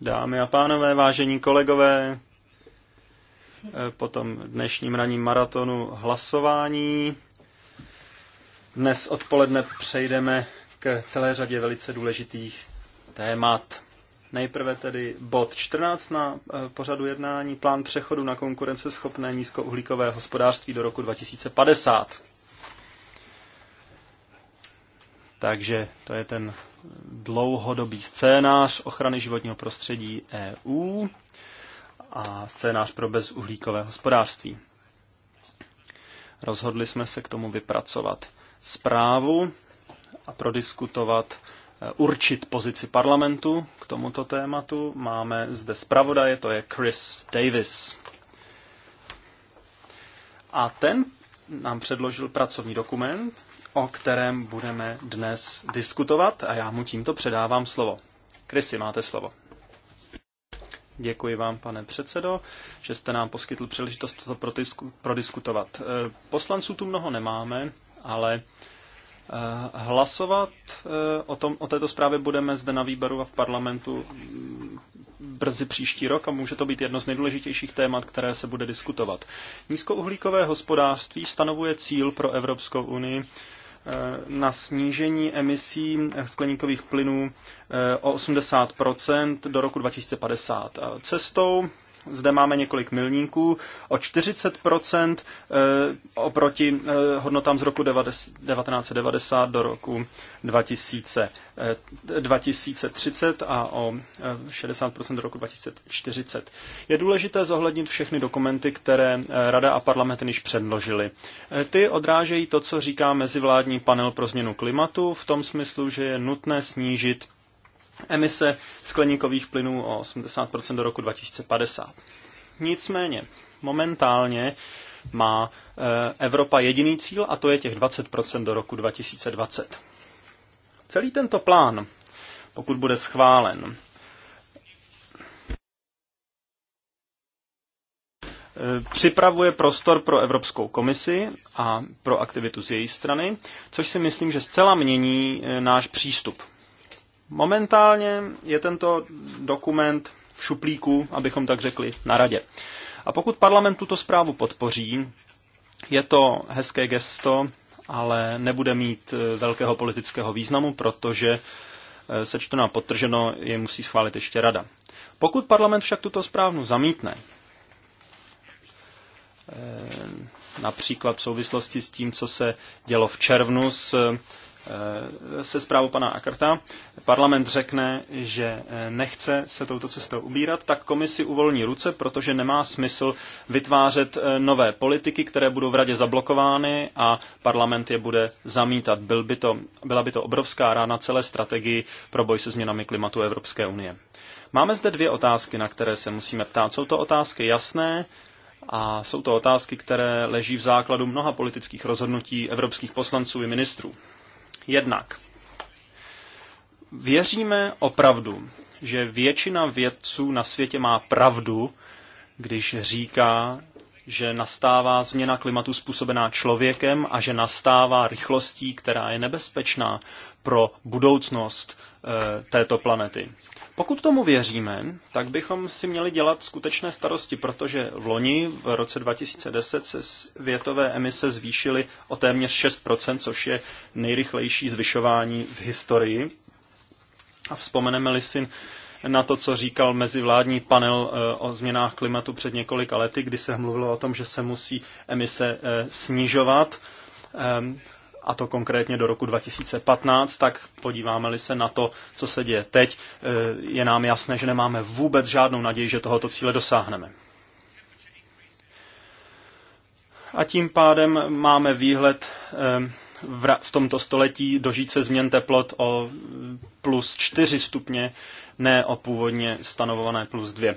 Dámy a pánové, vážení kolegové, eh, po tom dnešním raním maratonu hlasování dnes odpoledne přejdeme k celé řadě velice důležitých témat. Nejprve tedy bod 14 na eh, pořadu jednání, plán přechodu na konkurenceschopné nízkouhlíkové hospodářství do roku 2050. Takže to je ten dlouhodobý scénář ochrany životního prostředí EU a scénář pro bezuhlíkové hospodářství. Rozhodli jsme se k tomu vypracovat zprávu a prodiskutovat, eh, určit pozici parlamentu k tomuto tématu. Máme zde zpravodaje, to je Chris Davis. A ten nám předložil pracovní dokument, o kterém budeme dnes diskutovat a já mu tímto předávám slovo. Krysy, máte slovo. Děkuji vám, pane předsedo, že jste nám poskytl příležitost to prodiskutovat. Eh, poslanců tu mnoho nemáme, ale eh, hlasovat eh, o, tom, o této zprávě budeme zde na výboru a v parlamentu mm, brzy příští rok a může to být jedno z nejdůležitějších témat, které se bude diskutovat. Nízkouhlíkové hospodářství stanovuje cíl pro Evropskou unii na snížení emisí skleníkových plynů eh, o 80 do roku 2050. Cestou zde máme několik milníků o 40% eh, oproti eh, hodnotám z roku 1990 do roku 2000, 2030 eh, a o 60% do roku 2040. Je důležité zohlednit všechny dokumenty, které Rada a parlament již předložili. Ty odrážejí to, co říká mezivládní panel pro změnu klimatu v tom smyslu, že je nutné snížit emise skleníkových plynů o 80% do roku 2050. Nicméně, momentálně má eh, Evropa jediný cíl a to je těch 20% do roku 2020. Celý tento plán, pokud bude schválen, eh, připravuje prostor pro Evropskou komisi a pro aktivitu z její strany, což si myslím, že zcela mění eh, náš přístup Momentálně je tento dokument v šuplíku, abychom tak řekli, na radě. A pokud parlament tuto zprávu podpoří, je to hezké gesto, ale nebude mít eh, velkého politického významu, protože eh, sečteno a potrženo je musí schválit ještě rada. Pokud parlament však tuto zprávu zamítne, eh, například v souvislosti s tím, co se dělo v červnu s Eh, se zprávou pana Akarta parlament řekne, že eh, nechce se touto cestou ubírat, tak komisi uvolní ruce, protože nemá smysl vytvářet eh, nové politiky, které budou v radě zablokovány a parlament je bude zamítat. Byl by to, byla by to obrovská rána celé strategii pro boj se změnami klimatu Evropské unie. Máme zde dvě otázky, na které se musíme ptát. Jsou to otázky jasné, a jsou to otázky, které leží v základu mnoha politických rozhodnutí evropských poslanců i ministrů. Jednak věříme opravdu, že většina vědců na světě má pravdu, když říká, že nastává změna klimatu způsobená člověkem a že nastává rychlostí, která je nebezpečná pro budoucnost Eh, této planety. Pokud tomu věříme, tak bychom si měli dělat skutečné starosti, protože v loni v roce 2010 se světové emise zvýšily o téměř 6%, což je nejrychlejší zvyšování v historii. A vzpomeneme-li si na to, co říkal mezivládní panel eh, o změnách klimatu před několika lety, kdy se mluvilo o tom, že se musí emise eh, snižovat a to konkrétně do roku 2015, tak podíváme-li se na to, co se děje teď, eh, je nám jasné, že nemáme vůbec žádnou naději, že tohoto cíle dosáhneme. A tím pádem máme výhled eh, v tomto století dožít se změn teplot o plus 4 stupně, ne o původně stanovované plus 2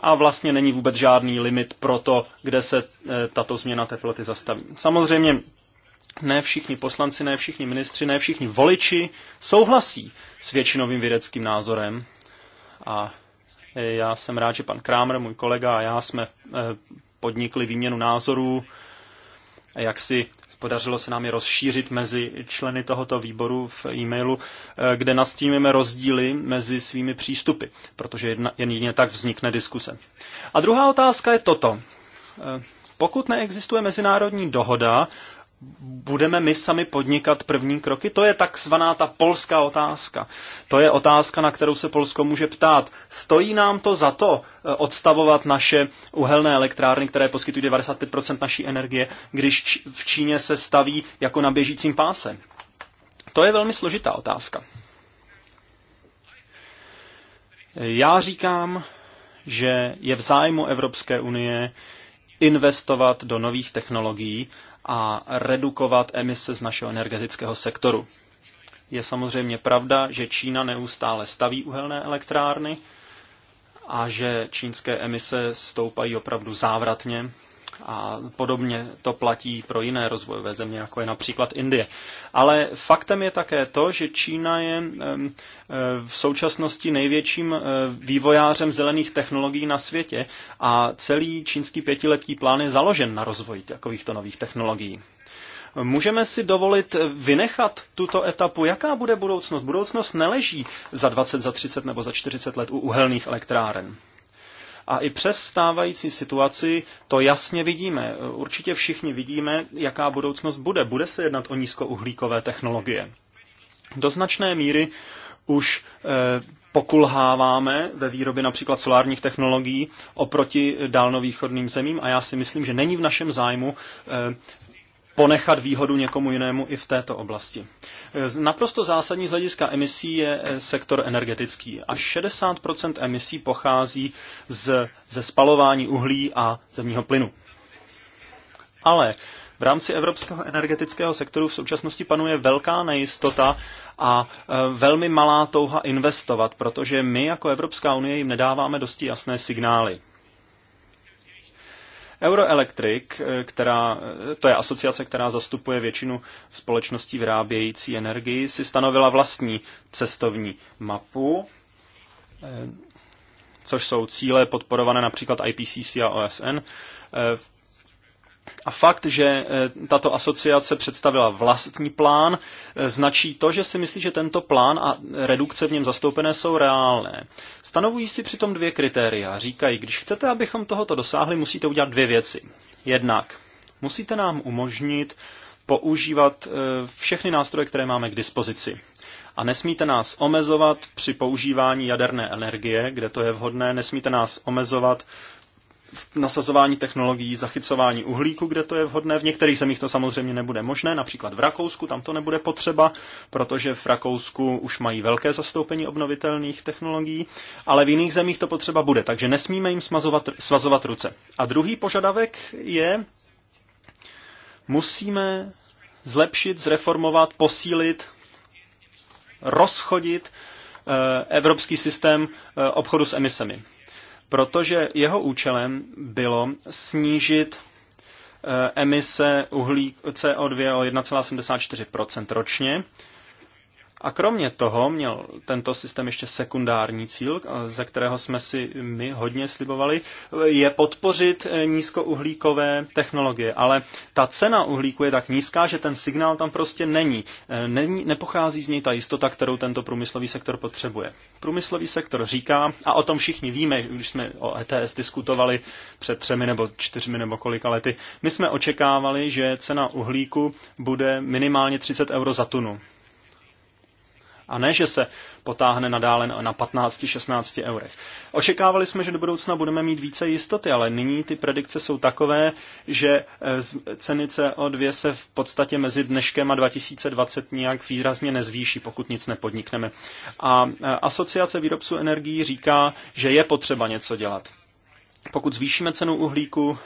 a vlastně není vůbec žádný limit pro to, kde se eh, tato změna teploty zastaví. Samozřejmě ne všichni poslanci, ne všichni ministři, ne všichni voliči souhlasí s většinovým vědeckým názorem. A e, já jsem rád, že pan Krámer, můj kolega a já jsme e, podnikli výměnu názorů, jak si podařilo se nám je rozšířit mezi členy tohoto výboru v e-mailu, e, kde nastíníme rozdíly mezi svými přístupy, protože jen jedině tak vznikne diskuse. A druhá otázka je toto. Pokud neexistuje mezinárodní dohoda budeme my sami podnikat první kroky? To je takzvaná ta polská otázka. To je otázka, na kterou se Polsko může ptát. Stojí nám to za to eh, odstavovat naše uhelné elektrárny, které poskytují 95% naší energie, když v Číně se staví jako na běžícím páse? To je velmi složitá otázka. Já říkám, že je v zájmu Evropské unie investovat do nových technologií a redukovat emise z našeho energetického sektoru. Je samozřejmě pravda, že Čína neustále staví uhelné elektrárny a že čínské emise stoupají opravdu závratně a podobně to platí pro jiné rozvojové země, jako je například Indie. Ale faktem je také to, že Čína je v současnosti největším eh, vývojářem zelených technologií na světě a celý čínský pětiletý plán je založen na rozvoji takovýchto nových technologií. Můžeme si dovolit vynechat tuto etapu? Jaká bude budoucnost? Budoucnost neleží za 20, za 30 nebo za 40 let u uhelných elektráren. A i přes stávající situaci to jasně vidíme. Určitě všichni vidíme, jaká budoucnost bude. Bude se jednat o nízkouhlíkové technologie. Do značné míry už eh, pokulháváme ve výrobě například solárních technologií oproti dálnovýchodným zemím a já si myslím, že není v našem zájmu eh, ponechat výhodu někomu jinému i v této oblasti. Naprosto zásadní z hlediska emisí je eh, sektor energetický. Až 60 emisí pochází z, ze spalování uhlí a zemního plynu. Ale v rámci evropského energetického sektoru v současnosti panuje velká nejistota a eh, velmi malá touha investovat, protože my jako Evropská unie jim nedáváme dosti jasné signály. Euroelectric, eh, která, eh, to je asociace, která zastupuje většinu společností vyrábějící energii, si stanovila vlastní cestovní mapu, eh, což jsou cíle podporované například IPCC a OSN. A fakt, že e, tato asociace představila vlastní plán, e, značí to, že si myslí, že tento plán a redukce v něm zastoupené jsou reálné. Stanovují si přitom dvě kritéria. Říkají, když chcete, abychom tohoto dosáhli, musíte udělat dvě věci. Jednak musíte nám umožnit používat e, všechny nástroje, které máme k dispozici. A nesmíte nás omezovat při používání jaderné energie, kde to je vhodné, nesmíte nás omezovat nasazování technologií zachycování uhlíku, kde to je vhodné. V některých zemích to samozřejmě nebude možné, například v Rakousku, tam to nebude potřeba, protože v Rakousku už mají velké zastoupení obnovitelných technologií, ale v jiných zemích to potřeba bude, takže nesmíme jim smazovat, svazovat ruce. A druhý požadavek je, musíme zlepšit, zreformovat, posílit, rozchodit eh, evropský systém eh, obchodu s emisemi protože jeho účelem bylo snížit eh, emise uhlí CO2 o 1,74 ročně a kromě toho měl tento systém ještě sekundární cíl, ze kterého jsme si my hodně slibovali, je podpořit eh, nízkouhlíkové technologie. Ale ta cena uhlíku je tak nízká, že ten signál tam prostě není. Eh, není nepochází z něj ta jistota, kterou tento průmyslový sektor potřebuje. Průmyslový sektor říká, a o tom všichni víme, když jsme o ETS diskutovali před třemi nebo čtyřmi nebo kolika lety, my jsme očekávali, že cena uhlíku bude minimálně 30 euro za tunu a ne, že se potáhne nadále na 15-16 eurech. Očekávali jsme, že do budoucna budeme mít více jistoty, ale nyní ty predikce jsou takové, že eh, ceny CO2 se v podstatě mezi dneškem a 2020 nijak výrazně nezvýší, pokud nic nepodnikneme. A eh, asociace výrobců energií říká, že je potřeba něco dělat. Pokud zvýšíme cenu uhlíku,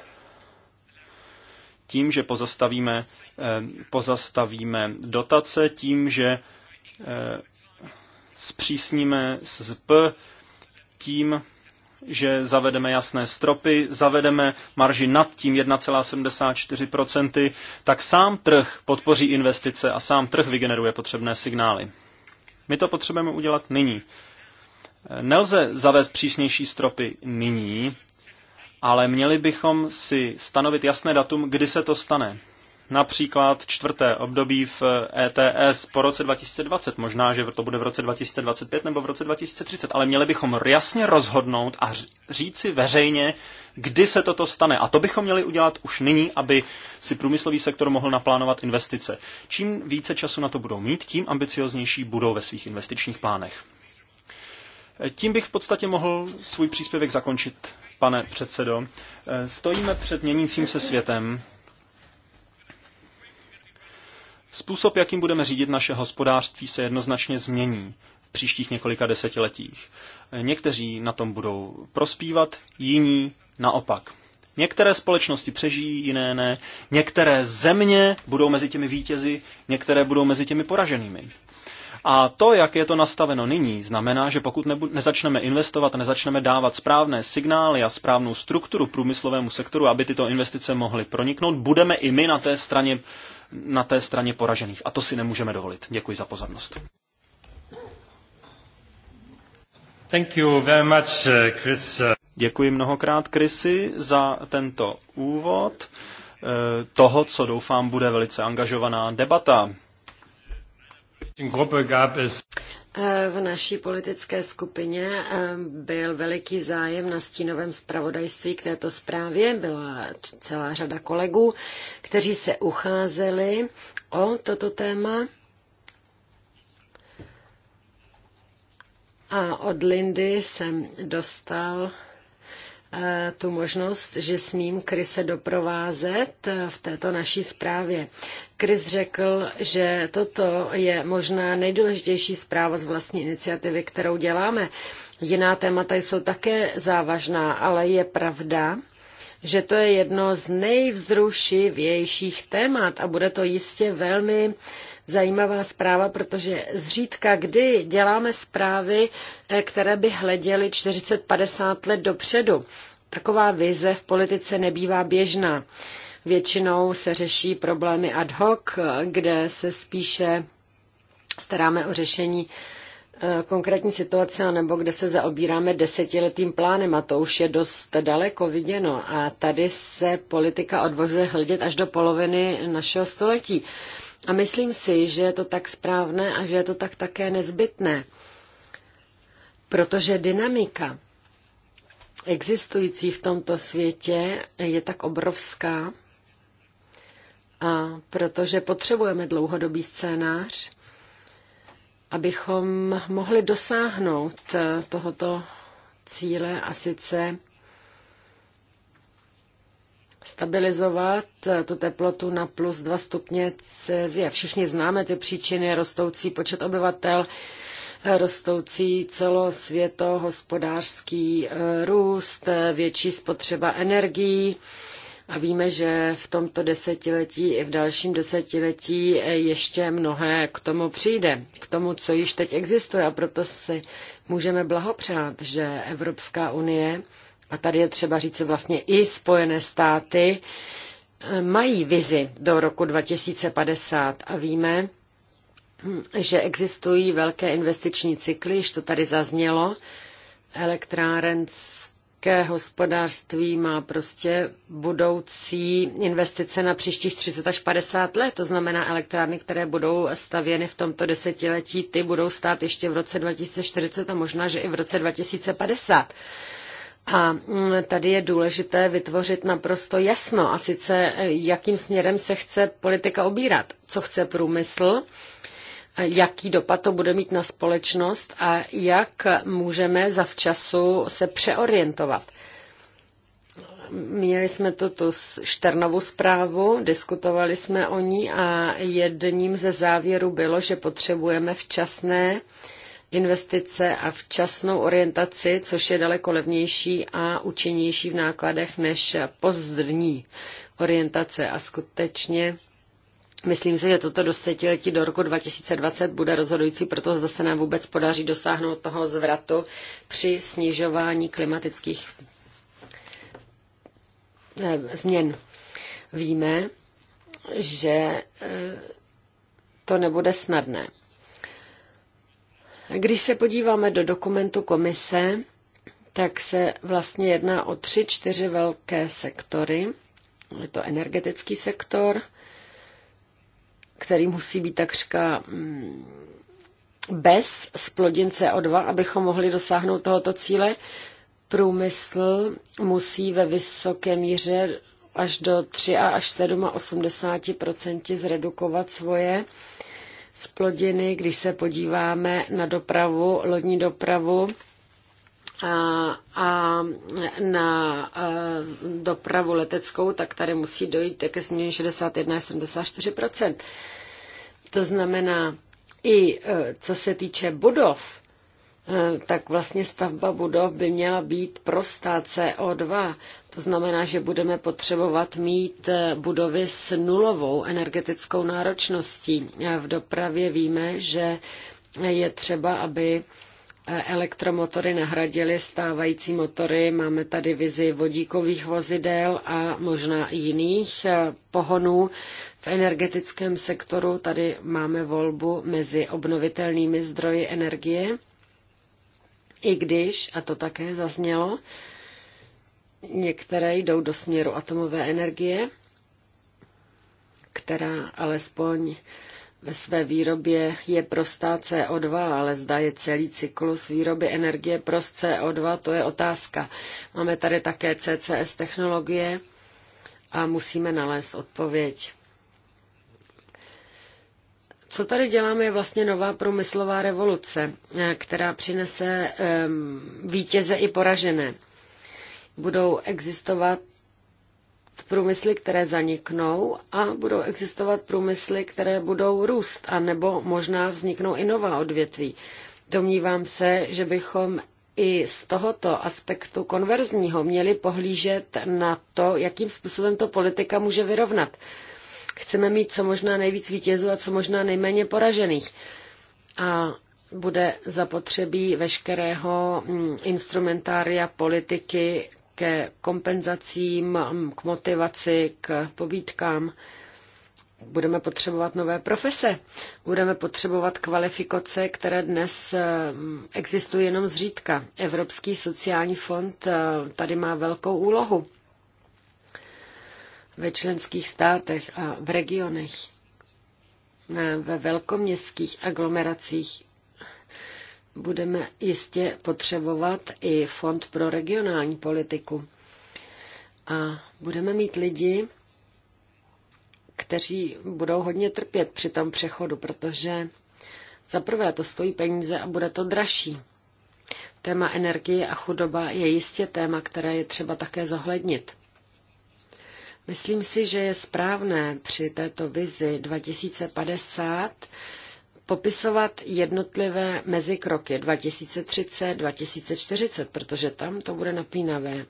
tím, že pozastavíme, eh, pozastavíme dotace, tím, že Eh, zpřísníme SZP tím, že zavedeme jasné stropy, zavedeme marži nad tím 1,74%, tak sám trh podpoří investice a sám trh vygeneruje potřebné signály. My to potřebujeme udělat nyní. Eh, nelze zavést přísnější stropy nyní, ale měli bychom si stanovit jasné datum, kdy se to stane například čtvrté období v ETS eh, e po roce 2020. Možná, že to bude v roce 2025 nebo v roce 2030, ale měli bychom jasně rozhodnout a říci veřejně, kdy se toto stane. A to bychom měli udělat už nyní, aby si průmyslový sektor mohl naplánovat investice. Čím více času na to budou mít, tím ambicioznější budou ve svých investičních plánech. Eh, tím bych v podstatě mohl svůj příspěvek zakončit, pane předsedo. Eh, stojíme před měnícím se světem Způsob, jakým budeme řídit naše hospodářství, se jednoznačně změní v příštích několika desetiletích. Někteří na tom budou prospívat, jiní naopak. Některé společnosti přežijí, jiné ne. Některé země budou mezi těmi vítězi, některé budou mezi těmi poraženými. A to, jak je to nastaveno nyní, znamená, že pokud nebu- nezačneme investovat, nezačneme dávat správné signály a správnou strukturu průmyslovému sektoru, aby tyto investice mohly proniknout, budeme i my na té straně na té straně poražených. A to si nemůžeme dovolit. Děkuji za pozornost. Thank you very much, uh, Chris. Děkuji mnohokrát, Krisi, za tento úvod eh, toho, co doufám bude velice angažovaná debata. Eh, v naší politické skupině eh, byl veliký zájem na stínovém zpravodajství k této zprávě. Byla celá řada kolegů, kteří se ucházeli o toto téma. A od Lindy jsem dostal Eh, tu možnost, že smím Krise doprovázet eh, v této naší zprávě. Kris řekl, že toto je možná nejdůležitější zpráva z vlastní iniciativy, kterou děláme. Jiná témata jsou také závažná, ale je pravda, že to je jedno z nejvzrušivějších témat a bude to jistě velmi zajímavá zpráva, protože zřídka kdy děláme zprávy, eh, které by hleděly 40-50 let dopředu. Taková vize v politice nebývá běžná. Většinou se řeší problémy ad hoc, eh, kde se spíše staráme o řešení Eh, konkrétní situace, nebo kde se zaobíráme desetiletým plánem a to už je dost daleko viděno. A tady se politika odvožuje hledět až do poloviny našeho století. A myslím si, že je to tak správné a že je to tak také nezbytné, protože dynamika existující v tomto světě je tak obrovská, a protože potřebujeme dlouhodobý scénář, abychom mohli dosáhnout eh, tohoto cíle a sice stabilizovat eh, tu teplotu na plus 2 stupně Celsia. Všichni známe ty příčiny, rostoucí počet obyvatel, eh, rostoucí celosvětohospodářský růst, větší spotřeba energií a víme, že v tomto desetiletí i v dalším desetiletí ještě mnohé k tomu přijde, k tomu, co již teď existuje. A proto si můžeme blahopřát, že Evropská unie, a tady je třeba říct vlastně i Spojené státy, mají vizi do roku 2050 a víme, že existují velké investiční cykly, již to tady zaznělo, elektrárenc české hospodářství má prostě budoucí investice na příštích 30 až 50 let. To znamená, elektrárny, které budou stavěny v tomto desetiletí, ty budou stát ještě v roce 2040 a možná, že i v roce 2050. A mm, tady je důležité vytvořit naprosto jasno, a sice eh, jakým směrem se chce politika obírat, co chce průmysl, jaký dopad to bude mít na společnost a jak můžeme zavčasu se přeorientovat. Měli jsme tu tu šternovou zprávu, diskutovali jsme o ní a jedním ze závěrů bylo, že potřebujeme včasné investice a včasnou orientaci, což je daleko levnější a účinnější v nákladech než pozdní orientace. A skutečně Myslím si, že toto desetiletí do roku 2020 bude rozhodující pro to, zda se nám vůbec podaří dosáhnout toho zvratu při snižování klimatických eh, změn. Víme, že eh, to nebude snadné. Když se podíváme do dokumentu komise, tak se vlastně jedná o tři, čtyři velké sektory. Je to energetický sektor, který musí být takřka mm, bez splodin CO2, abychom mohli dosáhnout tohoto cíle. Průmysl musí ve vysoké míře až do 3 až 87 zredukovat svoje splodiny. Když se podíváme na dopravu, lodní dopravu, a na dopravu leteckou, tak tady musí dojít ke změně 61 až 74 To znamená, i e, co se týče budov, e, tak vlastně stavba budov by měla být prostá CO2. To znamená, že budeme potřebovat mít e, budovy s nulovou energetickou náročností. V dopravě víme, že je třeba, aby E, elektromotory nahradily stávající motory. Máme tady vizi vodíkových vozidel a možná i jiných e, pohonů. V energetickém sektoru tady máme volbu mezi obnovitelnými zdroji energie, i když, a to také zaznělo, některé jdou do směru atomové energie, která alespoň ve své výrobě je prostá CO2, ale zda je celý cyklus výroby energie prost CO2, to je otázka. Máme tady také CCS technologie a musíme nalézt odpověď. Co tady děláme, je vlastně nová průmyslová revoluce, eh, která přinese ehm, vítěze i poražené budou existovat průmysly, které zaniknou a budou existovat průmysly, které budou růst, a nebo možná vzniknou i nová odvětví. Domnívám se, že bychom i z tohoto aspektu konverzního měli pohlížet na to, jakým způsobem to politika může vyrovnat. Chceme mít co možná nejvíc vítězů a co možná nejméně poražených. A bude zapotřebí veškerého mm, instrumentária politiky ke kompenzacím, k motivaci, k pobídkám. Budeme potřebovat nové profese, budeme potřebovat kvalifikace, které dnes eh, existují jenom zřídka. Evropský sociální fond eh, tady má velkou úlohu ve členských státech a v regionech, eh, ve velkoměstských aglomeracích budeme jistě potřebovat i fond pro regionální politiku. A budeme mít lidi, kteří budou hodně trpět při tom přechodu, protože za prvé to stojí peníze a bude to dražší. Téma energie a chudoba je jistě téma, které je třeba také zohlednit. Myslím si, že je správné při této vizi 2050 popisovat jednotlivé mezikroky 2030, 2040, protože tam to bude napínavé.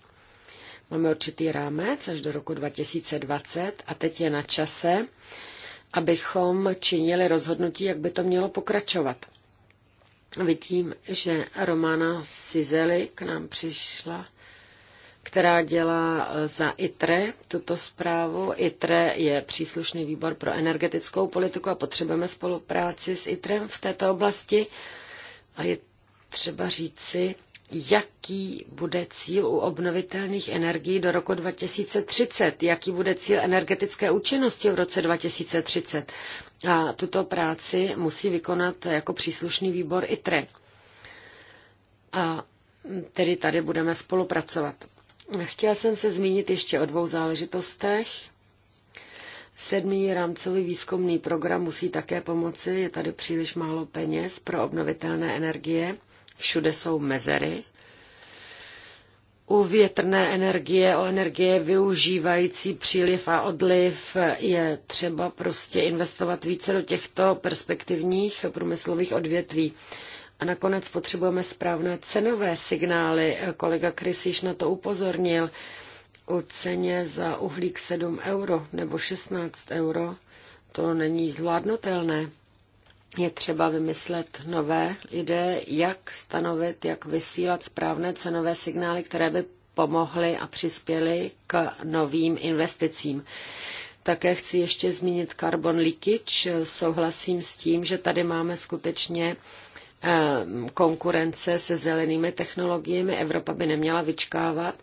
Máme určitý rámec až do roku 2020 a teď je na čase, abychom činili rozhodnutí, jak by to mělo pokračovat. Vidím, že Romana Sizeli k nám přišla která dělá eh, za ITRE tuto zprávu. ITRE je příslušný výbor pro energetickou politiku a potřebujeme spolupráci s ITREM v této oblasti. A je třeba říci, jaký bude cíl u obnovitelných energií do roku 2030, jaký bude cíl energetické účinnosti v roce 2030. A tuto práci musí vykonat jako příslušný výbor ITRE. A tedy tady budeme spolupracovat. Chtěla jsem se zmínit ještě o dvou záležitostech. Sedmý rámcový výzkumný program musí také pomoci. Je tady příliš málo peněz pro obnovitelné energie. Všude jsou mezery. U větrné energie, o energie využívající příliv a odliv je třeba prostě investovat více do těchto perspektivních průmyslových odvětví. A nakonec potřebujeme správné cenové signály. Kolega Krys již na to upozornil. O ceně za uhlík 7 euro nebo 16 euro to není zvládnutelné. Je třeba vymyslet nové ideje, jak stanovit, jak vysílat správné cenové signály, které by pomohly a přispěly k novým investicím. Také chci ještě zmínit carbon leakage. Souhlasím s tím, že tady máme skutečně Ehm, konkurence se zelenými technologiemi. Evropa by neměla vyčkávat.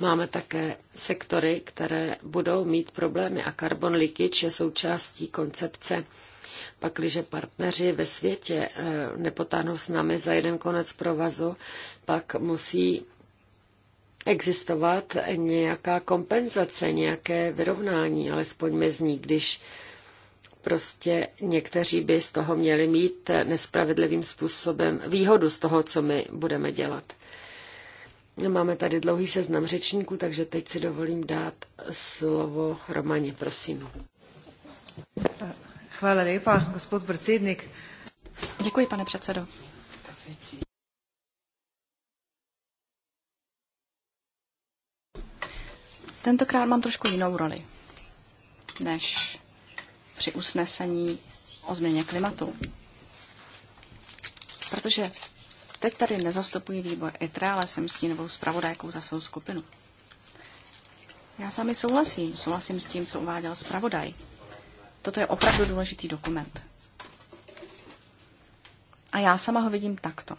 Máme také sektory, které budou mít problémy a carbon leakage je součástí koncepce pakliže partneři ve světě ehm, nepotáhnou s námi za jeden konec provazu, pak musí existovat nějaká kompenzace, nějaké vyrovnání, alespoň mezní, když Prostě někteří by z toho měli mít nespravedlivým způsobem výhodu z toho, co my budeme dělat. Máme tady dlouhý seznam řečníků, takže teď si dovolím dát slovo Romaně, prosím. Chvále lepa, gospod predsednik. Děkuji, pane předsedo. Tentokrát mám trošku jinou roli než při usnesení o změně klimatu. Protože teď tady nezastupuji výbor ITRE, ale jsem stínovou zpravodajkou za svou skupinu. Já s vámi souhlasím. Souhlasím s tím, co uváděl zpravodaj. Toto je opravdu důležitý dokument. A já sama ho vidím takto.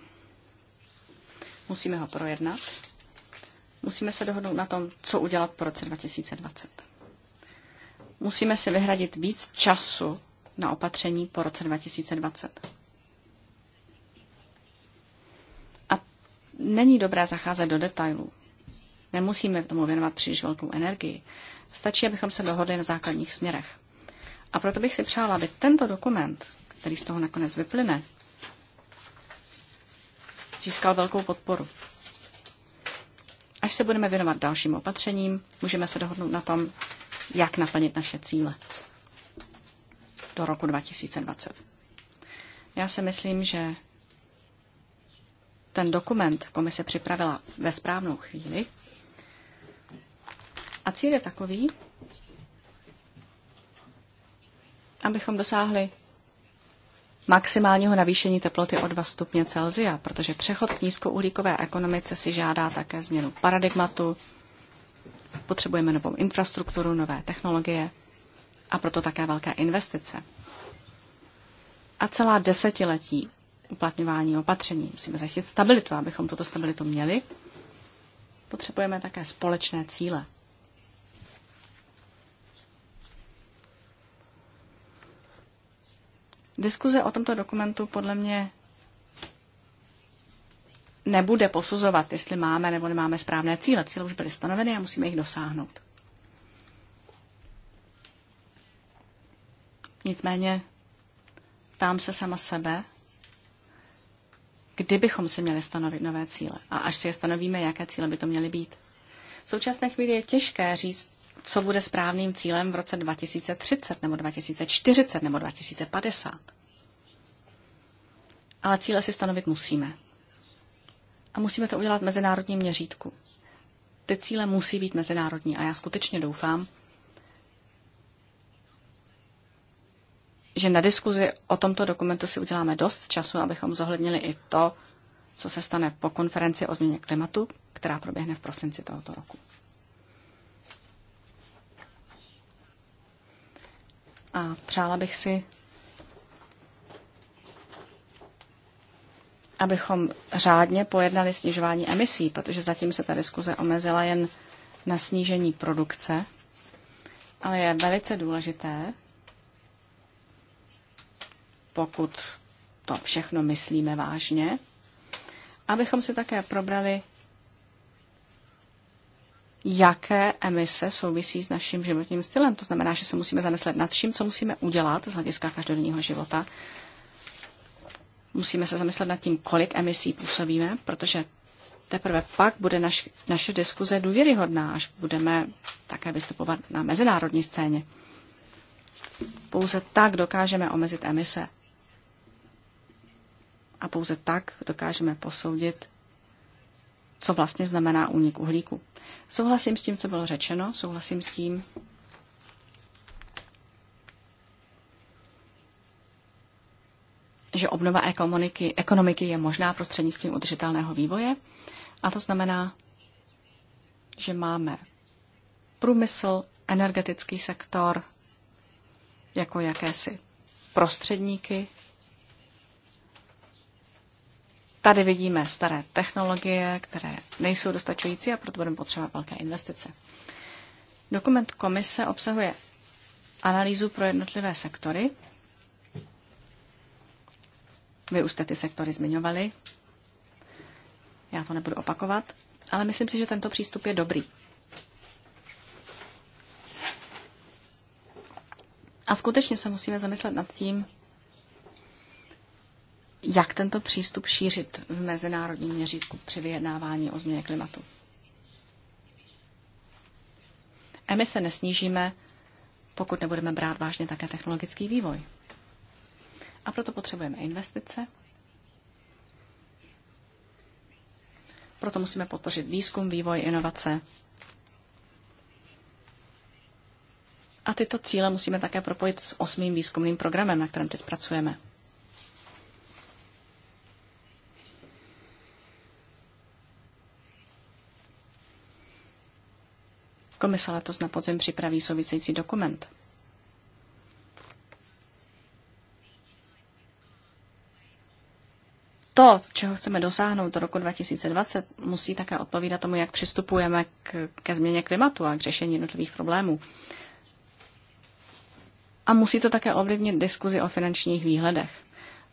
Musíme ho projednat. Musíme se dohodnout na tom, co udělat po roce 2020 musíme si vyhradit víc času na opatření po roce 2020. A není dobré zacházet do detailů. Nemusíme tomu věnovat příliš velkou energii. Stačí, abychom se dohodli na základních směrech. A proto bych si přála, aby tento dokument, který z toho nakonec vyplyne, získal velkou podporu. Až se budeme věnovat dalším opatřením, můžeme se dohodnout na tom, jak naplnit naše cíle do roku 2020. Já si myslím, že ten dokument komise připravila ve správnou chvíli. A cíl je takový, abychom dosáhli maximálního navýšení teploty o 2 stupně Celsia, protože přechod k nízkouhlíkové ekonomice si žádá také změnu paradigmatu, Potřebujeme novou infrastrukturu, nové technologie a proto také velké investice. A celá desetiletí uplatňování opatření. Musíme zajistit stabilitu. Abychom tuto stabilitu měli, potřebujeme také společné cíle. Diskuze o tomto dokumentu podle mě nebude posuzovat, jestli máme nebo nemáme správné cíle. Cíle už byly stanoveny a musíme jich dosáhnout. Nicméně ptám se sama sebe, kdybychom si měli stanovit nové cíle a až si je stanovíme, jaké cíle by to měly být. V současné chvíli je těžké říct, co bude správným cílem v roce 2030 nebo 2040 nebo 2050. Ale cíle si stanovit musíme. A musíme to udělat v mezinárodním měřítku. Ty cíle musí být mezinárodní a já skutečně doufám, že na diskuzi o tomto dokumentu si uděláme dost času, abychom zohlednili i to, co se stane po konferenci o změně klimatu, která proběhne v prosinci tohoto roku. A přála bych si, abychom řádně pojednali snižování emisí, protože zatím se ta diskuze omezila jen na snížení produkce, ale je velice důležité, pokud to všechno myslíme vážně, abychom si také probrali, jaké emise souvisí s naším životním stylem. To znamená, že se musíme zamyslet nad vším, co musíme udělat z hlediska každodenního života, Musíme se zamyslet nad tím, kolik emisí působíme, protože teprve pak bude naš, naše diskuze důvěryhodná, až budeme také vystupovat na mezinárodní scéně. Pouze tak dokážeme omezit emise. A pouze tak dokážeme posoudit, co vlastně znamená únik uhlíku. Souhlasím s tím, co bylo řečeno, souhlasím s tím, že obnova ekonomiky, ekonomiky je možná prostřednictvím udržitelného vývoje. A to znamená, že máme průmysl, energetický sektor jako jakési prostředníky. Tady vidíme staré technologie, které nejsou dostačující a proto budeme potřebovat velké investice. Dokument komise obsahuje analýzu pro jednotlivé sektory, vy už jste ty sektory zmiňovali. Já to nebudu opakovat, ale myslím si, že tento přístup je dobrý. A skutečně se musíme zamyslet nad tím, jak tento přístup šířit v mezinárodním měřítku při vyjednávání o změně klimatu. Emise nesnížíme, pokud nebudeme brát vážně také technologický vývoj. A proto potřebujeme investice. Proto musíme podpořit výzkum, vývoj, inovace. A tyto cíle musíme také propojit s osmým výzkumným programem, na kterém teď pracujeme. Komise letos na podzim připraví související dokument. to, čeho chceme dosáhnout do roku 2020, musí také odpovídat tomu, jak přistupujeme k, ke změně klimatu a k řešení jednotlivých problémů. A musí to také ovlivnit diskuzi o finančních výhledech.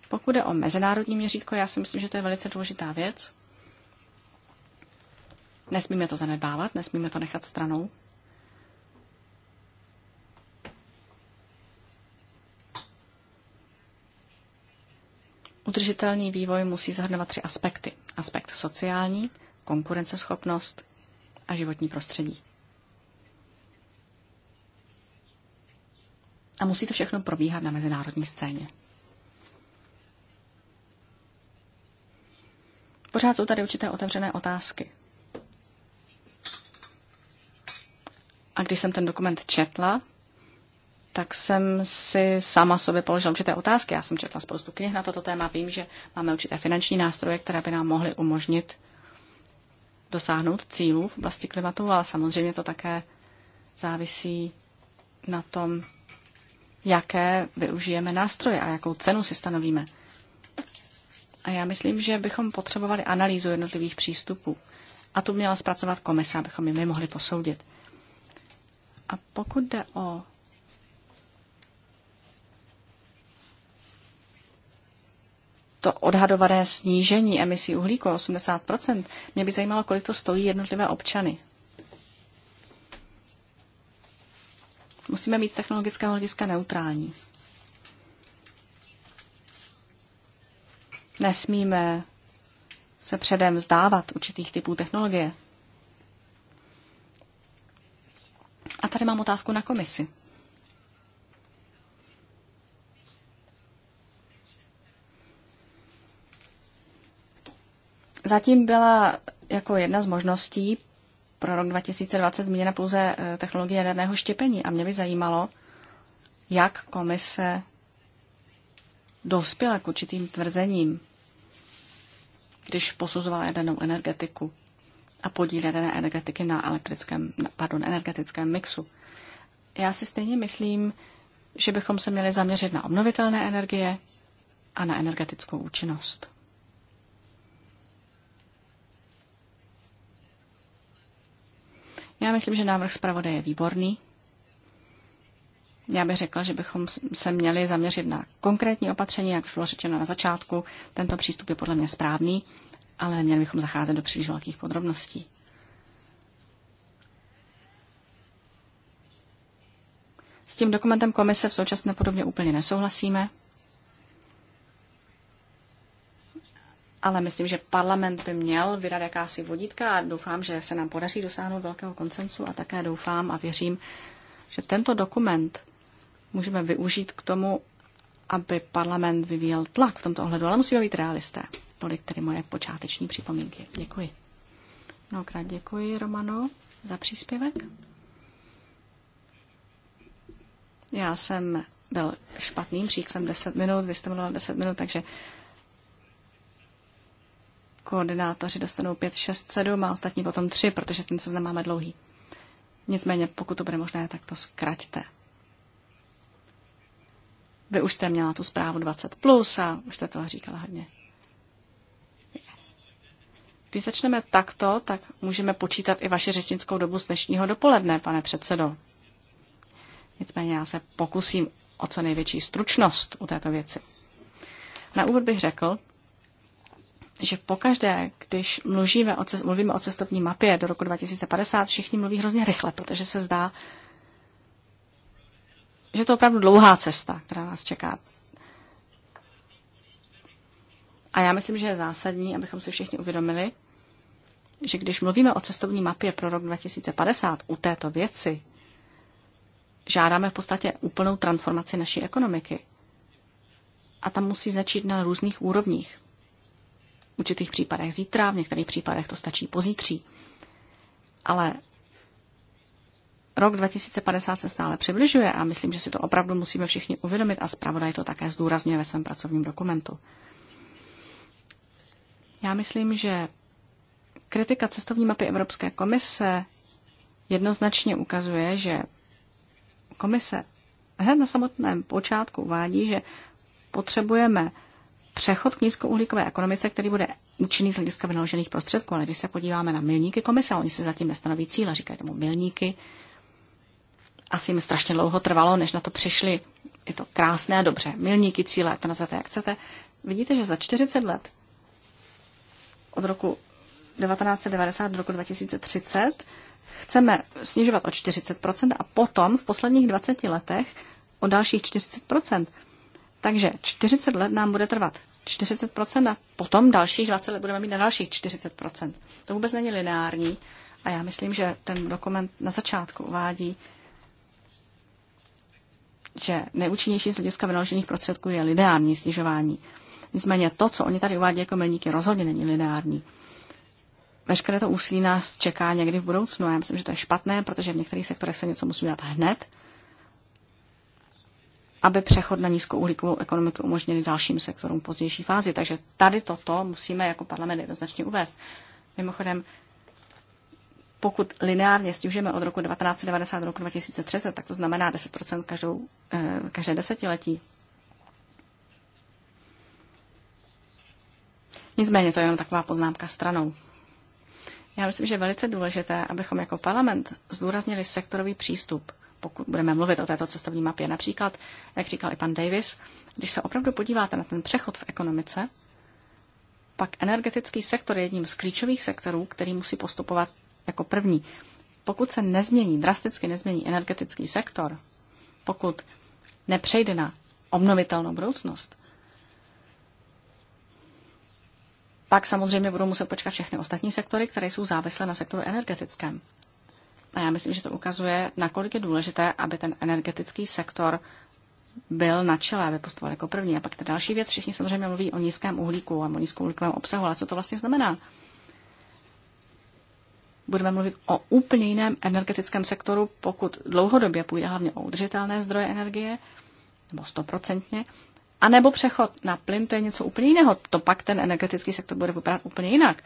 Pokud je o mezinárodní měřítko, já si myslím, že to je velice důležitá věc. Nesmíme to zanedbávat, nesmíme to nechat stranou. Udržitelný vývoj musí zahrnovat tři aspekty. Aspekt sociální, konkurenceschopnost a životní prostředí. A musí to všechno probíhat na mezinárodní scéně. Pořád jsou tady určité otevřené otázky. A když jsem ten dokument četla, tak jsem si sama sobě položila určité otázky. Já jsem četla spoustu knih na toto téma. Vím, že máme určité finanční nástroje, které by nám mohly umožnit dosáhnout cílů v oblasti klimatu, ale samozřejmě to také závisí na tom, jaké využijeme nástroje a jakou cenu si stanovíme. A já myslím, že bychom potřebovali analýzu jednotlivých přístupů. A tu měla zpracovat komise, abychom ji my mohli posoudit. A pokud jde o to odhadované snížení emisí uhlíku 80%, mě by zajímalo, kolik to stojí jednotlivé občany. Musíme mít technologická hlediska neutrální. Nesmíme se předem vzdávat určitých typů technologie. A tady mám otázku na komisi. Zatím byla jako jedna z možností pro rok 2020 zmíněna pouze eh, technologie jaderného štěpení a mě by zajímalo, jak komise dospěla k určitým tvrzením, když posuzovala jadernou energetiku a podíl jaderné energetiky na elektrickém, pardon, energetickém mixu. Já si stejně myslím, že bychom se měli zaměřit na obnovitelné energie a na energetickou účinnost. Já myslím, že návrh zpravodaje je výborný. Já bych řekla, že bychom se měli zaměřit na konkrétní opatření, jak už bylo řečeno na začátku. Tento přístup je podle mě správný, ale měli bychom zacházet do příliš velkých podrobností. S tím dokumentem komise v současné podobě úplně nesouhlasíme. ale myslím, že parlament by měl vydat jakási vodítka a doufám, že se nám podaří dosáhnout velkého koncensu a také doufám a věřím, že tento dokument můžeme využít k tomu, aby parlament vyvíjel tlak v tomto ohledu, ale musíme být realisté. Tolik tedy moje počáteční připomínky. Děkuji. Mnohokrát děkuji, Romano, za příspěvek. Já jsem byl špatným příkladem 10 minut, vy jste 10 minut, takže koordinátoři dostanou 5, 6, 7 a ostatní potom 3, protože ten seznam máme dlouhý. Nicméně, pokud to bude možné, tak to zkraťte. Vy už jste měla tu zprávu 20 plus a už jste toho říkala hodně. Když začneme takto, tak můžeme počítat i vaši řečnickou dobu z dnešního dopoledne, pane předsedo. Nicméně já se pokusím o co největší stručnost u této věci. Na úvod bych řekl, že pokaždé, když mluvíme o, cest, mluvíme o cestovní mapě do roku 2050, všichni mluví hrozně rychle, protože se zdá, že to je opravdu dlouhá cesta, která nás čeká. A já myslím, že je zásadní, abychom si všichni uvědomili, že když mluvíme o cestovní mapě pro rok 2050 u této věci, žádáme v podstatě úplnou transformaci naší ekonomiky. A tam musí začít na různých úrovních určitých případech zítra, v některých případech to stačí pozítří. Ale rok 2050 se stále přibližuje a myslím, že si to opravdu musíme všichni uvědomit a zpravodaj to také zdůrazňuje ve svém pracovním dokumentu. Já myslím, že kritika cestovní mapy Evropské komise jednoznačně ukazuje, že komise hned na samotném počátku uvádí, že potřebujeme přechod k nízkouhlíkové ekonomice, který bude účinný z hlediska vynaložených prostředků. Ale když se podíváme na milníky komise, oni se zatím nestanoví cíle, říkají tomu milníky. Asi jim strašně dlouho trvalo, než na to přišli. Je to krásné a dobře. Milníky, cíle, to nazvete jak chcete. Vidíte, že za 40 let od roku 1990 do roku 2030 chceme snižovat o 40% a potom v posledních 20 letech o dalších 40%. Takže 40 let nám bude trvat 40% a potom dalších 20 let budeme mít na dalších 40%. To vůbec není lineární a já myslím, že ten dokument na začátku uvádí, že neúčinnější z hlediska vynaložených prostředků je lineární snižování. Nicméně to, co oni tady uvádí jako milníky, rozhodně není lineární. Veškeré to úsilí nás čeká někdy v budoucnu já myslím, že to je špatné, protože v některých sektorech se něco musí dělat hned aby přechod na nízkouhlíkovou ekonomiku umožnili dalším sektorům v pozdější fázi. Takže tady toto musíme jako parlament jednoznačně uvést. Mimochodem, pokud lineárně snižujeme od roku 1990 do roku 2030, tak to znamená 10% každou, eh, každé desetiletí. Nicméně to je jenom taková poznámka stranou. Já myslím, že je velice důležité, abychom jako parlament zdůraznili sektorový přístup pokud budeme mluvit o této cestovní mapě. Například, jak říkal i pan Davis, když se opravdu podíváte na ten přechod v ekonomice, pak energetický sektor je jedním z klíčových sektorů, který musí postupovat jako první. Pokud se nezmění, drasticky nezmění energetický sektor, pokud nepřejde na obnovitelnou budoucnost, pak samozřejmě budou muset počkat všechny ostatní sektory, které jsou závislé na sektoru energetickém. A já myslím, že to ukazuje, nakolik je důležité, aby ten energetický sektor byl na čele, aby postoval jako první. A pak ta další věc, všichni samozřejmě mluví o nízkém uhlíku a o nízkouhlíkovém obsahu, ale co to vlastně znamená? Budeme mluvit o úplně jiném energetickém sektoru, pokud dlouhodobě půjde hlavně o udržitelné zdroje energie, nebo stoprocentně, anebo přechod na plyn, to je něco úplně jiného. To pak ten energetický sektor bude vypadat úplně jinak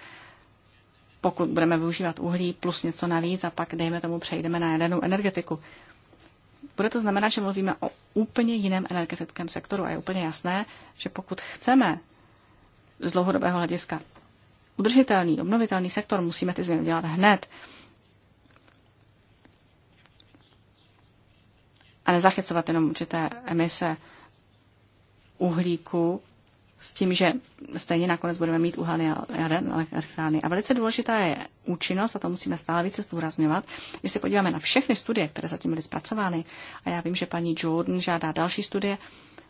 pokud budeme využívat uhlí plus něco navíc a pak, dejme tomu, přejdeme na jadernou energetiku. Bude to znamenat, že mluvíme o úplně jiném energetickém sektoru a je úplně jasné, že pokud chceme z dlouhodobého hlediska udržitelný, obnovitelný sektor, musíme ty změny dělat hned. A nezachycovat jenom určité emise uhlíku s tím, že stejně nakonec budeme mít uhelné elektrárny. A velice důležitá je účinnost, a to musíme stále více zdůrazňovat. Když se podíváme na všechny studie, které zatím byly zpracovány, a já vím, že paní Jordan žádá další studie,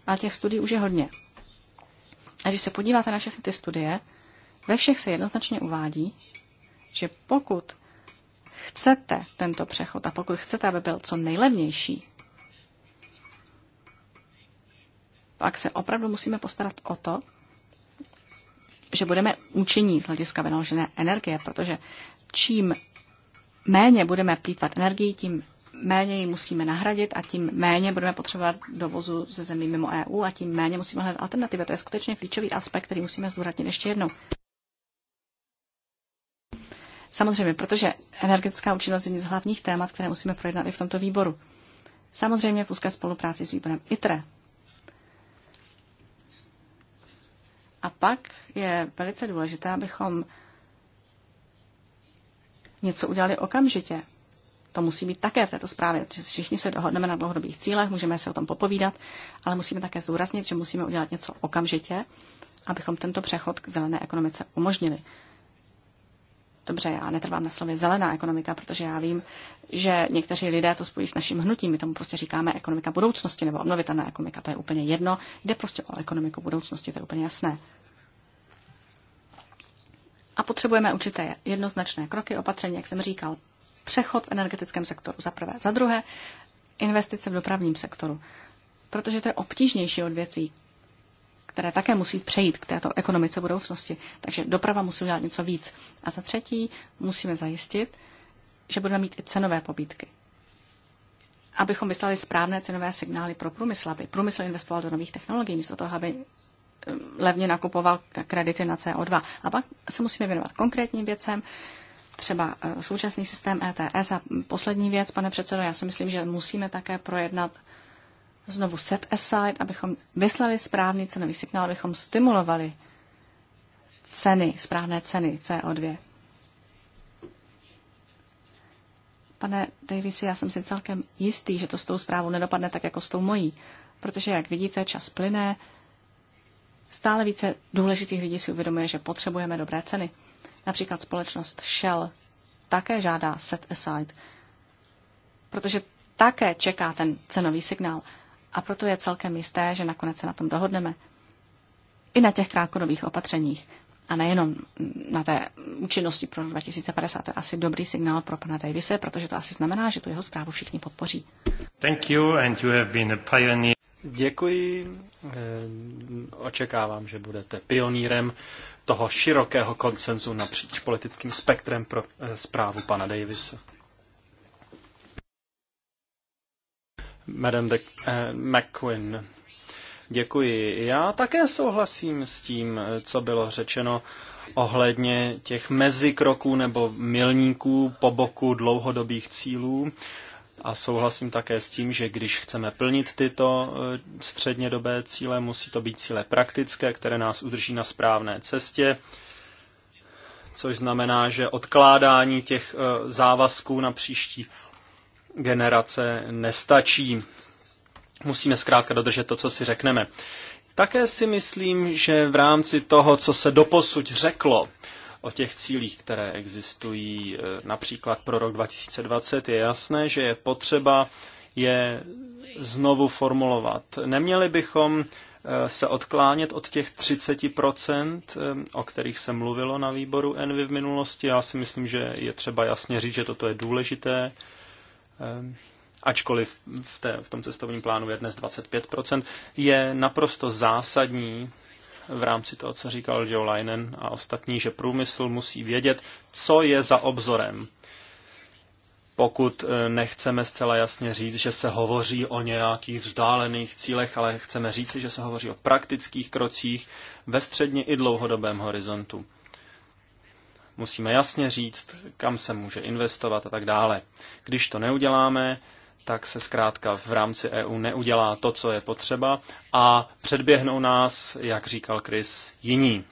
ale těch studií už je hodně. A když se podíváte na všechny ty studie, ve všech se jednoznačně uvádí, že pokud chcete tento přechod a pokud chcete, aby byl co nejlevnější, pak se opravdu musíme postarat o to, že budeme účinní z hlediska vynaložené energie, protože čím méně budeme plítvat energii, tím méně ji musíme nahradit a tím méně budeme potřebovat dovozu ze zemí mimo EU a tím méně musíme hledat alternativy. To je skutečně klíčový aspekt, který musíme zdůraznit ještě jednou. Samozřejmě, protože energetická účinnost je jedním z hlavních témat, které musíme projednat i v tomto výboru. Samozřejmě v úzké spolupráci s výborem ITRE, A pak je velice důležité, abychom něco udělali okamžitě. To musí být také v této zprávě, protože všichni se dohodneme na dlouhodobých cílech, můžeme se o tom popovídat, ale musíme také zdůraznit, že musíme udělat něco okamžitě, abychom tento přechod k zelené ekonomice umožnili. Dobře, já netrvám na slově zelená ekonomika, protože já vím, že někteří lidé to spojí s naším hnutím. My tomu prostě říkáme ekonomika budoucnosti nebo obnovitelná ekonomika. To je úplně jedno. Jde prostě o ekonomiku budoucnosti, to je úplně jasné. A potřebujeme určité jednoznačné kroky, opatření, jak jsem říkal, přechod v energetickém sektoru za prvé. Za druhé, investice v dopravním sektoru, protože to je obtížnější odvětví, které také musí přejít k této ekonomice budoucnosti. Takže doprava musí udělat něco víc. A za třetí, musíme zajistit, že budeme mít i cenové pobídky. Abychom vyslali správné cenové signály pro průmysl, aby průmysl investoval do nových technologií, místo toho, aby levně nakupoval kredity na CO2. A pak se musíme věnovat konkrétním věcem, třeba e, současný systém ETS. A poslední věc, pane předsedo, já si myslím, že musíme také projednat znovu set aside, abychom vyslali správný cenový signál, abychom stimulovali ceny, správné ceny CO2. Pane Davisi, já jsem si celkem jistý, že to s tou zprávou nedopadne tak, jako s tou mojí. Protože, jak vidíte, čas plyne, Stále více důležitých lidí si uvědomuje, že potřebujeme dobré ceny. Například společnost Shell také žádá set aside, protože také čeká ten cenový signál. A proto je celkem jisté, že nakonec se na tom dohodneme. I na těch krátkodobých opatřeních. A nejenom na té účinnosti pro 2050. To je asi dobrý signál pro pana Davise, protože to asi znamená, že tu jeho zprávu všichni podpoří. Thank you and you have been a pioneer. Děkuji. Eh, očekávám, že budete pionýrem toho širokého konsenzu napříč politickým spektrem pro eh, zprávu pana Davise. Madame de, eh, Děkuji. Já také souhlasím s tím, eh, co bylo řečeno ohledně těch mezikroků nebo milníků po boku dlouhodobých cílů a souhlasím také s tím, že když chceme plnit tyto eh, střednědobé cíle, musí to být cíle praktické, které nás udrží na správné cestě, což znamená, že odkládání těch eh, závazků na příští generace nestačí. Musíme zkrátka dodržet to, co si řekneme. Také si myslím, že v rámci toho, co se doposud řeklo, o těch cílích, které existují e, například pro rok 2020, je jasné, že je potřeba je znovu formulovat. Neměli bychom e, se odklánět od těch 30%, e, o kterých se mluvilo na výboru Envy v minulosti. Já si myslím, že je třeba jasně říct, že toto je důležité, ačkoliv v, té, v tom cestovním plánu je dnes 25%, je naprosto zásadní v rámci toho, co říkal Joe Leinen a ostatní, že průmysl musí vědět, co je za obzorem. Pokud eh, nechceme zcela jasně říct, že se hovoří o nějakých vzdálených cílech, ale chceme říct, že se hovoří o praktických krocích ve středně i dlouhodobém horizontu. Musíme jasně říct, kam se může investovat a tak dále. Když to neuděláme, tak se zkrátka v rámci EU neudělá to, co je potřeba a předběhnou nás, jak říkal Chris, jiní.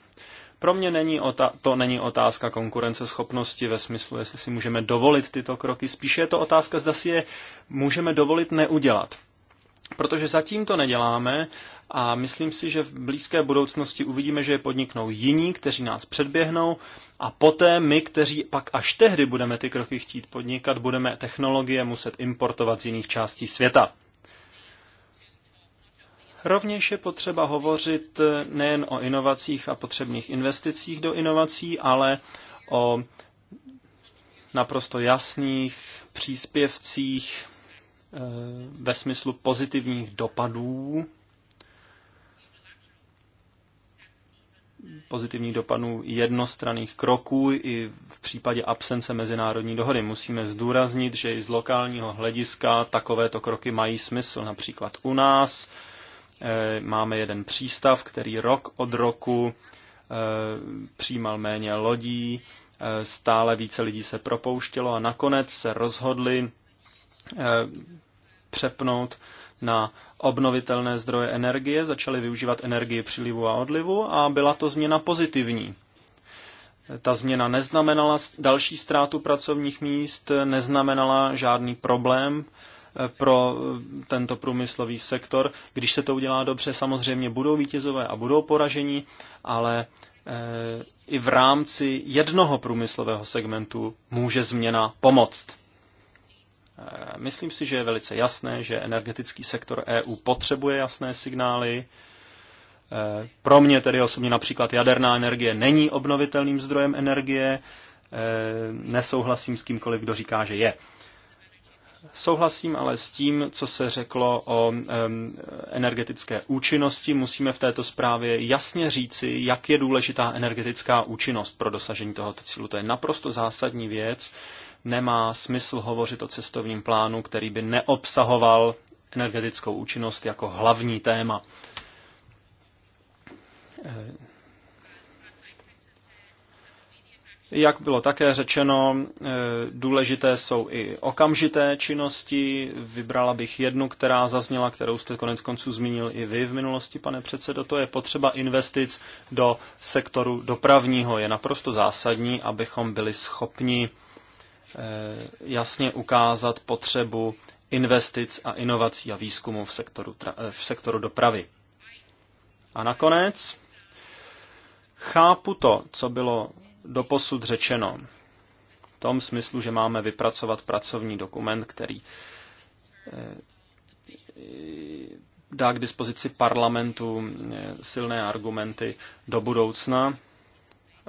Pro mě není to není otázka konkurenceschopnosti ve smyslu, jestli si můžeme dovolit tyto kroky, spíše je to otázka, zda si je můžeme dovolit neudělat. Protože zatím to neděláme a myslím si, že v blízké budoucnosti uvidíme, že je podniknou jiní, kteří nás předběhnou a poté my, kteří pak až tehdy budeme ty kroky chtít podnikat, budeme technologie muset importovat z jiných částí světa. Rovněž je potřeba hovořit nejen o inovacích a potřebných investicích do inovací, ale o naprosto jasných příspěvcích eh, ve smyslu pozitivních dopadů pozitivních dopadů jednostranných kroků i v případě absence mezinárodní dohody. Musíme zdůraznit, že i z lokálního hlediska takovéto kroky mají smysl. Například u nás eh, máme jeden přístav, který rok od roku eh, přijímal méně lodí, eh, stále více lidí se propouštělo a nakonec se rozhodli přepnout na obnovitelné zdroje energie, začali využívat energii přílivu a odlivu a byla to změna pozitivní. Ta změna neznamenala další ztrátu pracovních míst, neznamenala žádný problém eh, pro eh, tento průmyslový sektor. Když se to udělá dobře, samozřejmě budou vítězové a budou poražení, ale eh, i v rámci jednoho průmyslového segmentu může změna pomoct. Eh, myslím si, že je velice jasné, že energetický sektor EU potřebuje jasné signály. Eh, pro mě tedy osobně například jaderná energie není obnovitelným zdrojem energie. Eh, nesouhlasím s kýmkoliv, kdo říká, že je. Souhlasím ale s tím, co se řeklo o um, energetické účinnosti. Musíme v této zprávě jasně říci, jak je důležitá energetická účinnost pro dosažení tohoto cílu. To je naprosto zásadní věc, nemá smysl hovořit o cestovním plánu, který by neobsahoval energetickou účinnost jako hlavní téma. Eh, jak bylo také řečeno, eh, důležité jsou i okamžité činnosti. Vybrala bych jednu, která zazněla, kterou jste konec konců zmínil i vy v minulosti, pane předsedo. To je potřeba investic do sektoru dopravního. Je naprosto zásadní, abychom byli schopni Eh, jasně ukázat potřebu investic a inovací a výzkumu v sektoru, eh, v sektoru dopravy. A nakonec chápu to, co bylo doposud řečeno. V tom smyslu, že máme vypracovat pracovní dokument, který eh, dá k dispozici parlamentu silné argumenty do budoucna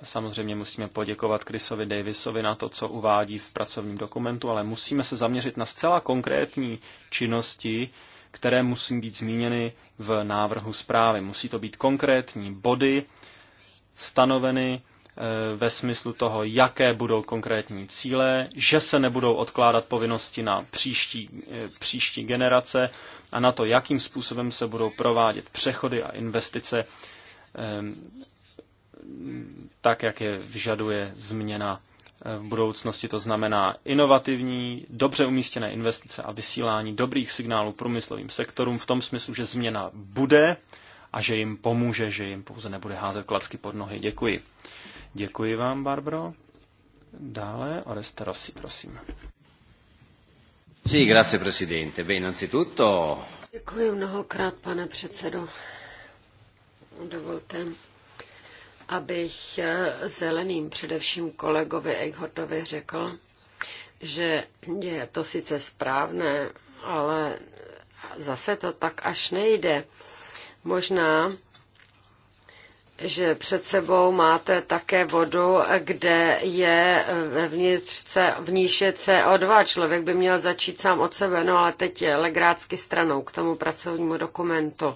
Samozřejmě musíme poděkovat Chrisovi Davisovi na to, co uvádí v pracovním dokumentu, ale musíme se zaměřit na zcela konkrétní činnosti, které musí být zmíněny v návrhu zprávy. Musí to být konkrétní body stanoveny eh, ve smyslu toho, jaké budou konkrétní cíle, že se nebudou odkládat povinnosti na příští, eh, příští generace a na to, jakým způsobem se budou provádět přechody a investice eh, tak, jak je vyžaduje změna eh, v budoucnosti. To znamená inovativní, dobře umístěné investice a vysílání dobrých signálů průmyslovým sektorům v tom smyslu, že změna bude a že jim pomůže, že jim pouze nebude házet klacky pod nohy. Děkuji. Děkuji vám, Barbro. Dále Oreste Rossi, prosím. Sí, grazie, presidente. Beh, innanzitutto... Děkuji mnohokrát, pane předsedo. Dovolte abych eh, zeleným především kolegovi Eichhortovi řekl, že je to sice správné, ale zase to tak až nejde. Možná, že před sebou máte také vodu, kde je eh, vnitřce v níše CO2. Člověk by měl začít sám od sebe, no ale teď legrácky stranou k tomu pracovnímu dokumentu.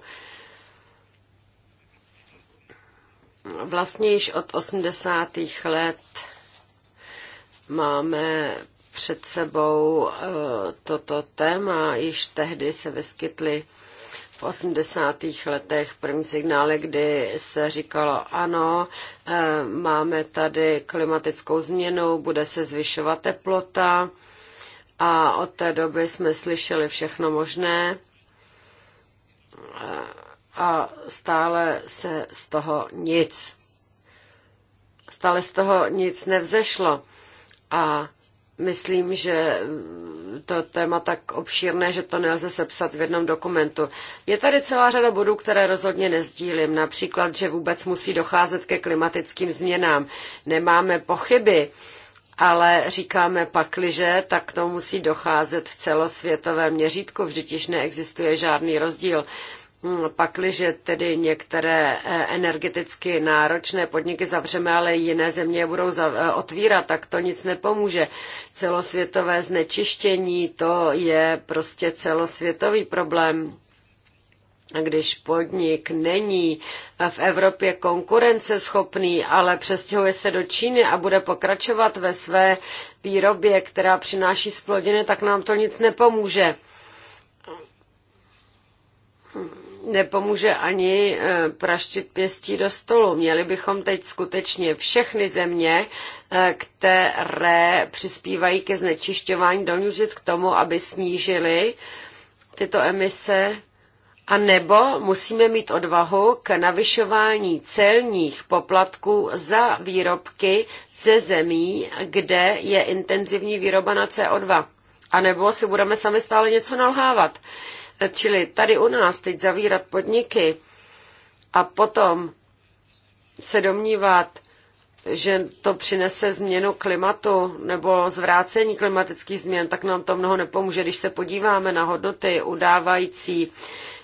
Vlastně již od 80. let máme před sebou eh, toto téma. Již tehdy se vyskytly v 80. letech první signály, kdy se říkalo ano, eh, máme tady klimatickou změnu, bude se zvyšovat teplota a od té doby jsme slyšeli všechno možné eh, a stále se z toho nic. Stále z toho nic nevzešlo. A myslím, že to téma tak obšírné, že to nelze sepsat v jednom dokumentu. Je tady celá řada bodů, které rozhodně nezdílím. Například, že vůbec musí docházet ke klimatickým změnám. Nemáme pochyby, ale říkáme pakliže, tak to musí docházet v celosvětovém měřítku, vždyť již neexistuje žádný rozdíl. Pakliže tedy některé eh, energeticky náročné podniky zavřeme, ale jiné země budou eh, otvírat, tak to nic nepomůže. Celosvětové znečištění, to je prostě celosvětový problém. A když podnik není eh, v Evropě konkurenceschopný, ale přestěhuje se do Číny a bude pokračovat ve své výrobě, která přináší splodiny, tak nám to nic nepomůže. Hmm nepomůže ani eh, praštit pěstí do stolu. Měli bychom teď skutečně všechny země, eh, které přispívají ke znečišťování, donužit k tomu, aby snížili tyto emise. A nebo musíme mít odvahu k navyšování celních poplatků za výrobky ze zemí, kde je intenzivní výroba na CO2. A nebo si budeme sami stále něco nalhávat. Čili tady u nás teď zavírat podniky a potom se domnívat, že to přinese změnu klimatu nebo zvrácení klimatických změn, tak nám to mnoho nepomůže. Když se podíváme na hodnoty udávající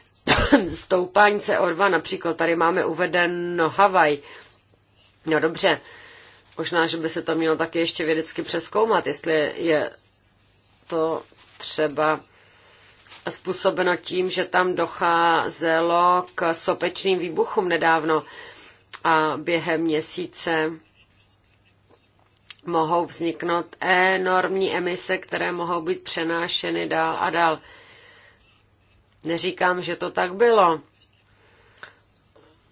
stoupání CO2, například tady máme uveden Havaj. No dobře, možná, že by se to mělo taky ještě vědecky přeskoumat, jestli je to třeba způsobeno tím, že tam docházelo k sopečným výbuchům nedávno a během měsíce mohou vzniknout enormní emise, které mohou být přenášeny dál a dál. Neříkám, že to tak bylo,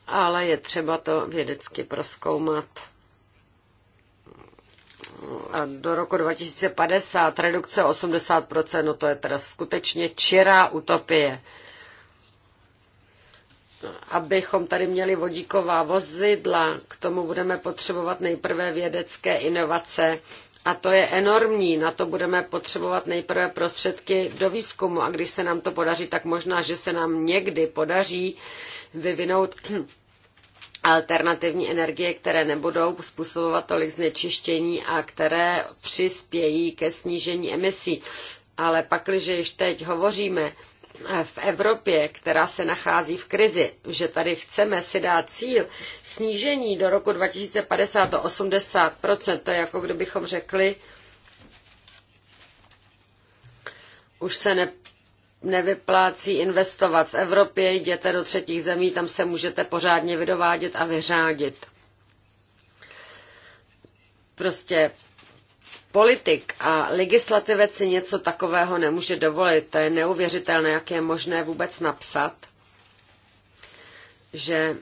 ale je třeba to vědecky proskoumat do roku 2050 redukce 80%, no to je teda skutečně čirá utopie. Abychom tady měli vodíková vozidla, k tomu budeme potřebovat nejprve vědecké inovace, a to je enormní, na to budeme potřebovat nejprve prostředky do výzkumu a když se nám to podaří, tak možná, že se nám někdy podaří vyvinout alternativní energie, které nebudou způsobovat tolik znečištění a které přispějí ke snížení emisí. Ale pakliže již teď hovoříme eh, v Evropě, která se nachází v krizi, že tady chceme si dát cíl snížení do roku 2050 o 80 to je jako kdybychom řekli, už se ne, nevyplácí investovat v Evropě, jděte do třetích zemí, tam se můžete pořádně vydovádět a vyřádit. Prostě politik a legislativec si něco takového nemůže dovolit. To je neuvěřitelné, jak je možné vůbec napsat, že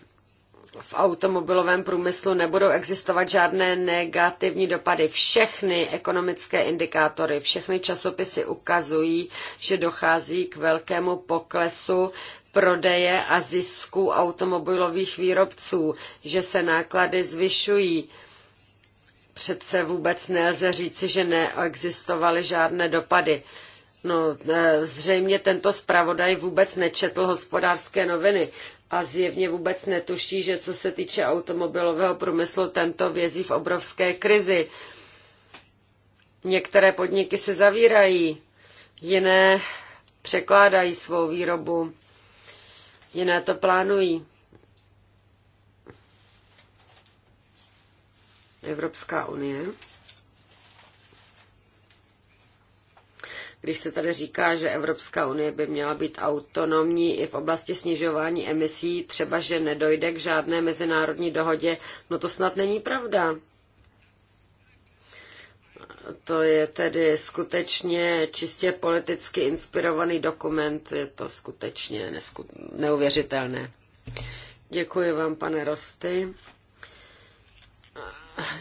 v automobilovém průmyslu nebudou existovat žádné negativní dopady. Všechny ekonomické indikátory, všechny časopisy ukazují, že dochází k velkému poklesu prodeje a zisku automobilových výrobců, že se náklady zvyšují. Přece vůbec nelze říci, že neexistovaly žádné dopady. No, e, zřejmě tento zpravodaj vůbec nečetl hospodářské noviny, a zjevně vůbec netuší, že co se týče automobilového průmyslu, tento vězí v obrovské krizi. Některé podniky se zavírají, jiné překládají svou výrobu, jiné to plánují. Evropská unie. když se tady říká, že Evropská unie by měla být autonomní i v oblasti snižování emisí, třeba že nedojde k žádné mezinárodní dohodě, no to snad není pravda. To je tedy skutečně čistě politicky inspirovaný dokument, je to skutečně nesku... neuvěřitelné. Děkuji vám, pane Rosty,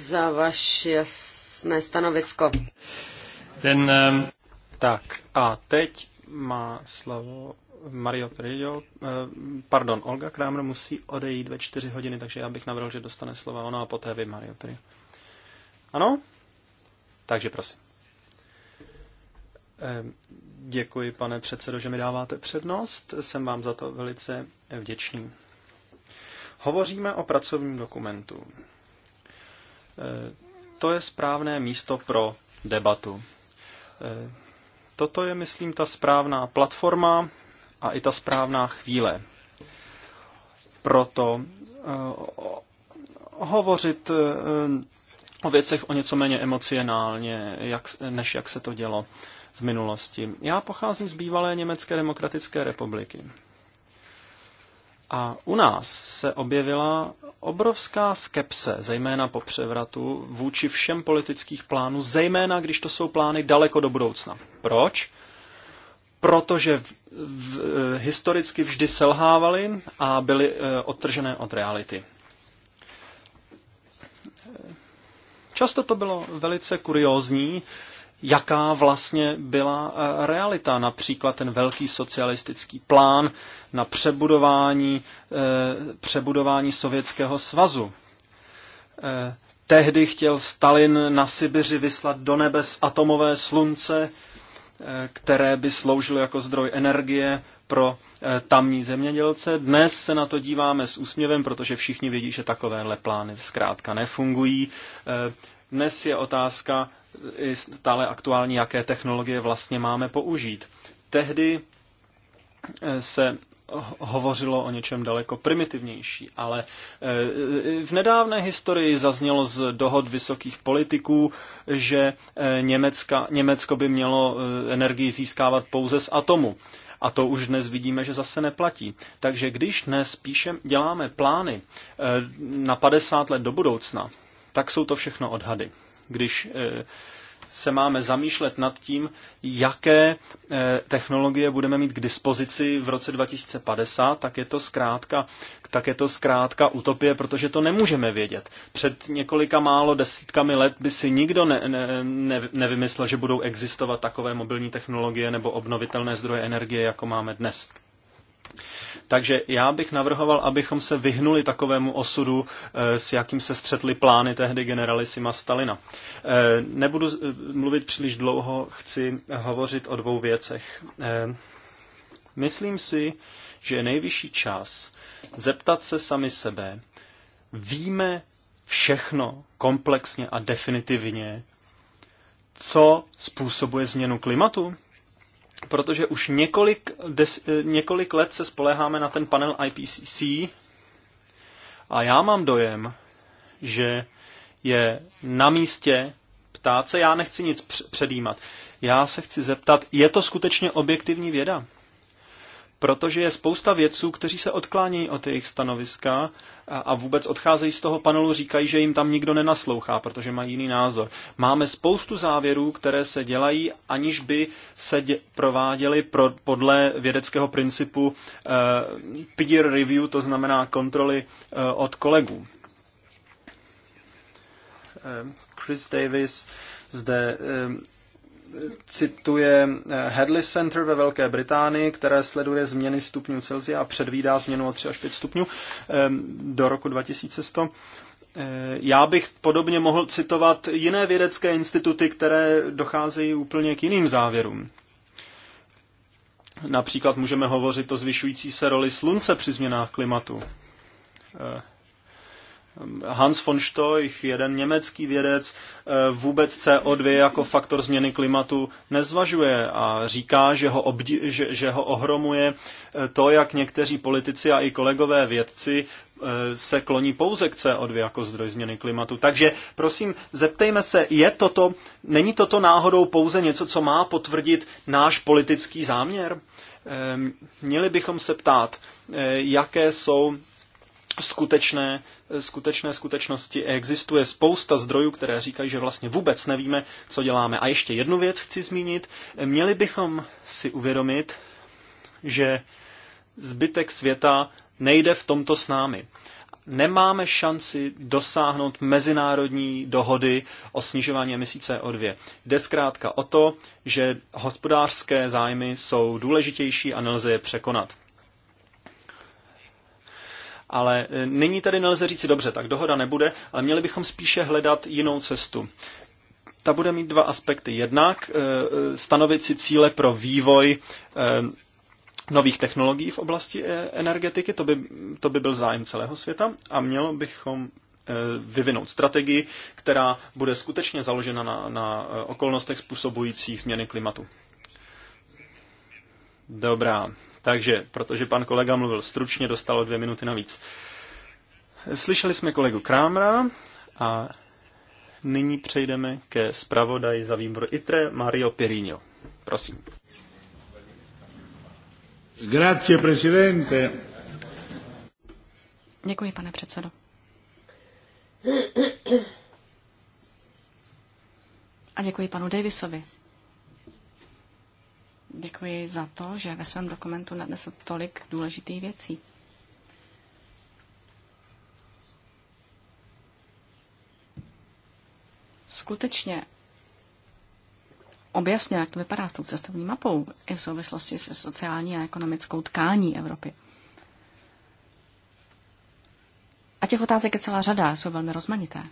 za vaše jasné stanovisko. Ten, um... Tak a teď má slovo Mario Perillo. Eh, pardon, Olga Kramer musí odejít ve čtyři hodiny, takže já bych navrhl, že dostane slova ona a poté vy, Mario Perillo. Ano? Takže prosím. Eh, děkuji, pane předsedo, že mi dáváte přednost. Jsem vám za to velice vděčný. Hovoříme o pracovním dokumentu. Eh, to je správné místo pro debatu. Toto je, myslím, ta správná platforma a i ta správná chvíle. Proto uh, hovořit uh, o věcech o něco méně emocionálně, jak, než jak se to dělo v minulosti. Já pocházím z bývalé Německé demokratické republiky. A u nás se objevila obrovská skepse, zejména po převratu, vůči všem politických plánů, zejména když to jsou plány daleko do budoucna. Proč? Protože v, v, eh, historicky vždy selhávaly a byly e, odtržené od reality. Eh, často to bylo velice kuriózní, jaká vlastně byla eh, realita. Například ten velký socialistický plán na přebudování, eh, přebudování Sovětského svazu. Eh, tehdy chtěl Stalin na Sibiři vyslat do nebes atomové slunce, které by sloužilo jako zdroj energie pro tamní zemědělce. Dnes se na to díváme s úsměvem, protože všichni vědí, že takovéhle plány zkrátka nefungují. Dnes je otázka, i stále aktuální, jaké technologie vlastně máme použít. Tehdy eh, se hovořilo o něčem daleko primitivnější, ale eh, v nedávné historii zaznělo z dohod vysokých politiků, že eh, Německa, Německo by mělo energii získávat pouze z atomu. A to už dnes vidíme, že zase neplatí. Takže když dnes píšem, děláme plány na 50 let do budoucna, tak jsou to všechno odhady když eh, se máme zamýšlet nad tím, jaké eh, technologie budeme mít k dispozici v roce 2050, tak je to zkrátka, tak je to zkrátka utopie, protože to nemůžeme vědět. Před několika málo desítkami let by si nikdo ne, ne, ne, nevymyslel, že budou existovat takové mobilní technologie nebo obnovitelné zdroje energie, jako máme dnes. Takže já bych navrhoval, abychom se vyhnuli takovému osudu, eh, s jakým se střetly plány tehdy generalisima Stalina. Eh, nebudu eh, mluvit příliš dlouho, chci hovořit o dvou věcech. Myslím si, že je nejvyšší čas zeptat se sami sebe, víme všechno komplexně a definitivně, co způsobuje změnu klimatu? protože už několik, des, několik let se spoleháme na ten panel IPCC a já mám dojem, že je na místě ptát se, já nechci nic předjímat. Já se chci zeptat, je to skutečně objektivní věda? protože je spousta vědců, kteří se odklánějí od jejich stanoviska a vůbec odcházejí z toho panelu, říkají, že jim tam nikdo nenaslouchá, protože mají jiný názor. Máme spoustu závěrů, které se dělají, aniž by se dě- prováděly pro- podle vědeckého principu eh, peer review, to znamená kontroly eh, od kolegů. Eh, Chris Davis zde eh, cituje eh, Hadley Center ve Velké Británii, které sleduje změny stupňů Celsia a předvídá změnu o 3 až 5 stupňů eh, do roku 2100. Eh, já bych podobně mohl citovat jiné vědecké instituty, které docházejí úplně k jiným závěrům. Například můžeme hovořit o zvyšující se roli slunce při změnách klimatu. Hans von Stoich, jeden německý vědec, eh, vůbec CO2 jako faktor změny klimatu nezvažuje a říká, že ho, obdi- že, že ho ohromuje eh, to, jak někteří politici a i kolegové vědci eh, se kloní pouze k CO2 jako zdroj změny klimatu. Takže prosím, zeptejme se, je toto, není toto náhodou pouze něco, co má potvrdit náš politický záměr? Ehm, měli bychom se ptát, jaké jsou skutečné skutečné skutečnosti existuje spousta zdrojů, které říkají, že vlastně vůbec nevíme, co děláme. A ještě jednu věc chci zmínit. Měli bychom si uvědomit, že zbytek světa nejde v tomto s námi. Nemáme šanci dosáhnout mezinárodní dohody o snižování emisí CO2. Jde zkrátka o to, že hospodářské zájmy jsou důležitější a nelze je překonat. Ale e, není tady nelze říci, dobře, tak dohoda nebude, ale měli bychom spíše hledat jinou cestu. Ta bude mít dva aspekty. Jednak e, e, stanovit si cíle pro vývoj nových technologií v oblasti energetiky, to by, to by byl zájem celého světa a mělo bychom vyvinout strategii, která bude skutečně založena na, na okolnostech způsobujících změny klimatu. Dobrá, takže, protože pan kolega mluvil stručně, dostalo dvě minuty navíc. Slyšeli jsme kolegu Krámra a nyní přejdeme ke zpravodaji za výbor ITRE Mario Pirinho. Prosím. Grazie, presidente. Děkuji, pane předsedo. A děkuji panu Davisovi Děkuji za to, že ve svém dokumentu nadnesl tolik důležitých věcí. Skutečně objasnil, jak to vypadá s tou cestovní mapou i v souvislosti se sociální a ekonomickou tkání Evropy. A těch otázek je celá řada, jsou velmi rozmanité.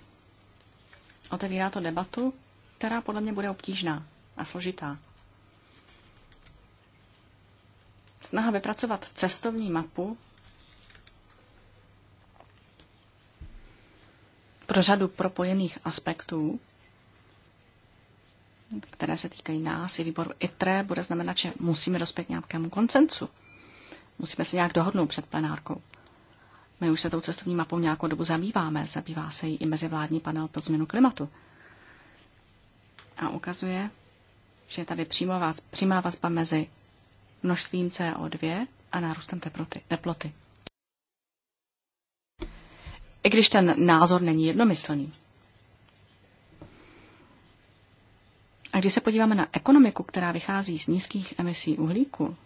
Otevírá to debatu, která podle mě bude obtížná a složitá. snaha vypracovat cestovní mapu pro řadu propojených aspektů, které se týkají nás i výboru ITRE, bude znamenat, že musíme dospět k nějakému koncensu. Musíme se nějak dohodnout před plenárkou. My už se tou cestovní mapou nějakou dobu zabýváme. Zabývá se jí i mezivládní panel pro změnu klimatu. A ukazuje, že je tady přímá vazba mezi množstvím CO2 a nárůstem teploty. teploty. I když ten názor není jednomyslný. A když se podíváme na ekonomiku, která vychází z nízkých emisí uhlíku,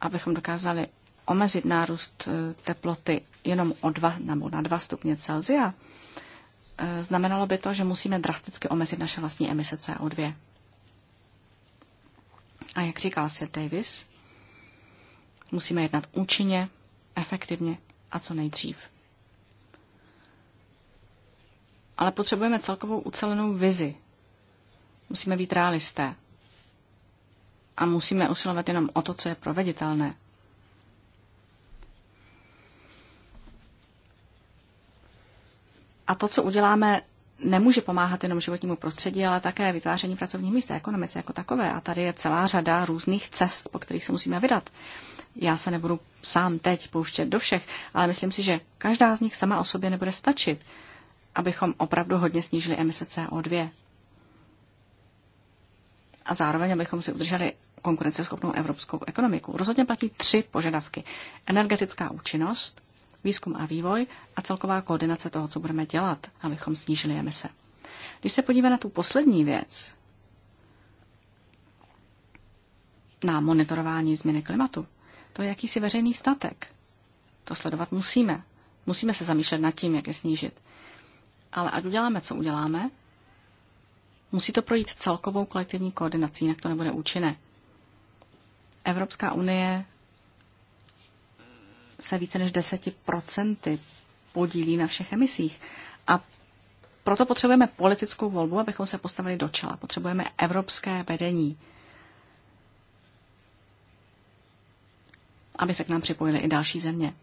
abychom dokázali omezit nárůst e, teploty jenom o 2 nebo na 2 stupně Celsia, e, znamenalo by to, že musíme drasticky omezit naše vlastní emise CO2. A jak říkal se Davis, musíme jednat účinně, efektivně a co nejdřív. Ale potřebujeme celkovou ucelenou vizi. Musíme být realisté. A musíme usilovat jenom o to, co je proveditelné. A to, co uděláme nemůže pomáhat jenom životnímu prostředí, ale také vytváření pracovních míst a ekonomice jako takové. A tady je celá řada různých cest, po kterých se musíme vydat. Já se nebudu sám teď pouštět do všech, ale myslím si, že každá z nich sama o sobě nebude stačit, abychom opravdu hodně snížili emise CO2. A zároveň, abychom si udrželi konkurenceschopnou evropskou ekonomiku. Rozhodně platí tři požadavky. Energetická účinnost, výzkum a vývoj a celková koordinace toho, co budeme dělat, abychom snížili emise. Když se podíváme na tu poslední věc, na monitorování změny klimatu, to je jakýsi veřejný statek. To sledovat musíme. Musíme se zamýšlet nad tím, jak je snížit. Ale ať uděláme, co uděláme, musí to projít celkovou kolektivní koordinací, jinak to nebude účinné. Evropská unie se více než 10% podílí na všech emisích. A proto potřebujeme politickou volbu, abychom se postavili do čela. Potřebujeme evropské vedení, aby se k nám připojily i další země.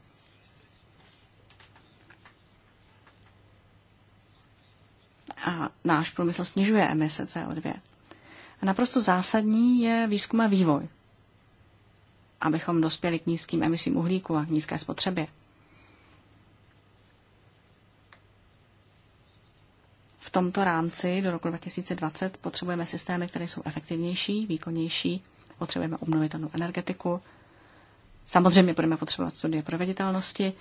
A náš průmysl snižuje emise CO2. A naprosto zásadní je výzkum a vývoj, abychom dospěli k nízkým emisím uhlíku a k nízké spotřebě. tomto rámci do roku 2020 potřebujeme systémy, které jsou efektivnější, výkonnější, potřebujeme obnovitelnou energetiku, samozřejmě budeme potřebovat studie proveditelnosti,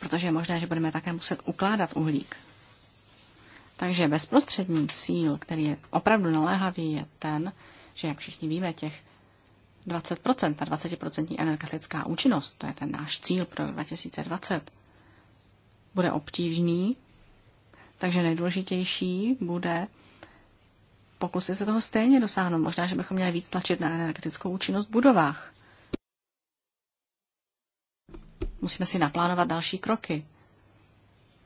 protože je možné, že budeme také muset ukládat uhlík. Takže bezprostřední cíl, který je opravdu naléhavý, je ten, že, jak všichni víme, těch 20%, ta 20% energetická účinnost, to je ten náš cíl pro 2020, bude obtížný, takže nejdůležitější bude pokusit se toho stejně dosáhnout. Možná, že bychom měli víc tlačit na energetickou účinnost v budovách. Musíme si naplánovat další kroky.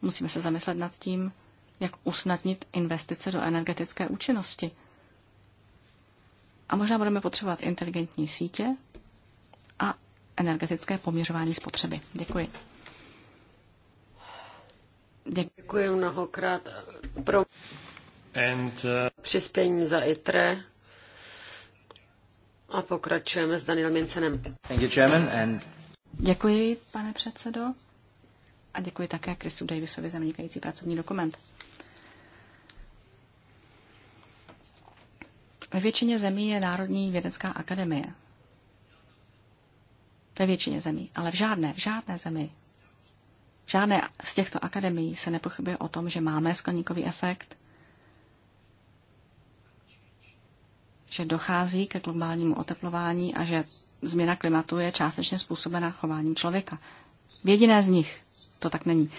Musíme se zamyslet nad tím, jak usnadnit investice do energetické účinnosti. A možná budeme potřebovat inteligentní sítě a energetické poměřování spotřeby. Děkuji. Děkuji mnohokrát pro And, uh... přispění za ITRE. A pokračujeme s Danielem Jensenem. Thank you, Chairman, and... Děkuji, pane předsedo. A děkuji také Kristu Davisovi za vynikající pracovní dokument. Ve většině zemí je Národní vědecká akademie. Ve většině zemí, ale v žádné, v žádné zemi žádné z těchto akademií se nepochybuje o tom, že máme skleníkový efekt, že dochází ke globálnímu oteplování a že změna klimatu je částečně způsobena chováním člověka. V jediné z nich to tak není.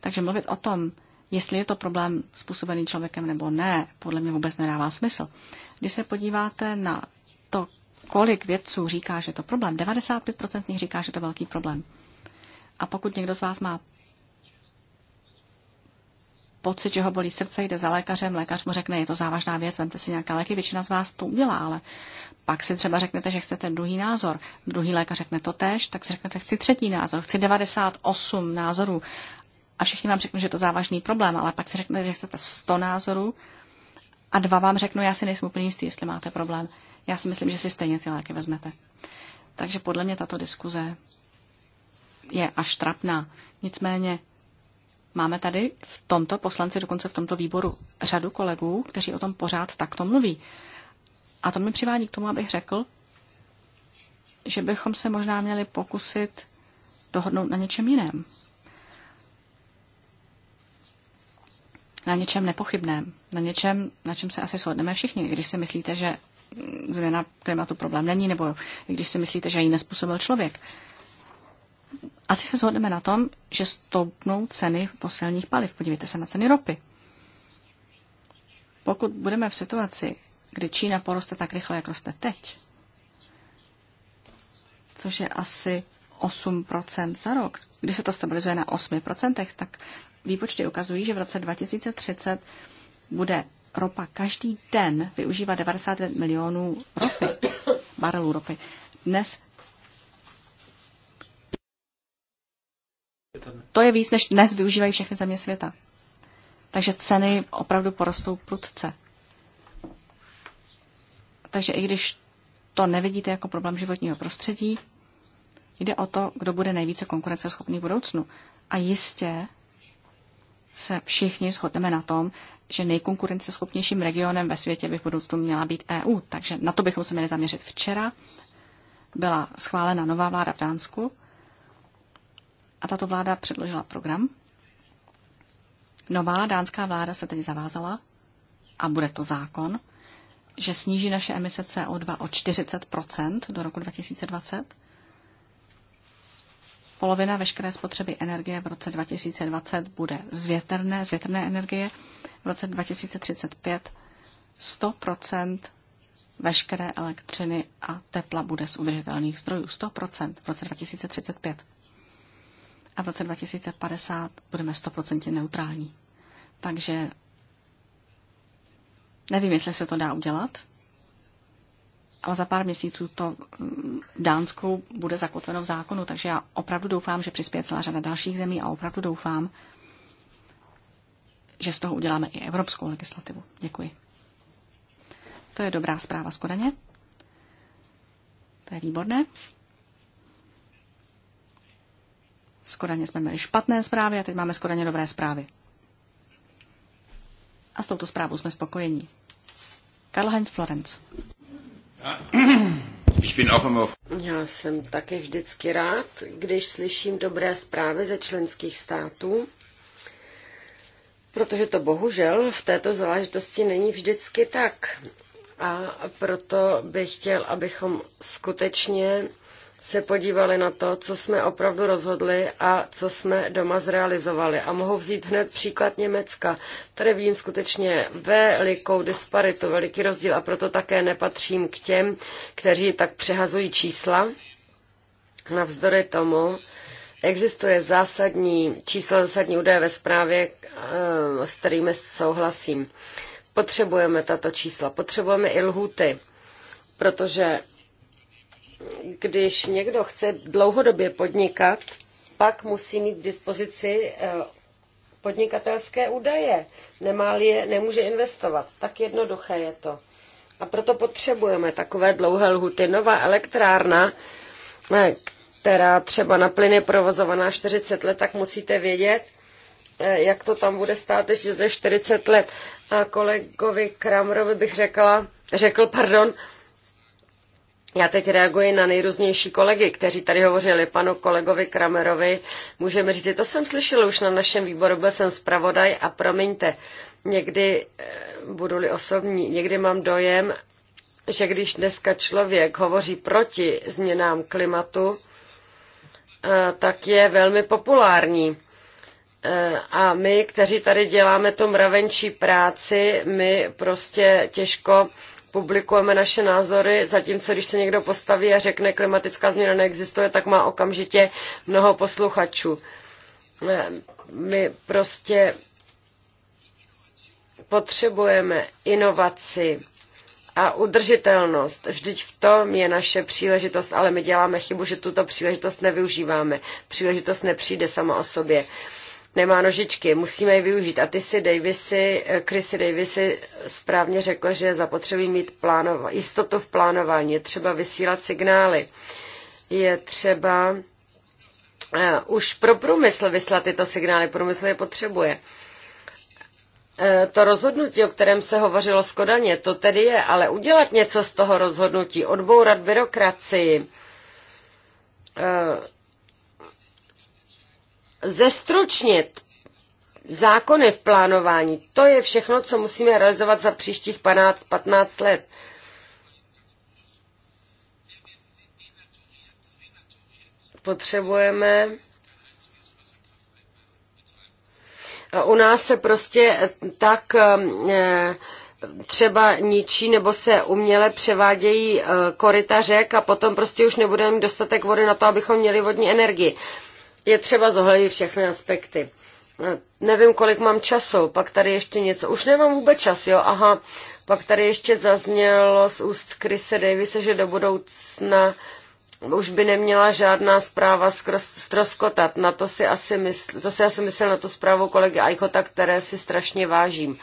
Takže mluvit o tom, jestli je to problém způsobený člověkem nebo ne, podle mě vůbec nedává smysl. Když se podíváte na to, kolik vědců říká, že je to problém, 95% z nich říká, že je to velký problém. A pokud někdo z vás má pocit, že ho bolí srdce, jde za lékařem, lékař mu řekne, je to závažná věc, vemte si nějaké léky, většina z vás to udělá, ale pak si třeba řeknete, že chcete druhý názor, druhý lékař řekne to tež, tak si řeknete, chci třetí názor, chci 98 názorů a všichni vám řeknou, že je to závažný problém, ale pak si řeknete, že chcete 100 názorů a dva vám řeknou, já si nejsem úplně jistý, jestli máte problém. Já si myslím, že si stejně ty léky vezmete. Takže podle mě tato diskuze je až trapná. Nicméně Máme tady v tomto poslanci, dokonce v tomto výboru, řadu kolegů, kteří o tom pořád takto mluví. A to mi přivádí k tomu, abych řekl, že bychom se možná měli pokusit dohodnout na něčem jiném. Na něčem nepochybném, na něčem, na čem se asi shodneme všichni, když si myslíte, že změna klimatu problém není, nebo když si myslíte, že ji nespůsobil člověk. Uh, asi se shodneme na tom, že stoupnou ceny fosilních paliv. Podívejte se na ceny ropy. Pokud budeme v situaci, kdy Čína poroste tak rychle, jak roste teď, což je asi 8% za rok, když se to stabilizuje na 8%, tak výpočty ukazují, že v roce 2030 bude ropa každý den využívat 90 milionů ropy, barelů ropy. Dnes to je víc, než dnes využívají všechny země světa. Takže ceny opravdu porostou prudce. Takže i když to nevidíte jako problém životního prostředí, jde o to, kdo bude nejvíce konkurenceschopný v budoucnu. A jistě se všichni shodneme na tom, že nejkonkurenceschopnějším regionem ve světě by v budoucnu měla být EU. Takže na to bychom se měli zaměřit. Včera byla schválena nová vláda v Dánsku a tato vláda předložila program. Nová dánská vláda se tedy zavázala, a bude to zákon, že sníží naše emise CO2 o 40 do roku 2020. Polovina veškeré spotřeby energie v roce 2020 bude z větrné, z větrné energie. V roce 2035 100 veškeré elektřiny a tepla bude z udržitelných zdrojů. 100 v roce 2035 a v roce 2050 budeme 100% neutrální. Takže nevím, jestli se to dá udělat, ale za pár měsíců to v mm, Dánsku bude zakotveno v zákonu, takže já opravdu doufám, že přispěje celá řada dalších zemí a opravdu doufám, že z toho uděláme i evropskou legislativu. Děkuji. To je dobrá zpráva z Kodaně. To je výborné. Z Kodaně jsme měli špatné zprávy a teď máme z Kodaně dobré zprávy. A s touto zprávou jsme spokojení. Karl-Heinz Florenc. Já jsem také vždycky rád, když slyším dobré zprávy ze členských států, protože to bohužel v této záležitosti není vždycky tak. A proto bych chtěl, abychom skutečně se podívali na to, co jsme opravdu rozhodli a co jsme doma zrealizovali. A mohu vzít hned příklad Německa. Tady vím skutečně velikou disparitu, veliký rozdíl a proto také nepatřím k těm, kteří tak přehazují čísla. Navzdory tomu existuje zásadní číslo, zásadní údaje ve zprávě, eh, s kterými souhlasím. Potřebujeme tato čísla, potřebujeme i lhuty, protože když někdo chce dlouhodobě podnikat, pak musí mít k dispozici eh, podnikatelské údaje. Nemá-li je, nemůže investovat. Tak jednoduché je to. A proto potřebujeme takové dlouhé lhuty. Nová elektrárna, eh, která třeba na plyn je provozovaná 40 let, tak musíte vědět, eh, jak to tam bude stát ještě ze 40 let. A kolegovi Kramrovi bych řekla, řekl, pardon, já teď reaguji na nejrůznější kolegy, kteří tady hovořili panu kolegovi Kramerovi. Můžeme říct, že to jsem slyšel už na našem výboru, byl jsem zpravodaj a promiňte, někdy, eh, budu-li osobní, někdy mám dojem, že když dneska člověk hovoří proti změnám klimatu, eh, tak je velmi populární. Eh, a my, kteří tady děláme tu mravenčí práci, my prostě těžko publikujeme naše názory, zatímco když se někdo postaví a řekne, klimatická změna neexistuje, tak má okamžitě mnoho posluchačů. Eh, my prostě potřebujeme inovaci a udržitelnost. Vždyť v tom je naše příležitost, ale my děláme chybu, že tuto příležitost nevyužíváme. Příležitost nepřijde sama o sobě nemá nožičky, musíme ji využít. A ty si Davisy, eh, Chrissy Davisy správně řekla, že zapotřebí mít plánova, jistotu v plánování, je třeba vysílat signály, je třeba eh, už pro průmysl vyslat tyto signály, průmysl je potřebuje. Eh, to rozhodnutí, o kterém se hovořilo z Kodaně, to tedy je, ale udělat něco z toho rozhodnutí, odbourat byrokracii, zestručnit zákony v plánování, to je všechno, co musíme realizovat za příštích 15, 15 let. Potřebujeme u nás se prostě tak um, eh, třeba ničí nebo se uměle převádějí eh, koryta řek a potom prostě už nebudeme mít dostatek vody na to, abychom měli vodní energii je třeba zohlednit všechny aspekty. Nevím, kolik mám času, pak tady ještě něco. Už nemám vůbec čas, jo, aha. Pak tady ještě zaznělo z úst Krise Davise, že do budoucna už by neměla žádná zpráva ztroskotat. Na to si asi, mysl, to si asi myslel na tu zprávu kolegy Ajkota, které si strašně vážím.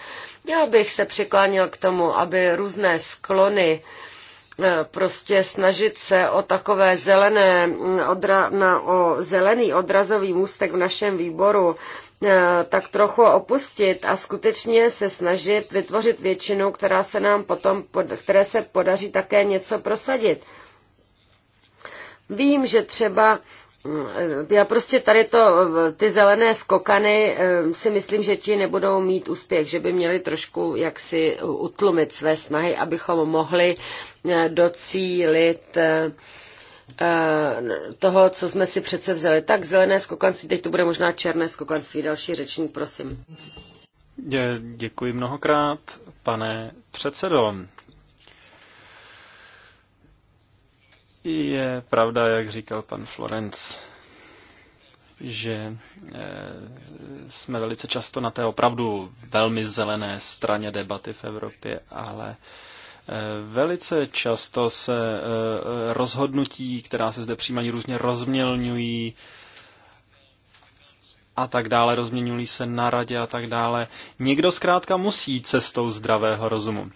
Já bych se přiklánil k tomu, aby různé sklony uh, Eh, prostě snažit se o takové zelené, mm, odra, na, o zelený odrazový můstek v našem výboru eh, tak trochu opustit a skutečně se snažit vytvořit většinu, která se nám potom, které se podaří také něco prosadit. Vím, že třeba mm, já prostě tady to, ty zelené skokany eh, si myslím, že ti nebudou mít úspěch, že by měli trošku jaksi utlumit své snahy, abychom mohli Eh, docílit eh, eh, toho, co jsme si přece vzali. Tak zelené skokanství, teď to bude možná černé skokanství. Další řečník, prosím. Děkuji mnohokrát, pane předsedo. Je pravda, jak říkal pan Florenc, že jsme velice často na té opravdu velmi zelené straně debaty v Evropě, ale Eh, velice často se eh, rozhodnutí, která se zde přijímají, různě rozmělňují a tak dále, rozměňují se na radě a tak dále. Někdo zkrátka musí cestou zdravého rozumu.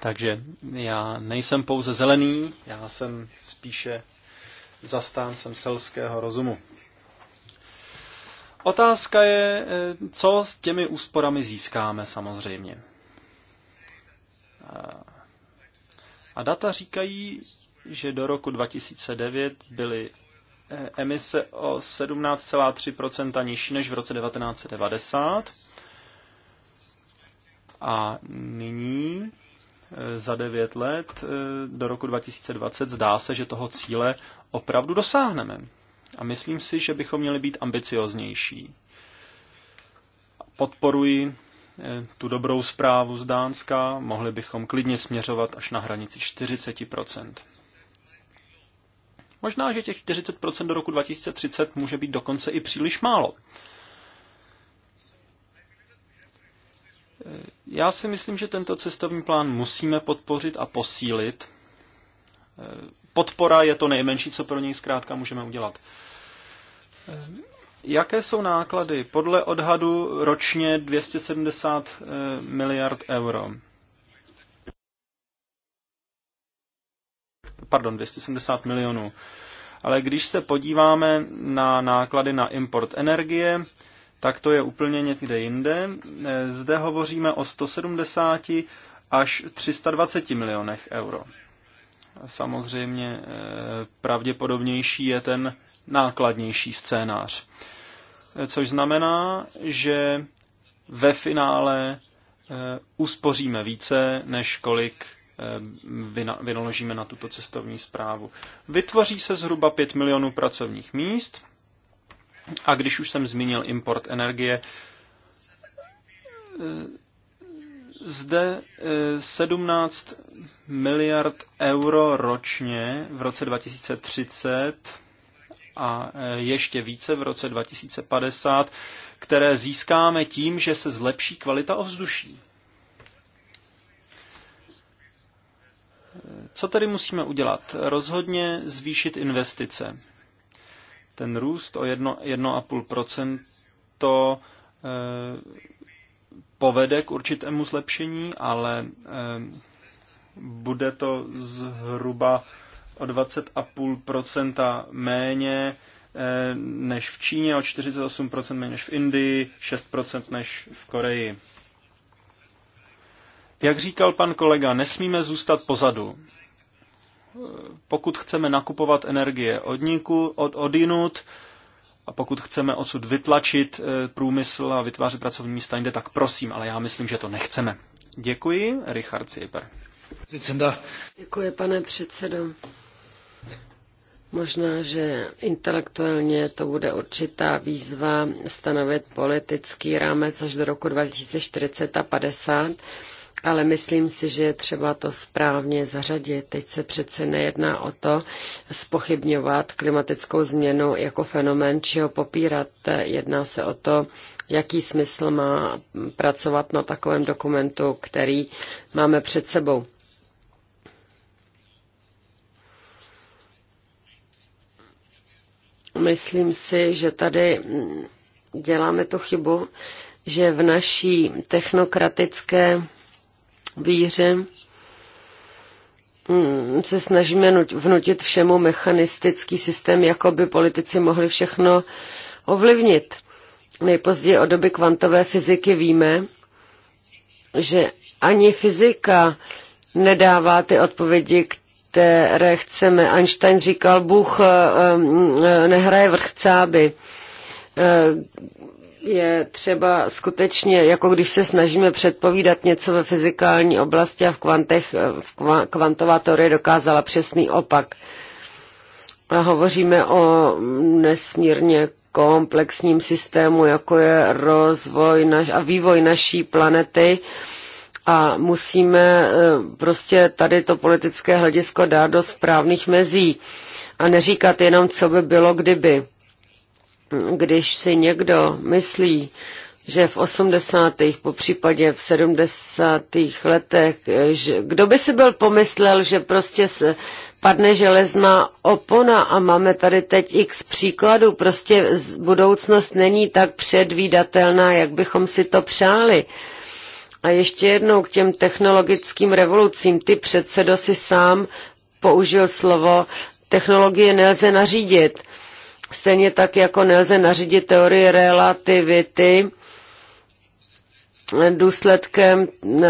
Takže já nejsem pouze zelený, já jsem spíše zastáncem selského rozumu. Otázka je, eh, co s těmi úsporami získáme samozřejmě. A data říkají, že do roku 2009 byly eh, emise o 17,3 nižší než v roce 1990. A nyní eh, za 9 let eh, do roku 2020 zdá se, že toho cíle opravdu dosáhneme. A myslím si, že bychom měli být ambicioznější. Podporuji tu dobrou zprávu z Dánska mohli bychom klidně směřovat až na hranici 40%. Možná, že těch 40% do roku 2030 může být dokonce i příliš málo. Já si myslím, že tento cestovní plán musíme podpořit a posílit. Podpora je to nejmenší, co pro něj zkrátka můžeme udělat. Jaké jsou náklady? Podle odhadu ročně 270 eh, miliard euro. Pardon, 270 milionů. Ale když se podíváme na náklady na import energie, tak to je úplně někde jinde. Eh, zde hovoříme o 170 až 320 milionech euro. Samozřejmě eh, pravděpodobnější je ten nákladnější scénář. Eh, což znamená, že ve finále eh, uspoříme více, než kolik vynaložíme na tuto cestovní zprávu. Vytvoří se zhruba 5 milionů pracovních míst a když už jsem zmínil import energie, zde 17 eh, miliard euro ročně v roce 2030 a eh, ještě více v roce 2050, které získáme tím, že se zlepší kvalita ovzduší. Co tedy musíme udělat? Rozhodně zvýšit investice. Ten růst o 1,5% to e, povede k určitému zlepšení, ale eh, bude to zhruba o 20,5% méně eh, než v Číně, o 48% méně než v Indii, 6% než v Koreji. Jak říkal pan kolega, nesmíme zůstat pozadu. Eh, pokud chceme nakupovat energie od, niku, od jinut, a pokud chceme odsud vytlačit eh, průmysl a vytvářet pracovní místa jinde, tak prosím, ale já myslím, že to nechceme. Děkuji, Richard Sieber. Děkuji, pane předsedo. Možná, že intelektuálně to bude určitá výzva stanovit politický rámec až do roku 2040 a 50 ale myslím si, že je třeba to správně zařadit. Teď se přece nejedná o to spochybňovat klimatickou změnu jako fenomén, či ho popírat. Jedná se o to, jaký smysl má pracovat na takovém dokumentu, který máme před sebou. Myslím si, že tady děláme tu chybu, že v naší technokratické víře hmm, se snažíme vnutit všemu mechanistický systém, jako by politici mohli všechno ovlivnit. Nejpozději od doby kvantové fyziky víme, že ani fyzika nedává ty odpovědi, které chceme. Einstein říkal, Bůh eh, eh, nehraje vrchcáby. Eh, je třeba skutečně, jako když se snažíme předpovídat něco ve fyzikální oblasti a v kvantech, v kvantová teorie dokázala přesný opak. A hovoříme o nesmírně komplexním systému, jako je rozvoj naš, a vývoj naší planety a musíme eh, prostě tady to politické hledisko dát do správných mezí a neříkat jenom, co by bylo, kdyby když si někdo myslí, že v 80. po případě v 70. letech, eh, že, kdo by si byl pomyslel, že prostě padne železná opona a máme tady teď x příkladů, prostě budoucnost není tak předvídatelná, jak bychom si to přáli. A ještě jednou k těm technologickým revolucím. Ty předsedo si sám použil slovo, technologie nelze nařídit Stejně tak, jako nelze nařídit teorii relativity, důsledkem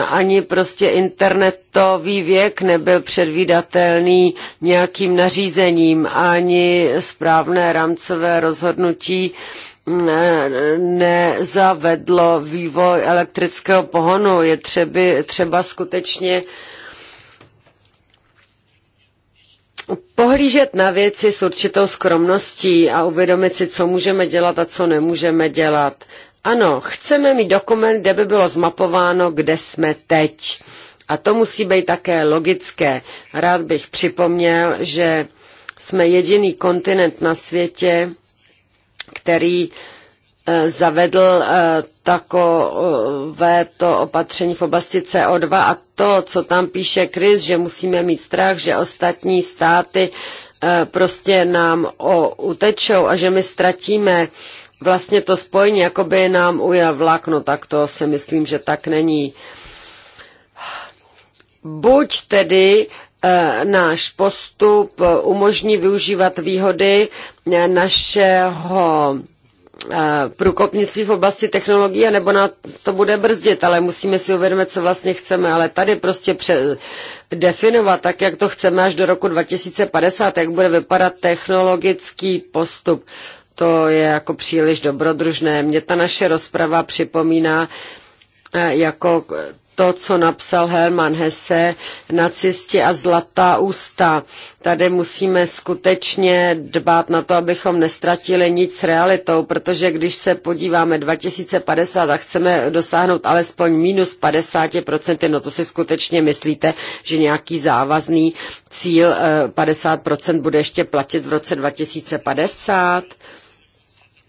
ani prostě internetový věk nebyl předvídatelný nějakým nařízením, ani správné rámcové rozhodnutí mm, nezavedlo vývoj elektrického pohonu. Je třeba, třeba skutečně pohlížet na věci s určitou skromností a uvědomit si, co můžeme dělat a co nemůžeme dělat. Ano, chceme mít dokument, kde by bylo zmapováno, kde jsme teď. A to musí být také logické. Rád bych připomněl, že jsme jediný kontinent na světě, který eh, zavedl eh, takové to opatření v oblasti CO2 a to, co tam píše Chris, že musíme mít strach, že ostatní státy eh, prostě nám o, utečou a že my ztratíme vlastně to spojení, jako by nám ujel vlak, no tak to si myslím, že tak není. Buď tedy eh, náš postup umožní využívat výhody eh, našeho Eh, průkopnictví v oblasti technologie, nebo na to bude brzdit, ale musíme si uvědomit, co vlastně chceme. Ale tady prostě pře- definovat tak, jak to chceme až do roku 2050, jak bude vypadat technologický postup, to je jako příliš dobrodružné. Mě ta naše rozprava připomíná eh, jako to, co napsal Hermann Hesse, nacisti a zlatá ústa. Tady musíme skutečně dbát na to, abychom nestratili nic s realitou, protože když se podíváme 2050 a chceme dosáhnout alespoň minus 50%, no to si skutečně myslíte, že nějaký závazný cíl 50% eh, bude ještě platit v roce 2050?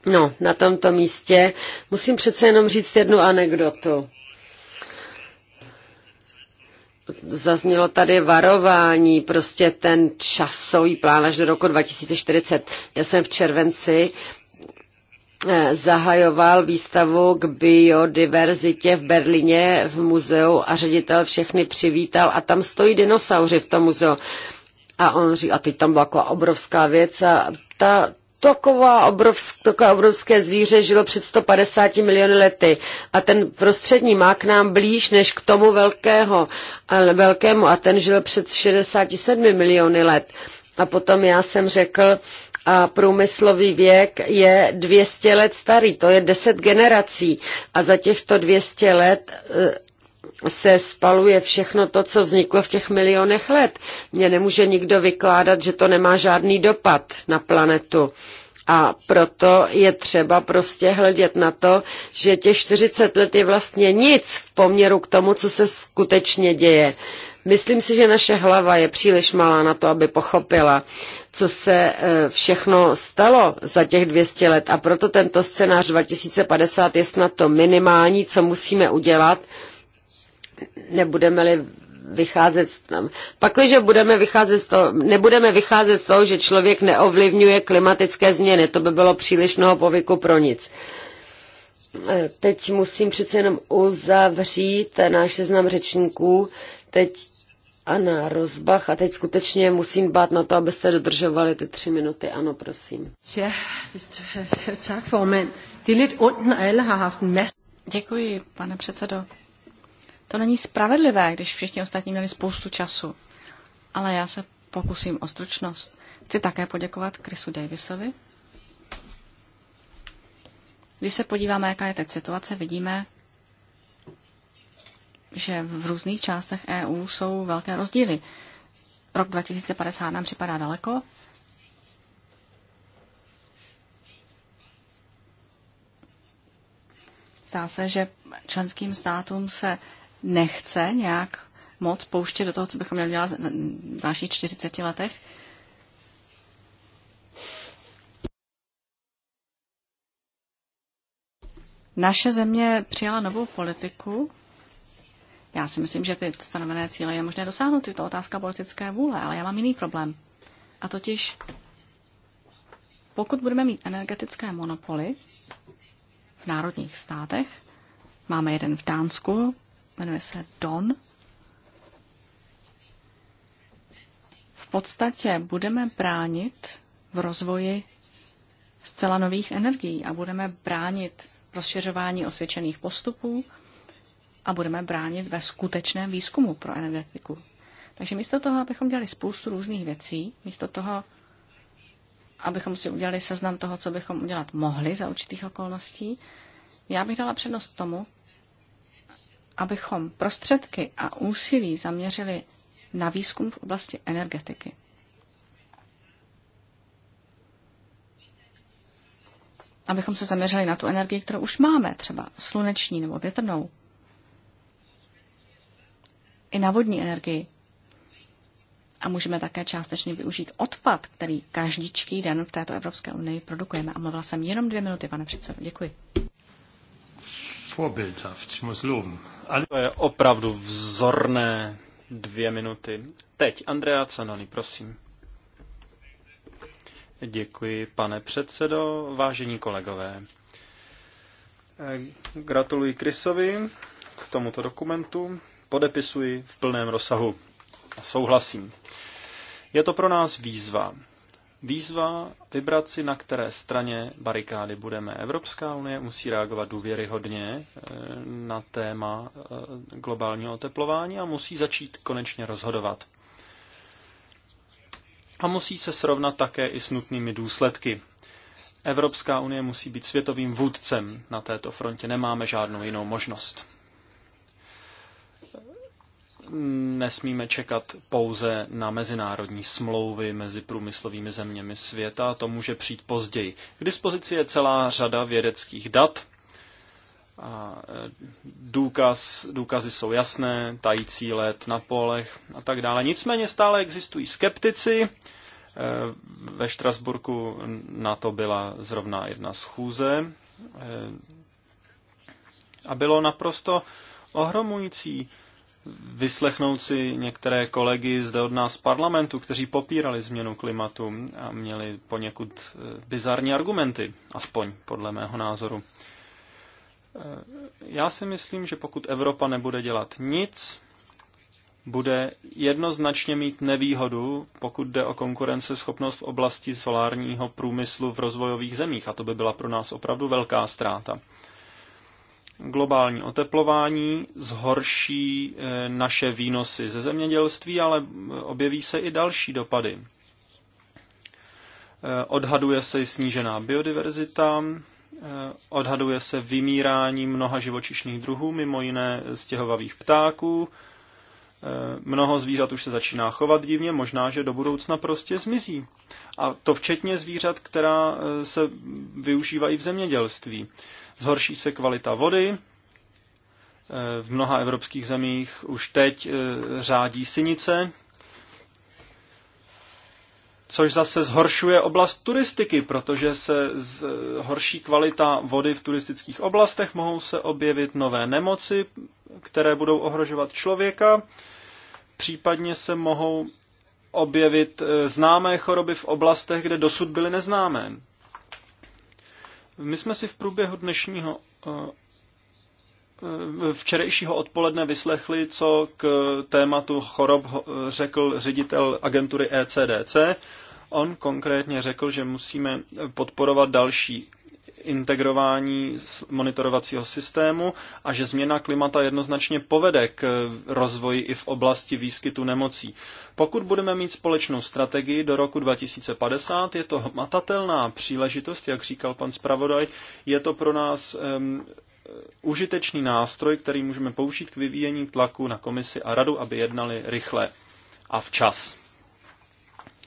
No, na tomto místě musím přece jenom říct jednu anekdotu zaznělo tady varování, prostě ten časový plán až do roku 2040. Já jsem v červenci eh, zahajoval výstavu k biodiverzitě v Berlíně v muzeu a ředitel všechny přivítal a tam stojí dinosauři v tom muzeu. A on říká, a teď tam byla jako obrovská věc a ta, taková obrovsk, takové obrovské zvíře žilo před 150 miliony lety a ten prostřední má k nám blíž než k tomu velkého, ale velkému a ten žil před 67 miliony let. A potom já jsem řekl, a průmyslový věk je 200 let starý, to je 10 generací. A za těchto 200 let e, se spaluje všechno to, co vzniklo v těch milionech let. Mně nemůže nikdo vykládat, že to nemá žádný dopad na planetu. A proto je třeba prostě hledět na to, že těch 40 let je vlastně nic v poměru k tomu, co se skutečně děje. Myslím si, že naše hlava je příliš malá na to, aby pochopila, co se e, všechno stalo za těch 200 let. A proto tento scénář 2050 je snad to minimální, co musíme udělat, nebudeme-li vycházet, pakliže budeme vycházet z toho, nebudeme vycházet z toho, že člověk neovlivňuje klimatické změny, to by bylo příliš mnoho povyku pro nic. E, teď musím přece jenom uzavřít náš seznam řečníků. Teď na Rozbach a teď skutečně musím bát na to, abyste dodržovali ty tři minuty. Ano, prosím. Er Děkuji, pane předsedo. To není spravedlivé, když všichni ostatní měli spoustu času. Ale já se pokusím o stručnost. Chci také poděkovat Chrisu Davisovi. Když se podíváme, jaká je teď situace, vidíme, že v různých částech EU jsou velké rozdíly. Rok 2050 nám připadá daleko. Zdá se, že členským státům se nechce nějak moc pouštět do toho, co bychom měli dělat v dalších 40 letech. Naše země přijala novou politiku. Já si myslím, že ty stanovené cíle je možné dosáhnout. Je to otázka politické vůle, ale já mám jiný problém. A totiž, pokud budeme mít energetické monopoly v národních státech, máme jeden v Dánsku, jmenuje se Don. V podstatě budeme bránit v rozvoji zcela nových energií a budeme bránit rozšiřování osvědčených postupů a budeme bránit ve skutečném výzkumu pro energetiku. Takže místo toho, abychom dělali spoustu různých věcí, místo toho, abychom si udělali seznam toho, co bychom udělat mohli za určitých okolností, já bych dala přednost tomu, abychom prostředky a úsilí zaměřili na výzkum v oblasti energetiky. Abychom se zaměřili na tu energii, kterou už máme, třeba sluneční nebo větrnou. I na vodní energii. A můžeme také částečně využít odpad, který každý den v této Evropské unii produkujeme. A mluvila jsem jenom dvě minuty, pane předsedo. Děkuji vorbildhaft, ich muss loben. To je opravdu vzorné dvě minuty. Teď Andrea Canoni, prosím. Děkuji, pane předsedo, vážení kolegové. Eh, gratuluji Krisovi k tomuto dokumentu. Podepisuji v plném rozsahu. Souhlasím. Je to pro nás výzva. Výzva vybrat si, na které straně barikády budeme. Evropská unie musí reagovat důvěryhodně eh, na téma eh, globálního oteplování a musí začít konečně rozhodovat. A musí se srovnat také i s nutnými důsledky. Evropská unie musí být světovým vůdcem na této frontě, nemáme žádnou jinou možnost nesmíme čekat pouze na mezinárodní smlouvy mezi průmyslovými zeměmi světa, to může přijít později. K dispozici je celá řada vědeckých dat, a e, důkaz, důkazy jsou jasné, tající let na polech a tak dále. Nicméně stále existují skeptici. E, ve Štrasburku na to byla zrovna jedna schůze e, a bylo naprosto ohromující vyslechnout si některé kolegy zde od nás z parlamentu, kteří popírali změnu klimatu a měli poněkud eh, bizarní argumenty, aspoň podle mého názoru. Eh, já si myslím, že pokud Evropa nebude dělat nic, bude jednoznačně mít nevýhodu, pokud jde o konkurenceschopnost v oblasti solárního průmyslu v rozvojových zemích. A to by byla pro nás opravdu velká ztráta globální oteplování zhorší eh, naše výnosy ze zemědělství, ale eh, objeví se i další dopady. Eh, odhaduje se i snížená biodiverzita, odhaduje se vymírání mnoha živočišných druhů, mimo jiné stěhovavých ptáků. Mnoho zvířat už se začíná chovat divně, možná, že do budoucna prostě zmizí. A to včetně zvířat, která se využívají v zemědělství zhorší se kvalita vody. E, v mnoha evropských zemích už teď e, řádí synice. což zase zhoršuje oblast turistiky, protože se zhorší kvalita vody v turistických oblastech, mohou se objevit nové nemoci, které budou ohrožovat člověka, případně se mohou objevit e, známé choroby v oblastech, kde dosud byly neznámé. My jsme si v průběhu dnešního eh, eh, včerejšího odpoledne vyslechli, co k tématu chorob řekl ředitel agentury ECDC. On konkrétně řekl, že musíme podporovat další integrování monitorovacího systému a že změna klimata jednoznačně povede k rozvoji i v oblasti výskytu nemocí. Pokud budeme mít společnou strategii do roku 2050, je to hmatatelná příležitost, jak říkal pan zpravodaj, je to pro nás um, užitečný nástroj, který můžeme použít k vyvíjení tlaku na komisi a radu, aby jednali rychle a včas.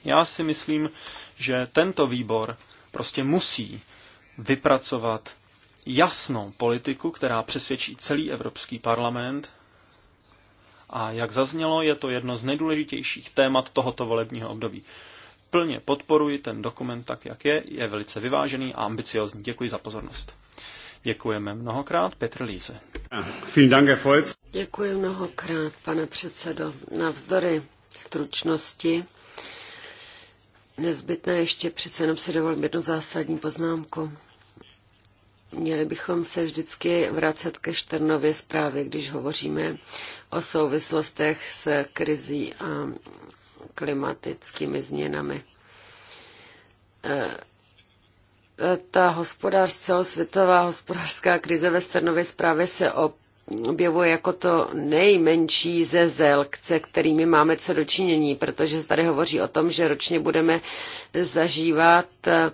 Já si myslím, že tento výbor prostě musí vypracovat jasnou politiku, která přesvědčí celý Evropský parlament. A jak zaznělo, je to jedno z nejdůležitějších témat tohoto volebního období. Plně podporuji ten dokument tak, jak je, je velice vyvážený a ambiciozní. Děkuji za pozornost. Děkujeme mnohokrát, Petr Líze. Děkuji mnohokrát, pane předsedo. Navzdory stručnosti nezbytné ještě přece jenom si dovolím jednu zásadní poznámku. Měli bychom se vždycky vracet ke Šternově zprávě, když hovoříme o souvislostech s krizí a klimatickými změnami. E, e, ta hospodář, celosvětová hospodářská krize ve Sternově zprávě se op objevuje jako to nejmenší ze zelkce, se kterými máme co dočinění, protože se tady hovoří o tom, že ročně budeme zažívat eh,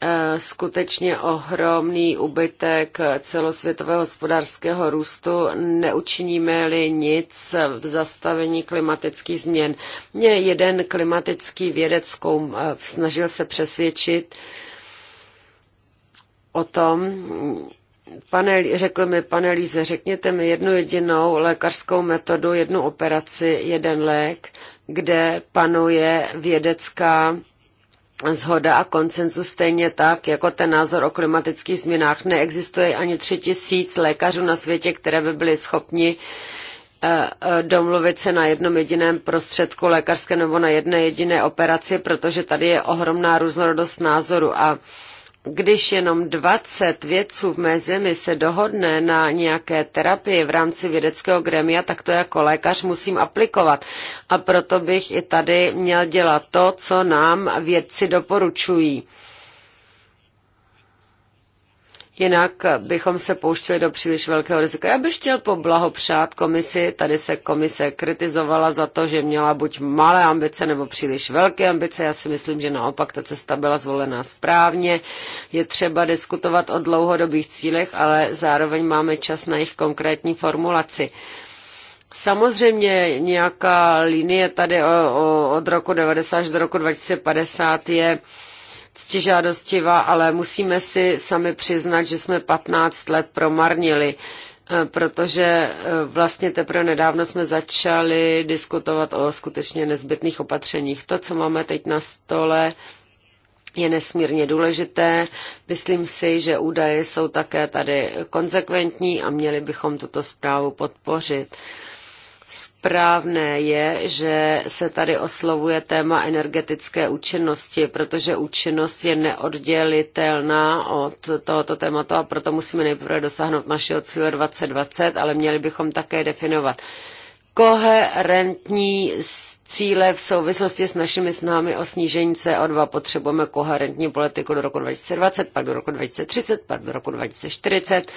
eh, skutečně ohromný ubytek celosvětového hospodářského růstu, neučiníme-li nic v zastavení klimatických změn. Mě jeden klimatický vědec eh, snažil se přesvědčit o tom, Pane, řekl mi, pane Líze, řekněte mi jednu jedinou lékařskou metodu, jednu operaci, jeden lék, kde panuje vědecká zhoda a konsenzus stejně tak, jako ten názor o klimatických změnách. Neexistuje ani tři tisíc lékařů na světě, které by byli schopni eh, eh, domluvit se na jednom jediném prostředku lékařské nebo na jedné jediné operaci, protože tady je ohromná různorodost názoru a když jenom 20 vědců v mé zemi se dohodne na nějaké terapii v rámci vědeckého gremia, tak to jako lékař musím aplikovat. A proto bych i tady měl dělat to, co nám vědci doporučují jinak bychom se pouštěli do příliš velkého rizika. Já bych chtěl poblahopřát komisi, tady se komise kritizovala za to, že měla buď malé ambice nebo příliš velké ambice. Já si myslím, že naopak ta cesta byla zvolená správně. Je třeba diskutovat o dlouhodobých cílech, ale zároveň máme čas na jejich konkrétní formulaci. Samozřejmě nějaká linie tady od roku 90 až do roku 2050 je ctižádostivá, ale musíme si sami přiznat, že jsme 15 let promarnili eh, protože eh, vlastně teprve nedávno jsme začali diskutovat o skutečně nezbytných opatřeních. To, co máme teď na stole, je nesmírně důležité. Myslím si, že údaje jsou také tady konsekventní a měli bychom tuto zprávu podpořit správné je, že se tady oslovuje téma energetické účinnosti, protože účinnost je neoddělitelná od tohoto tématu a proto musíme nejprve dosáhnout našeho cíle 2020, ale měli bychom také definovat koherentní cíle v souvislosti s našimi snahami o snížení CO2. Potřebujeme koherentní politiku do roku 2020, pak do roku 2030, pak do roku 2040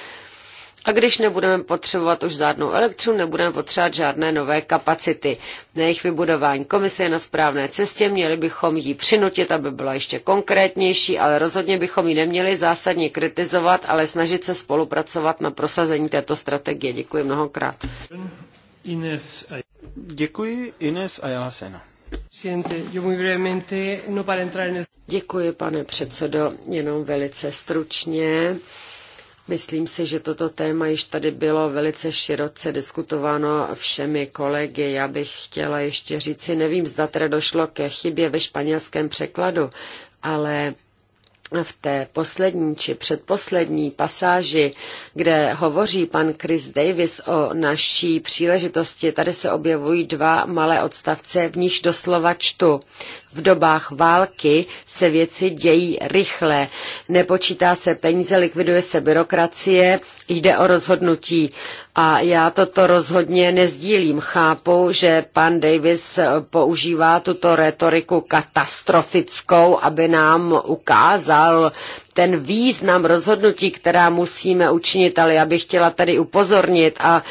a když nebudeme potřebovat už žádnou elektřinu, nebudeme potřebovat žádné nové kapacity na jejich vybudování. Komise je na správné cestě, měli bychom ji přinutit, aby byla ještě konkrétnější, ale rozhodně bychom ji neměli zásadně kritizovat, ale snažit se spolupracovat na prosazení této strategie. Děkuji mnohokrát. Ines a... Děkuji Ines Ayala Sena. No Děkuji, pane předsedo, jenom velice stručně. Myslím si, že toto téma již tady bylo velice široce diskutováno všemi kolegy. Já bych chtěla ještě říci, nevím, zda teda došlo ke chybě ve španělském překladu, ale v té poslední či předposlední pasáži, kde hovoří pan Chris Davis o naší příležitosti, tady se objevují dva malé odstavce, v níž doslova čtu v dobách války se věci dějí rychle. Nepočítá se peníze, likviduje se byrokracie, jde o rozhodnutí. A já toto rozhodně nezdílím. Chápu, že pan Davis používá tuto retoriku katastrofickou, aby nám ukázal ten význam rozhodnutí, která musíme učinit, ale já bych chtěla tady upozornit a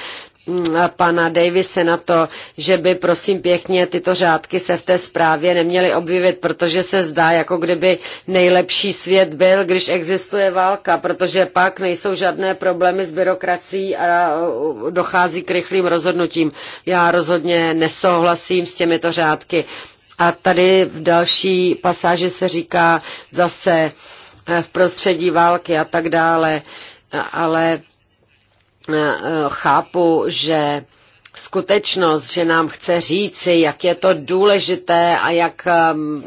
pana Davise na to, že by prosím pěkně tyto řádky se v té zprávě neměly objevit, protože se zdá, jako kdyby nejlepší svět byl, když existuje válka, protože pak nejsou žádné problémy s byrokracií a dochází k rychlým rozhodnutím. Já rozhodně nesouhlasím s těmito řádky. A tady v další pasáži se říká zase eh, v prostředí války a tak dále, ale Eh, chápu, že skutečnost, že nám chce říci, jak je to důležité a jak ehm,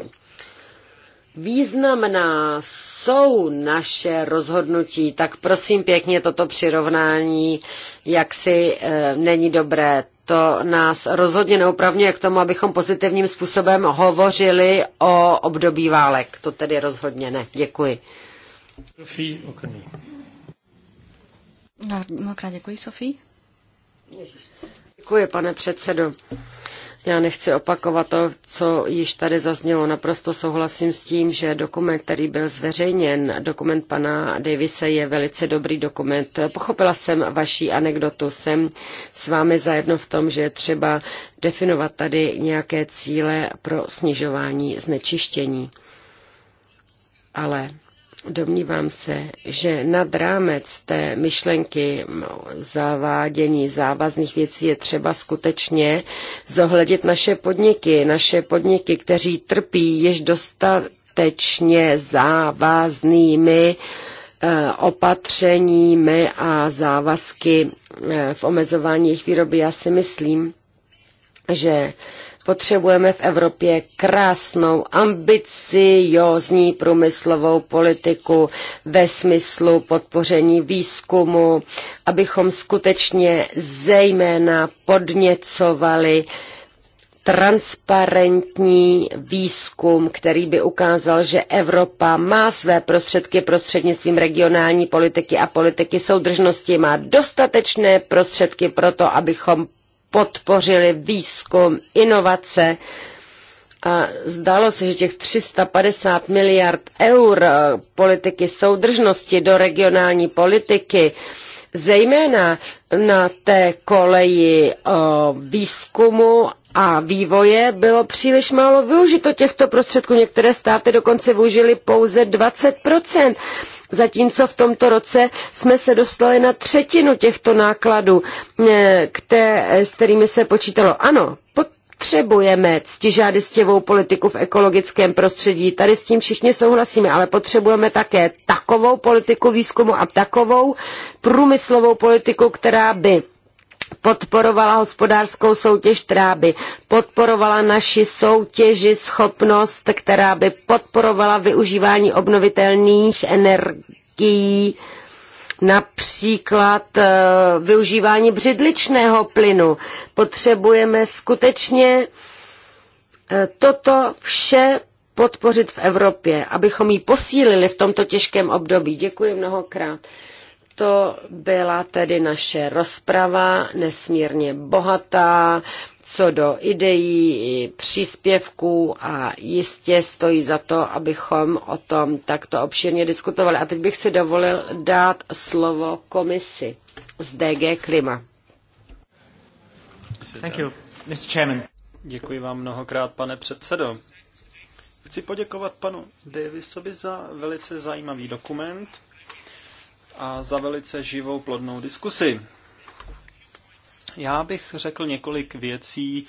významná jsou naše rozhodnutí, tak prosím pěkně toto přirovnání, jak si e, není dobré. To nás rozhodně neupravňuje k tomu, abychom pozitivním způsobem hovořili o období válek. To tedy rozhodně ne. Děkuji. Sophie Mnohokrát děkuji, Sofie. Děkuji, pane předsedo. Já nechci opakovat to, co již tady zaznělo. Naprosto souhlasím s tím, že dokument, který byl zveřejněn, dokument pana Davise je velice dobrý dokument. Pochopila jsem vaší anekdotu. Jsem s vámi zajedno v tom, že je třeba definovat tady nějaké cíle pro snižování znečištění. Ale Domnívám se, že nad rámec té myšlenky zavádění závazných věcí je třeba skutečně zohlednit naše podniky, naše podniky, kteří trpí již dostatečně závaznými eh, opatřeními a závazky eh, v omezování jejich výroby. Já si myslím, že Potřebujeme v Evropě krásnou, ambiciózní průmyslovou politiku ve smyslu podpoření výzkumu, abychom skutečně zejména podněcovali transparentní výzkum, který by ukázal, že Evropa má své prostředky prostřednictvím regionální politiky a politiky soudržnosti, má dostatečné prostředky pro to, abychom podpořili výzkum, inovace. A zdalo se, že těch 350 miliard eur politiky soudržnosti do regionální politiky, zejména na té koleji výzkumu a vývoje bylo příliš málo využito těchto prostředků. Některé státy dokonce využili pouze 20 zatímco v tomto roce jsme se dostali na třetinu těchto nákladů, eh, s kterými se počítalo. Ano, potřebujeme ctižádistivou politiku v ekologickém prostředí. Tady s tím všichni souhlasíme, ale potřebujeme také takovou politiku výzkumu a takovou průmyslovou politiku, která by podporovala hospodářskou soutěž, která by podporovala naši soutěži schopnost, která by podporovala využívání obnovitelných energií, například eh, využívání břidličného plynu. Potřebujeme skutečně eh, toto vše podpořit v Evropě, abychom ji posílili v tomto těžkém období. Děkuji mnohokrát. To byla tedy naše rozprava, nesmírně bohatá, co do ideí, příspěvků a jistě stojí za to, abychom o tom takto obširně diskutovali. A teď bych si dovolil dát slovo komisi z DG Klima. Thank you, Mr. Chairman. Děkuji vám mnohokrát, pane předsedo. Chci poděkovat panu Davisovi za velice zajímavý dokument, a za velice živou plodnou diskusi. Já bych řekl několik věcí,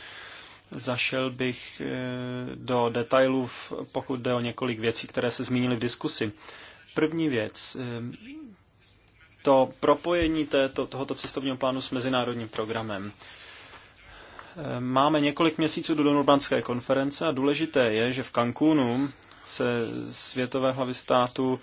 zašel bych eh, do detailů, pokud jde o několik věcí, které se zmínily v diskusi. První věc, eh, to propojení této, tohoto cestovního plánu s mezinárodním programem. Eh, máme několik měsíců do Donorbanské konference a důležité je, že v Cancúnu se světové hlavy státu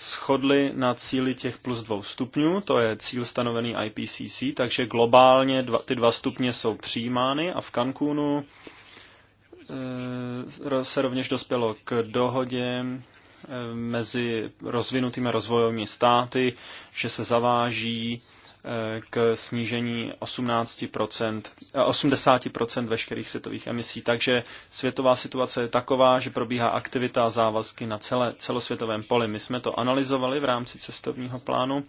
shodli na cíli těch plus dvou stupňů, to je cíl stanovený IPCC, takže globálně dva, ty dva stupně jsou přijímány a v Cancúnu e, se rovněž dospělo k dohodě eh, mezi rozvinutými a rozvojovými státy, že se zaváží k snížení 18%, 80% eh, veškerých světových emisí. Takže světová situace je taková, že probíhá aktivita a závazky na celé, celosvětovém poli. My jsme to analyzovali v rámci cestovního plánu,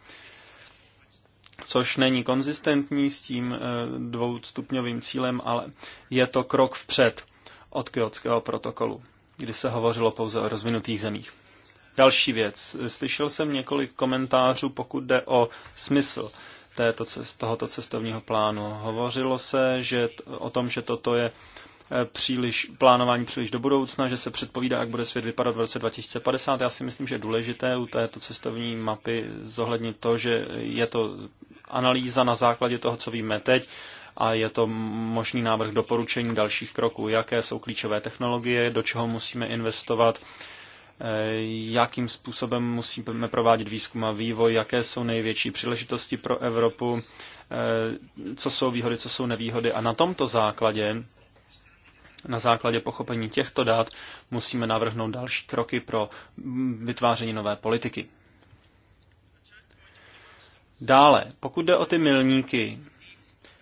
což není konzistentní s tím eh, dvoustupňovým cílem, ale je to krok vpřed od Kyotského protokolu, kdy se hovořilo pouze o rozvinutých zemích. Další věc. Slyšel jsem několik komentářů, pokud jde o smysl této, tohoto cestovního plánu. Hovořilo se že, o tom, že toto je eh, příliš plánování příliš do budoucna, že se předpovídá, jak bude svět vypadat v roce 2050. Já si myslím, že je důležité u této cestovní mapy zohlednit to, že je to analýza na základě toho, co víme teď a je to možný návrh doporučení dalších kroků, jaké jsou klíčové technologie, do čeho musíme investovat, jakým způsobem musíme provádět výzkum a vývoj, jaké jsou největší příležitosti pro Evropu, eh, co jsou výhody, co jsou nevýhody. A na tomto základě, na základě pochopení těchto dát, musíme navrhnout další kroky pro vytváření nové politiky. Dále, pokud jde o ty milníky,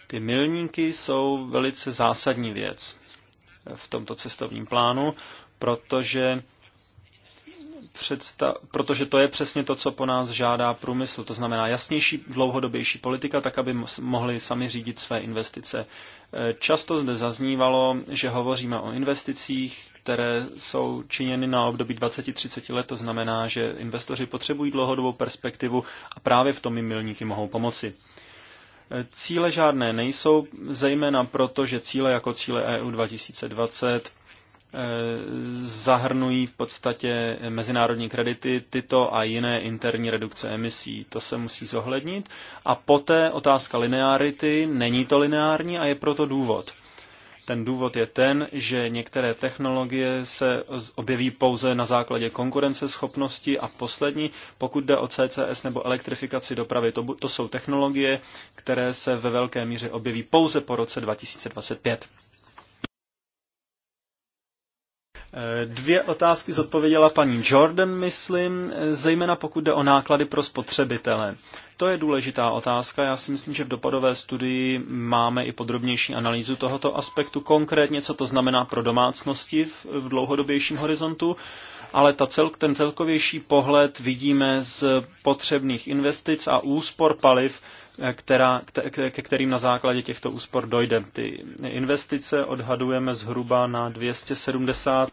ty milníky jsou velice zásadní věc v tomto cestovním plánu, protože představ, protože to je přesně to, co po nás žádá průmysl. To znamená jasnější, dlouhodobější politika, tak aby mohli sami řídit své investice. E, často zde zaznívalo, že hovoříme o investicích, které jsou činěny na období 20-30 let. To znamená, že investoři potřebují dlouhodobou perspektivu a právě v tom jim milníky mohou pomoci. E, cíle žádné nejsou, zejména proto, že cíle jako cíle EU 2020 Eh, zahrnují v podstatě mezinárodní kredity, tyto a jiné interní redukce emisí. To se musí zohlednit. A poté otázka linearity. Není to lineární a je proto důvod. Ten důvod je ten, že některé technologie se objeví pouze na základě konkurenceschopnosti a poslední, pokud jde o CCS nebo elektrifikaci dopravy, to, to jsou technologie, které se ve velké míře objeví pouze po roce 2025. Dvě otázky zodpověděla paní Jordan, myslím, zejména pokud jde o náklady pro spotřebitele. To je důležitá otázka. Já si myslím, že v dopadové studii máme i podrobnější analýzu tohoto aspektu, konkrétně co to znamená pro domácnosti v, v dlouhodobějším horizontu, ale ta cel, ten celkovější pohled vidíme z potřebných investic a úspor paliv, která, ke kterým na základě těchto úspor dojde. Ty investice odhadujeme zhruba na 270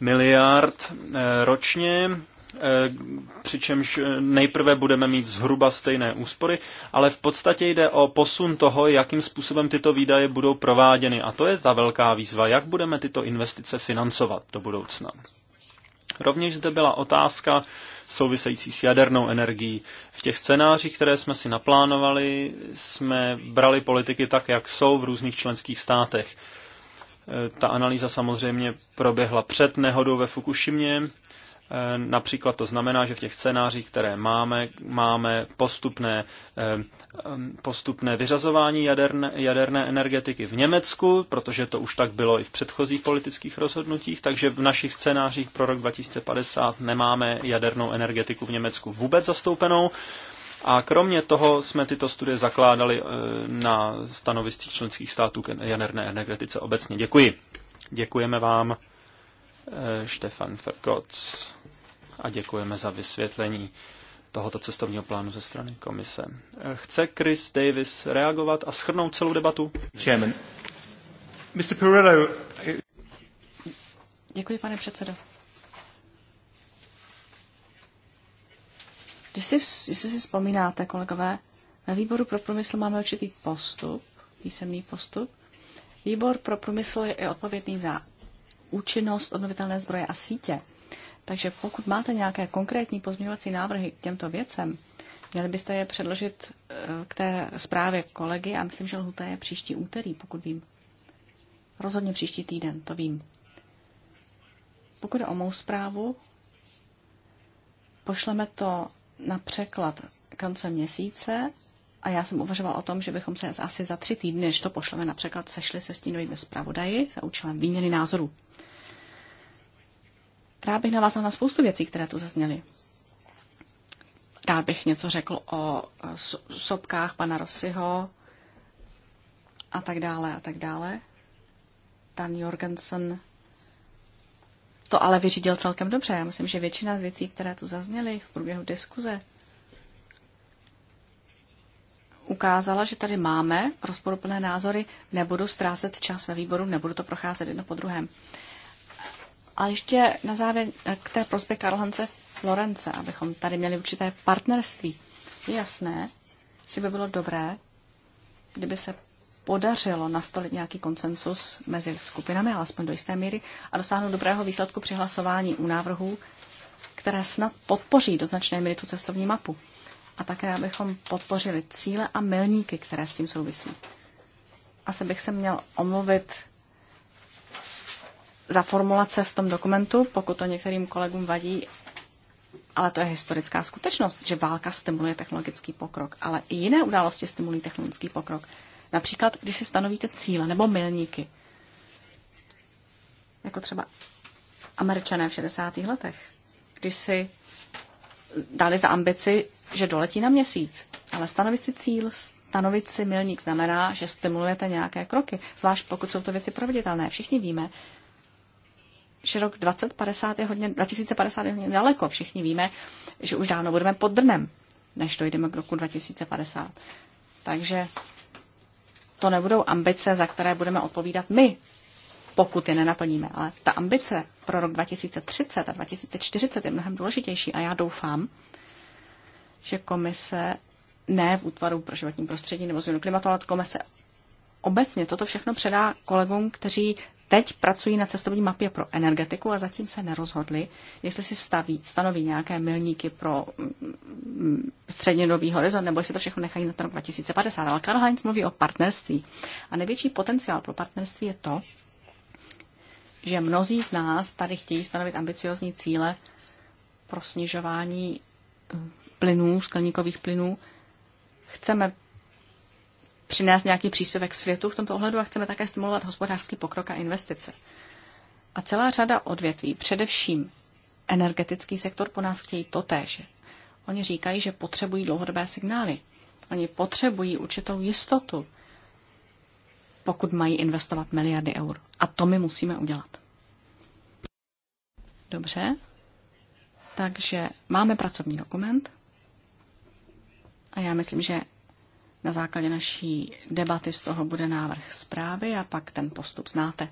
miliard eh, ročně, eh, přičemž eh, nejprve budeme mít zhruba stejné úspory, ale v podstatě jde o posun toho, jakým způsobem tyto výdaje budou prováděny. A to je ta velká výzva, jak budeme tyto investice financovat do budoucna. Rovněž zde byla otázka související s jadernou energií. V těch scénářích, které jsme si naplánovali, jsme brali politiky tak, jak jsou v různých členských státech. Ta analýza samozřejmě proběhla před nehodou ve Fukušimě. E, například to znamená, že v těch scénářích, které máme, máme postupné, e, postupné vyřazování jaderné, jaderné energetiky v Německu, protože to už tak bylo i v předchozích politických rozhodnutích, takže v našich scénářích pro rok 2050 nemáme jadernou energetiku v Německu vůbec zastoupenou. A kromě toho jsme tyto studie zakládali eh, na stanoviscích členských států k jaderné energetice obecně. Děkuji. Děkujeme vám, eh, Štefan Ferkoc, a děkujeme za vysvětlení tohoto cestovního plánu ze strany komise. Eh, chce Chris Davis reagovat a schrnout celou debatu? Chairman. Mr. Pirillo. Děkuji, pane předsedo. Když si, jestli si vzpomínáte, kolegové, na výboru pro průmysl máme určitý postup, písemný postup. Výbor pro průmysl je odpovědný za účinnost obnovitelné zbroje a sítě. Takže pokud máte nějaké konkrétní pozměňovací návrhy k těmto věcem, měli byste je předložit eh, k té zprávě kolegy a myslím, že lhuta je příští úterý, pokud vím. Rozhodně příští týden, to vím. Pokud je o mou zprávu, pošleme to na překlad konce měsíce a já jsem uvažoval o tom, že bychom se asi za tři týdny, než to pošleme na překlad, sešli se stínovými zpravodaji za účelem výměny názorů. Rád bych navázal na spoustu věcí, které tu zazněly. Rád bych něco řekl o sopkách pana Rossiho a tak dále a tak dále. Dan Jorgensen to ale vyřídil celkem dobře. Já myslím, že většina z věcí, které tu zazněly v průběhu diskuze, ukázala, že tady máme rozporuplné názory, nebudu ztrácet čas ve výboru, nebudu to procházet jedno po druhém. A ještě na závěr eh, k té prosbě Karlhance Florence, abychom tady měli určité partnerství. Je jasné, že by bylo dobré, kdyby se podařilo nastolit nějaký koncensus mezi skupinami, alespoň do jisté míry, a dosáhnout dobrého výsledku při hlasování u návrhů, které snad podpoří do značné míry tu cestovní mapu. A také, abychom podpořili cíle a milníky, které s tím souvisí. Asi bych se měl omluvit za formulace v tom dokumentu, pokud to některým kolegům vadí, ale to je historická skutečnost, že válka stimuluje technologický pokrok, ale i jiné události stimulují technologický pokrok. Například, když si stanovíte cíle nebo milníky, jako třeba američané v 60. letech, když si dali za ambici, že doletí na měsíc, ale stanovit si cíl, stanovit si milník znamená, že stimulujete nějaké kroky, zvlášť pokud jsou to věci proveditelné. Všichni víme, že rok 2050 je hodně, 2050 je hodně daleko. Všichni víme, že už dávno budeme pod drnem, než dojdeme k roku 2050. Takže to nebudou ambice, za které budeme odpovídat my, pokud je nenaplníme. Ale ta ambice pro rok 2030 a 2040 je mnohem důležitější a já doufám, že komise ne v útvaru pro životní prostředí nebo změnu klimatu, ale komise obecně toto všechno předá kolegům, kteří teď pracují na cestovní mapě pro energetiku a zatím se nerozhodli, jestli si staví, stanoví nějaké milníky pro mm, střednědobý horizont, nebo jestli to všechno nechají na ten rok 2050. Ale Karl Heinz mluví o partnerství. A největší potenciál pro partnerství je to, že mnozí z nás tady chtějí stanovit ambiciozní cíle pro snižování eh, plynů, skleníkových plynů. Chceme přinést nějaký příspěvek světu v tomto ohledu a chceme také stimulovat hospodářský pokrok a investice. A celá řada odvětví, především energetický sektor, po nás chtějí totéž. Oni říkají, že potřebují dlouhodobé signály. Oni potřebují určitou jistotu, pokud mají investovat miliardy eur. A to my musíme udělat. Dobře. Takže máme pracovní dokument. A já myslím, že na základě naší debaty z toho bude návrh zprávy a pak ten postup znáte.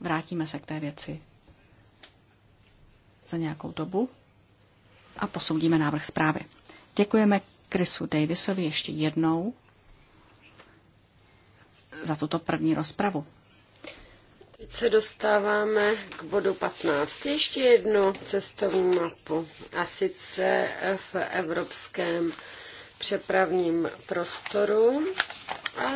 Vrátíme se k té věci za nějakou dobu a posoudíme návrh zprávy. Děkujeme Chrisu Davisovi ještě jednou za tuto první rozpravu. Teď se dostáváme k bodu 15. Ještě jednu cestovní mapu, a sice v evropském přepravním prostoru a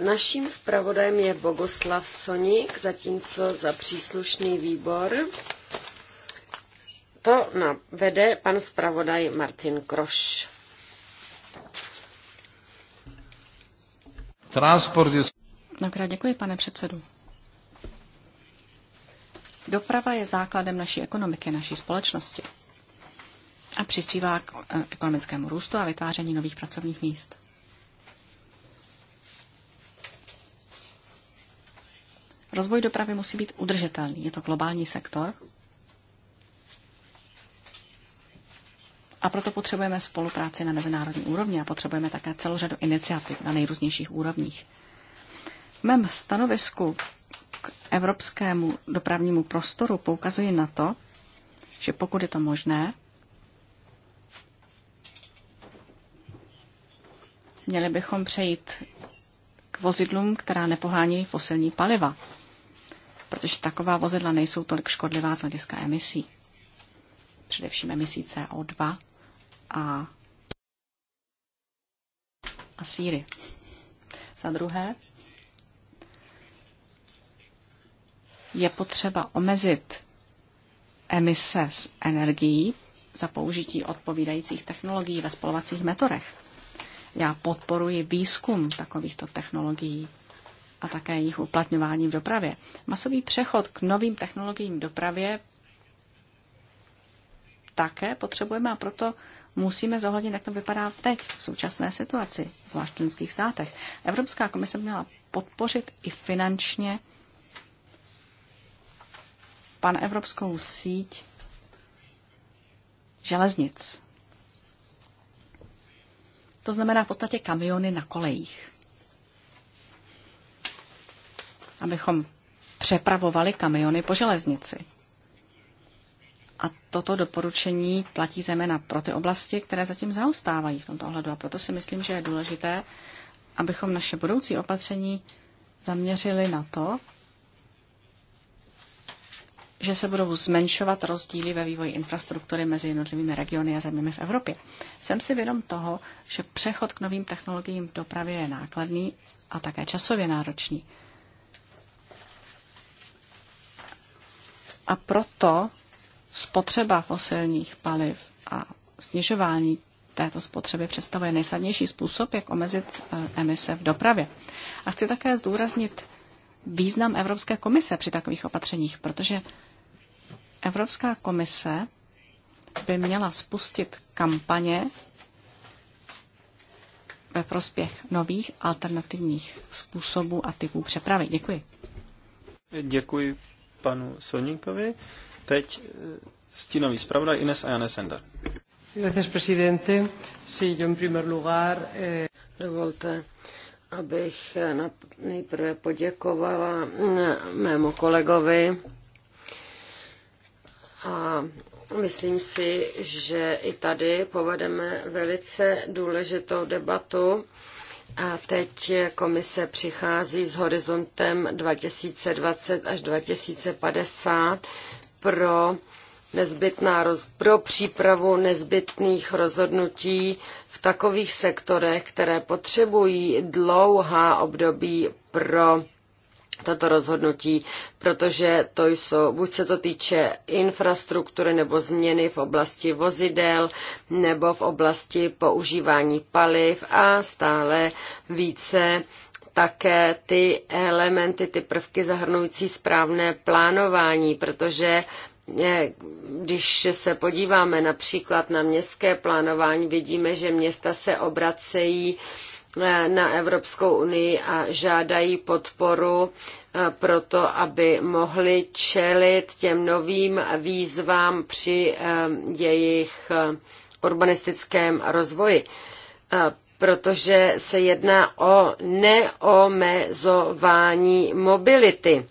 naším zpravodajem je Bogoslav Sonik, zatímco za příslušný výbor to vede pan zpravodaj Martin Kroš. Transport je... Dobrá, děkuji, pane předsedu. Doprava je základem naší ekonomiky, naší společnosti a přispívá e, k ekonomickému růstu a vytváření nových pracovních míst. Rozvoj dopravy musí být udržitelný. Je to globální sektor. A proto potřebujeme spolupráci na mezinárodní úrovni a potřebujeme také celou řadu iniciativ na nejrůznějších úrovních. V mém stanovisku k evropskému dopravnímu prostoru poukazuji na to, že pokud je to možné, Měli bychom přejít k vozidlům, která nepohání fosilní paliva, protože taková vozidla nejsou tolik škodlivá z hlediska emisí. Především emisí CO2 a, a síry. Za druhé, je potřeba omezit emise z energií za použití odpovídajících technologií ve spalovacích metodech. Já podporuji výzkum takovýchto technologií a také jejich uplatňování v dopravě. Masový přechod k novým technologiím v dopravě také potřebujeme a proto musíme zohlednit, jak to vypadá teď, v současné situaci, zvlášť v členských státech. Evropská komise měla podpořit i finančně panevropskou síť železnic. To znamená v podstatě kamiony na kolejích. Abychom přepravovali kamiony po železnici. A toto doporučení platí zejména pro ty oblasti, které zatím zaostávají v tomto ohledu. A proto si myslím, že je důležité, abychom naše budoucí opatření zaměřili na to, že se budou zmenšovat rozdíly ve vývoji infrastruktury mezi jednotlivými regiony a zeměmi v Evropě. Jsem si vědom toho, že přechod k novým technologiím v dopravě je nákladný a také časově náročný. A proto spotřeba fosilních paliv a snižování této spotřeby představuje nejsadnější způsob, jak omezit eh, emise v dopravě. A chci také zdůraznit význam Evropské komise při takových opatřeních, protože Evropská komise by měla spustit kampaně ve prospěch nových alternativních způsobů a typů přepravy. Děkuji. Děkuji panu Soníkovi. Teď eh, stínový zpravodaj Ines Ayane Sender. Gracias, presidente. Sí, yo en primer lugar... Eh... Dovolte, abych nejprve poděkovala mm, mému kolegovi a myslím si, že i tady povedeme velice důležitou debatu. A teď komise přichází s horizontem 2020 až 2050 pro nezbytná roz, pro přípravu nezbytných rozhodnutí v takových sektorech, které potřebují dlouhá období pro toto rozhodnutí, protože to jsou, buď se to týče infrastruktury nebo změny v oblasti vozidel nebo v oblasti používání paliv a stále více také ty elementy, ty prvky zahrnující správné plánování, protože eh, když se podíváme například na městské plánování, vidíme, že města se obracejí na Evropskou unii a žádají podporu eh, pro to, aby mohli čelit těm novým výzvám při eh, jejich eh, urbanistickém rozvoji protože se jedná o neomezování mobility.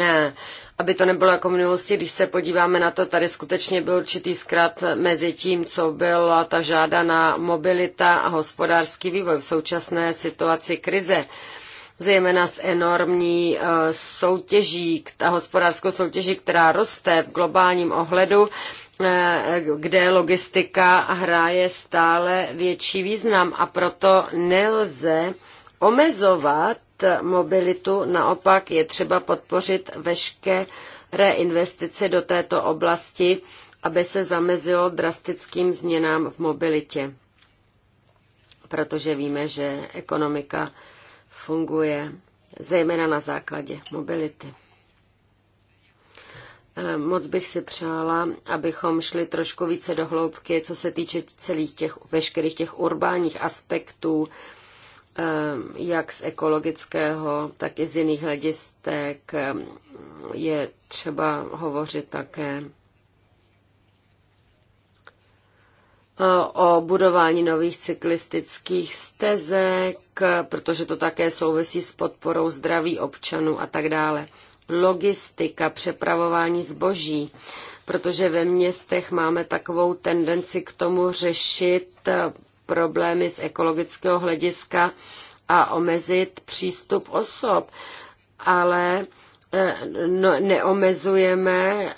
Eh, aby to nebylo jako v minulosti, když se podíváme na to, tady skutečně byl určitý zkrat mezi tím, co byla ta žádaná mobilita a hospodářský vývoj v současné situaci krize zejména s enormní eh, soutěží, ta hospodářskou soutěží, která roste v globálním ohledu, eh, kde logistika hraje stále větší význam a proto nelze omezovat mobilitu, naopak je třeba podpořit veškeré investice do této oblasti, aby se zamezilo drastickým změnám v mobilitě. Protože víme, že ekonomika funguje zejména na základě mobility. Eh, moc bych si přála, abychom šli trošku více do hloubky, co se týče celých těch, veškerých těch urbánních aspektů Eh, jak z ekologického, tak i z jiných hledistek eh, je třeba hovořit také eh, o budování nových cyklistických stezek, protože to také souvisí s podporou zdraví občanů a tak dále. Logistika, přepravování zboží, protože ve městech máme takovou tendenci k tomu řešit problémy z ekologického hlediska a omezit přístup osob, ale eh, no, neomezujeme eh,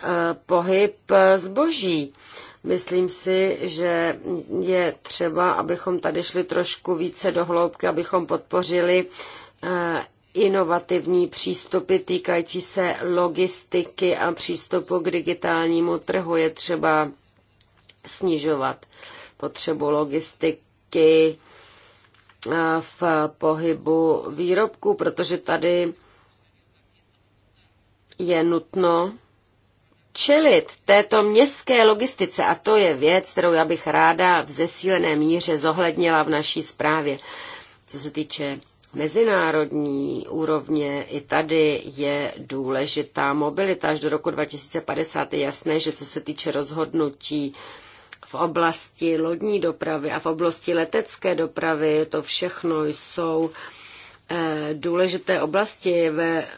pohyb zboží. Myslím si, že je třeba, abychom tady šli trošku více do hloubky, abychom podpořili eh, inovativní přístupy týkající se logistiky a přístupu k digitálnímu trhu je třeba snižovat potřebu logistiky eh, v pohybu výrobků, protože tady je nutno čelit této městské logistice a to je věc, kterou já bych ráda v zesílené míře zohlednila v naší zprávě. Co se týče mezinárodní úrovně, i tady je důležitá mobilita. Až do roku 2050 je jasné, že co se týče rozhodnutí uh, v oblasti lodní dopravy a v oblasti letecké dopravy. To všechno jsou eh, důležité oblasti ve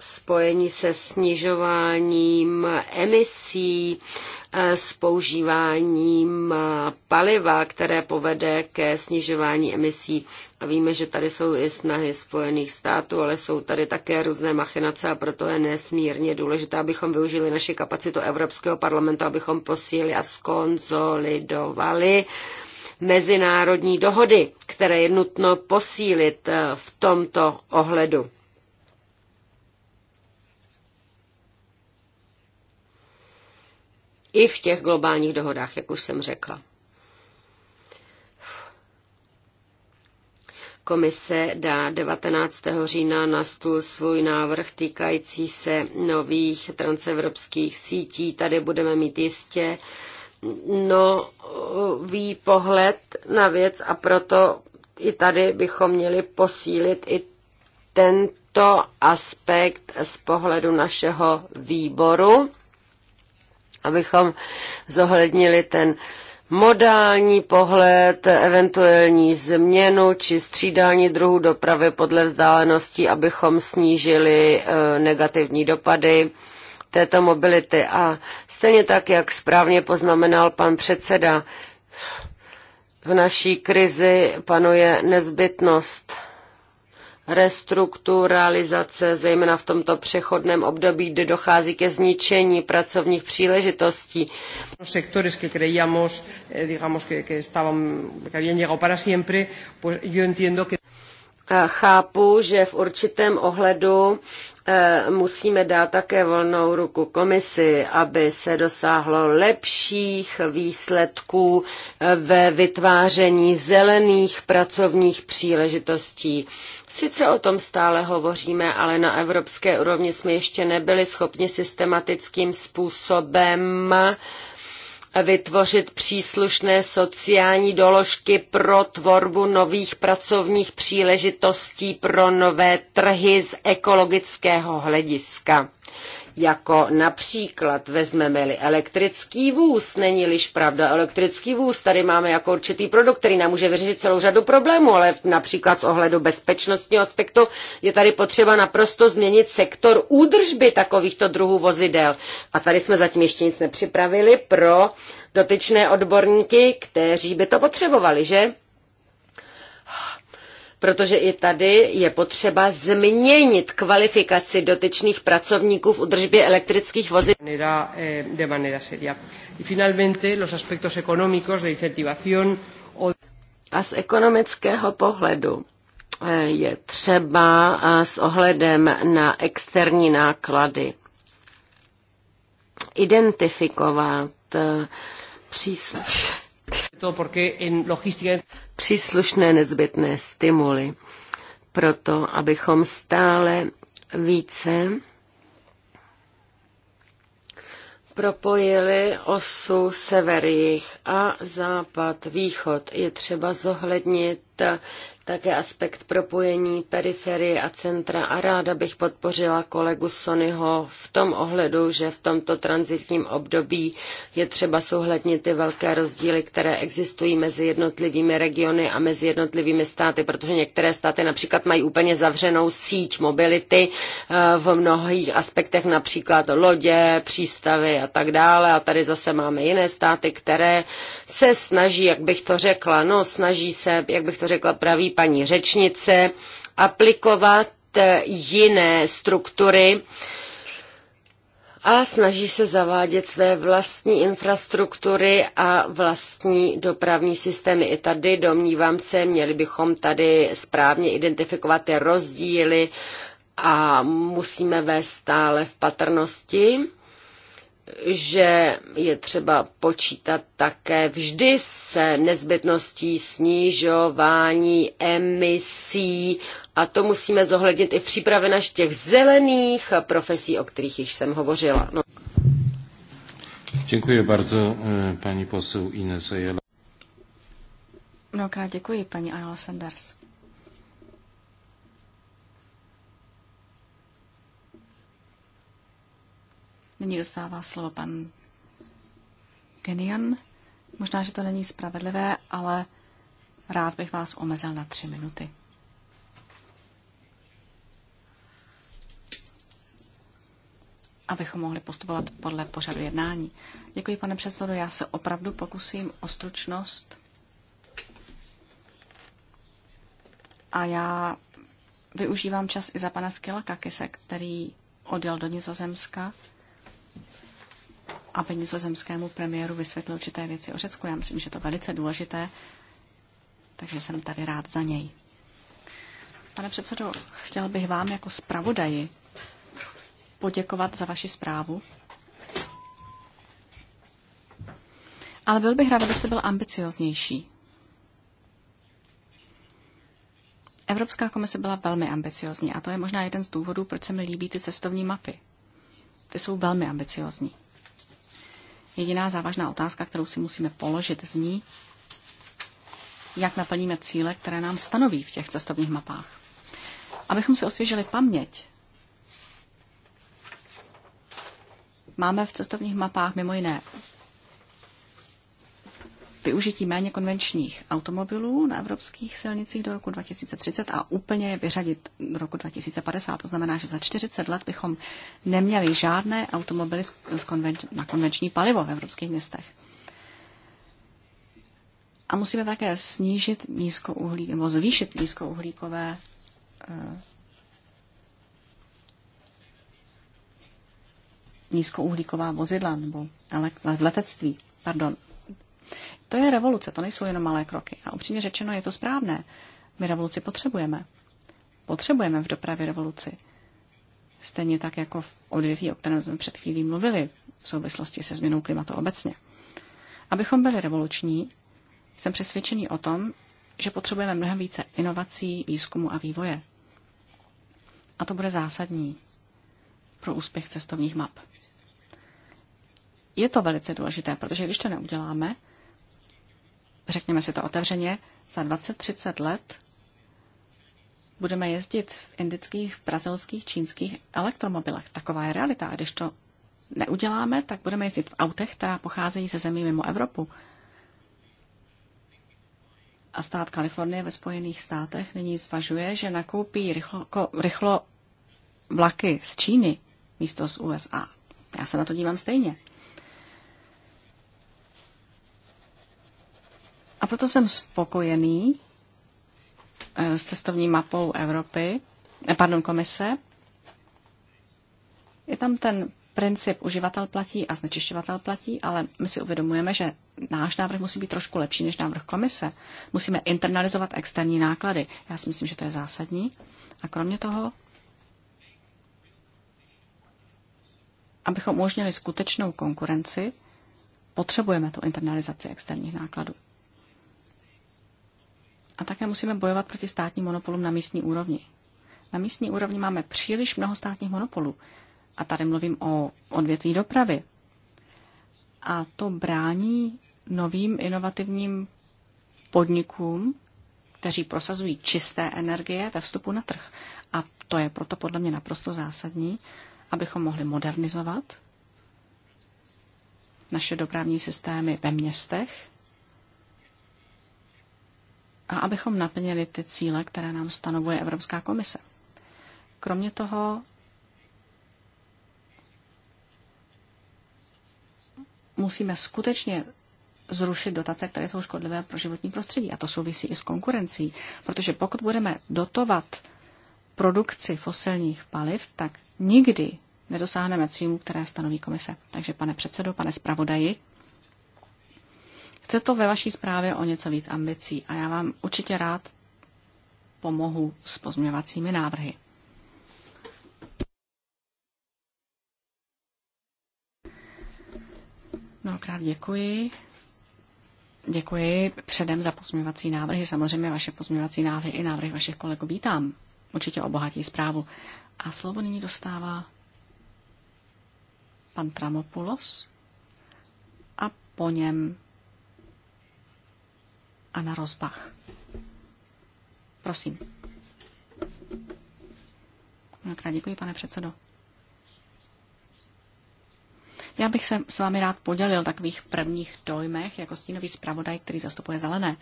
spojení se snižováním emisí E, s používáním e, paliva, které povede ke snižování emisí. A víme, že tady jsou i snahy Spojených států, ale jsou tady také různé machinace a proto je nesmírně důležité, abychom využili naši kapacitu Evropského parlamentu, abychom posílili a skonzolidovali mezinárodní dohody, které je nutno posílit e, v tomto ohledu. i v těch globálních dohodách, jak už jsem řekla. Komise dá 19. října na stůl svůj návrh týkající se nových transevropských sítí. Tady budeme mít jistě nový pohled na věc a proto i tady bychom měli posílit i tento aspekt z pohledu našeho výboru abychom zohlednili ten modální pohled, eventuální změnu či střídání druhů dopravy podle vzdálenosti, abychom snížili eh, negativní dopady této mobility. A stejně tak, jak správně poznamenal pan předseda, v naší krizi panuje nezbytnost restrukturalizace, zejména v tomto přechodném období, kde dochází ke zničení pracovních příležitostí. sectores que creíamos, eh, digamos, que, que, estaban, que habían llegado para siempre, pues yo entiendo que... Eh, chápu, že v určitém ohledu Eh, musíme dát také volnou ruku komisi, aby se dosáhlo lepších výsledků eh, ve vytváření zelených pracovních příležitostí. Sice o tom stále hovoříme, ale na evropské úrovni jsme ještě nebyli schopni systematickým způsobem uh, vytvořit příslušné sociální doložky pro tvorbu nových pracovních příležitostí pro nové trhy z ekologického hlediska. Jako například vezmeme-li elektrický vůz, není-liž pravda elektrický vůz, tady máme jako určitý produkt, který nám může vyřešit celou řadu problémů, ale například z ohledu bezpečnostního aspektu je tady potřeba naprosto změnit sektor údržby takovýchto druhů vozidel. A tady jsme zatím ještě nic nepřipravili pro dotyčné odborníky, kteří by to potřebovali, že? protože i tady je potřeba změnit kvalifikaci dotyčných pracovníků v udržbě elektrických vozidel. Eh, de manera seria. Y finalmente los aspectos económicos de incentivación o... A z ekonomického pohledu eh, je třeba s ohledem na externí náklady identifikovat eh, příslušné Příslušné nezbytné stimuly proto, abychom stále více propojili osu sever a západ-východ. Je třeba zohlednit také aspekt propojení periferie a centra a ráda bych podpořila kolegu Sonyho v tom ohledu, že v tomto transitním období je třeba souhlednit ty velké rozdíly, které existují mezi jednotlivými regiony a mezi jednotlivými státy, protože některé státy například mají úplně zavřenou síť mobility eh, v mnohých aspektech, například lodě, přístavy a tak dále. A tady zase máme jiné státy, které se snaží, jak bych to řekla, no snaží se, jak bych to řekla praví paní řečnice, aplikovat eh, jiné struktury, a snaží se zavádět své vlastní infrastruktury a vlastní dopravní systémy. I tady, domnívám se, měli bychom tady správně identifikovat ty rozdíly a musíme vést stále v patrnosti že je třeba počítat také vždy se nezbytností snižování emisí a to musíme zohlednit i v přípravě naš těch zelených profesí, o kterých již jsem hovořila. No. Děkuji bardzo, eh, paní posel Ines Jela. Mnohokrát děkuji, paní Ayala Sanders. Nyní dostává slovo pan Genian. Možná, že to není spravedlivé, ale rád bych vás omezil na tři minuty. abychom mohli postupovat podle pořadu jednání. Děkuji, pane předsedo, já se opravdu pokusím o stručnost. A já využívám čas i za pana Skilakakise, který odjel do Nizozemska aby nizozemskému premiéru vysvětlil určité věci o Řecku. Já myslím, že to je velice důležité, takže jsem tady rád za něj. Pane předsedo, chtěl bych vám jako zpravodaji poděkovat za vaši zprávu. Ale byl bych rád, abyste byl ambicioznější. Evropská komise byla velmi ambiciozní a to je možná jeden z důvodů, proč se mi líbí ty cestovní mapy. Ty jsou velmi ambiciozní. Jediná závažná otázka, kterou si musíme položit, zní, jak naplníme cíle, které nám stanoví v těch cestovních mapách. Abychom si osvěžili paměť, máme v cestovních mapách mimo jiné využití méně konvenčních automobilů na evropských silnicích do roku 2030 a úplně je vyřadit do roku 2050. To znamená, že za 40 let bychom neměli žádné automobily na konvenční palivo v evropských městech. A musíme také snížit nízkouhlík, nebo zvýšit nízkouhlíkové eh, nízkouhlíková vozidla nebo v letectví. Pardon. To je revoluce, to nejsou jenom malé kroky. A upřímně řečeno je to správné. My revoluci potřebujeme. Potřebujeme v dopravě revoluci. Stejně tak jako v odvětví, o kterém jsme před chvílí mluvili v souvislosti se změnou klimatu obecně. Abychom byli revoluční, jsem přesvědčený o tom, že potřebujeme mnohem více inovací, výzkumu a vývoje. A to bude zásadní pro úspěch cestovních map. Je to velice důležité, protože když to neuděláme, řekněme si to otevřeně, za 20-30 let budeme jezdit v indických, brazilských, čínských elektromobilech. Taková je realita. A když to neuděláme, tak budeme jezdit v autech, která pocházejí ze zemí mimo Evropu. A stát Kalifornie ve Spojených státech nyní zvažuje, že nakoupí rychlo, ko, rychlo vlaky z Číny místo z USA. Já se na to dívám stejně. A proto jsem spokojený eh, s cestovní mapou Evropy, eh, pardon, komise. Je tam ten princip uživatel platí a znečišťovatel platí, ale my si uvědomujeme, že náš návrh musí být trošku lepší než návrh komise. Musíme internalizovat externí náklady. Já si myslím, že to je zásadní. A kromě toho, abychom umožnili skutečnou konkurenci, potřebujeme tu internalizaci externích nákladů. A také musíme bojovat proti státním monopolům na místní úrovni. Na místní úrovni máme příliš mnoho státních monopolů. A tady mluvím o odvětví dopravy. A to brání novým inovativním podnikům, kteří prosazují čisté energie ve vstupu na trh. A to je proto podle mě naprosto zásadní, abychom mohli modernizovat naše dopravní systémy ve městech a abychom naplnili ty cíle, které nám stanovuje Evropská komise. Kromě toho musíme skutečně zrušit dotace, které jsou škodlivé pro životní prostředí. A to souvisí i s konkurencí. Protože pokud budeme dotovat produkci fosilních paliv, tak nikdy nedosáhneme cílů, které stanoví komise. Takže pane předsedo, pane zpravodaji, Chce to ve vaší zprávě o něco víc ambicí a já vám určitě rád pomohu s pozměvacími návrhy. Mnohokrát děkuji. Děkuji předem za pozměvací návrhy. Samozřejmě vaše pozměvací návrhy i návrhy vašich kolegů vítám. Určitě obohatí zprávu. A slovo nyní dostává pan Tramopulos a po něm a na rozbach. Prosím. Mnohokrát děkuji, pane předsedo. Já bych se s vámi rád podělil takových prvních dojmech jako stínový zpravodaj, který zastupuje zelené.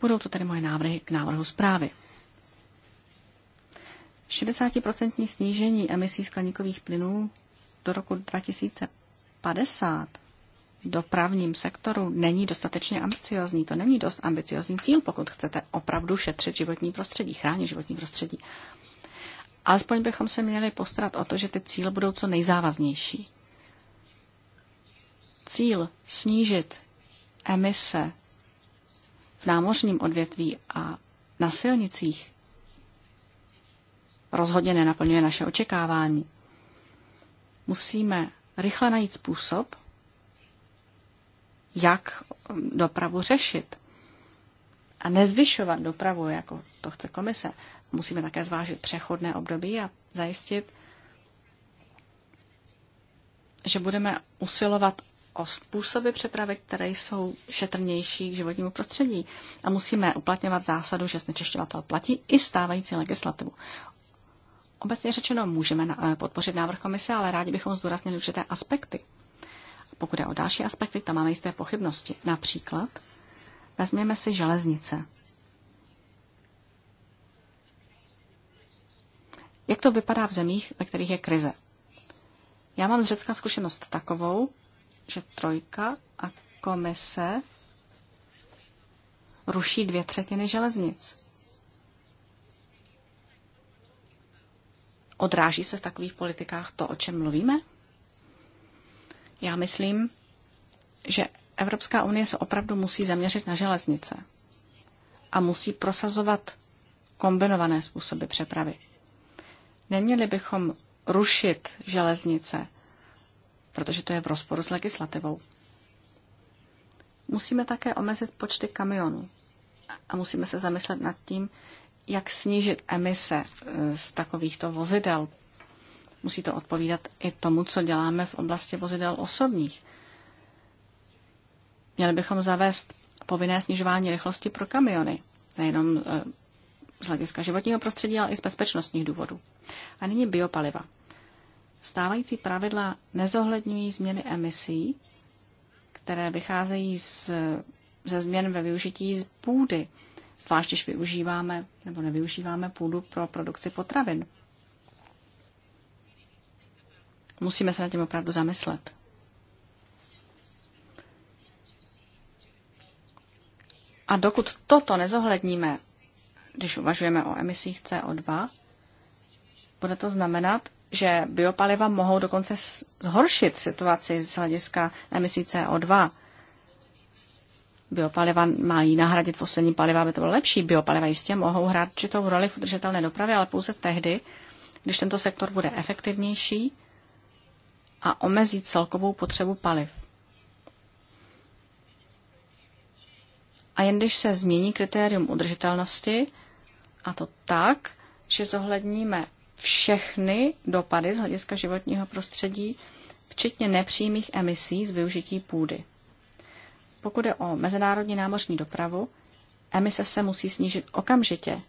Budou to tedy moje návrhy k návrhu zprávy. 60% snížení emisí skleníkových plynů do roku 2050 dopravním sektoru není dostatečně ambiciozní. To není dost ambiciozní cíl, pokud chcete opravdu šetřit životní prostředí, chránit životní prostředí. Alespoň bychom se měli postarat o to, že ty cíle budou co nejzávaznější. Cíl snížit emise v námořním odvětví a na silnicích rozhodně nenaplňuje naše očekávání. Musíme rychle najít způsob, jak dopravu řešit. A nezvyšovat dopravu, jako to chce komise. Musíme také zvážit přechodné období a zajistit, že budeme usilovat o způsoby přepravy, které jsou šetrnější k životnímu prostředí. A musíme uplatňovat zásadu, že znečišťovatel platí i stávající legislativu. Obecně řečeno, můžeme eh, podpořit návrh komise, ale rádi bychom zdůraznili určité aspekty. Pokud je o další aspekty, tam máme jisté pochybnosti. Například vezměme si železnice. Jak to vypadá v zemích, ve kterých je krize? Já mám z Řecka zkušenost takovou, že trojka a komise ruší dvě třetiny železnic. Odráží se v takových politikách to, o čem mluvíme? Já myslím, že Evropská unie se opravdu musí zaměřit na železnice a musí prosazovat kombinované způsoby přepravy. Neměli bychom rušit železnice, protože to je v rozporu s legislativou. Musíme také omezit počty kamionů a musíme se zamyslet nad tím, jak snížit emise eh, z takovýchto vozidel Musí to odpovídat i tomu, co děláme v oblasti vozidel osobních. Měli bychom zavést povinné snižování rychlosti pro kamiony, nejenom e, z hlediska životního prostředí, ale i z bezpečnostních důvodů. A nyní biopaliva. Stávající pravidla nezohledňují změny emisí, které vycházejí z, ze změn ve využití půdy, zvlášť když využíváme nebo nevyužíváme půdu pro produkci potravin. Musíme se nad tím opravdu zamyslet. A dokud toto nezohledníme, když uvažujeme o emisích CO2, bude to znamenat, že biopaliva mohou dokonce zhoršit situaci z hlediska emisí CO2. Biopaliva mají nahradit fosilní paliva, aby to bylo lepší. Biopaliva jistě mohou hrát určitou roli v udržitelné dopravě, ale pouze tehdy, když tento sektor bude efektivnější a omezí celkovou potřebu paliv. A jen když se změní kritérium udržitelnosti, a to tak, že zohledníme všechny dopady z hlediska životního prostředí, včetně nepřímých emisí z využití půdy. Pokud je o mezinárodní námořní dopravu, emise se musí snížit okamžitě.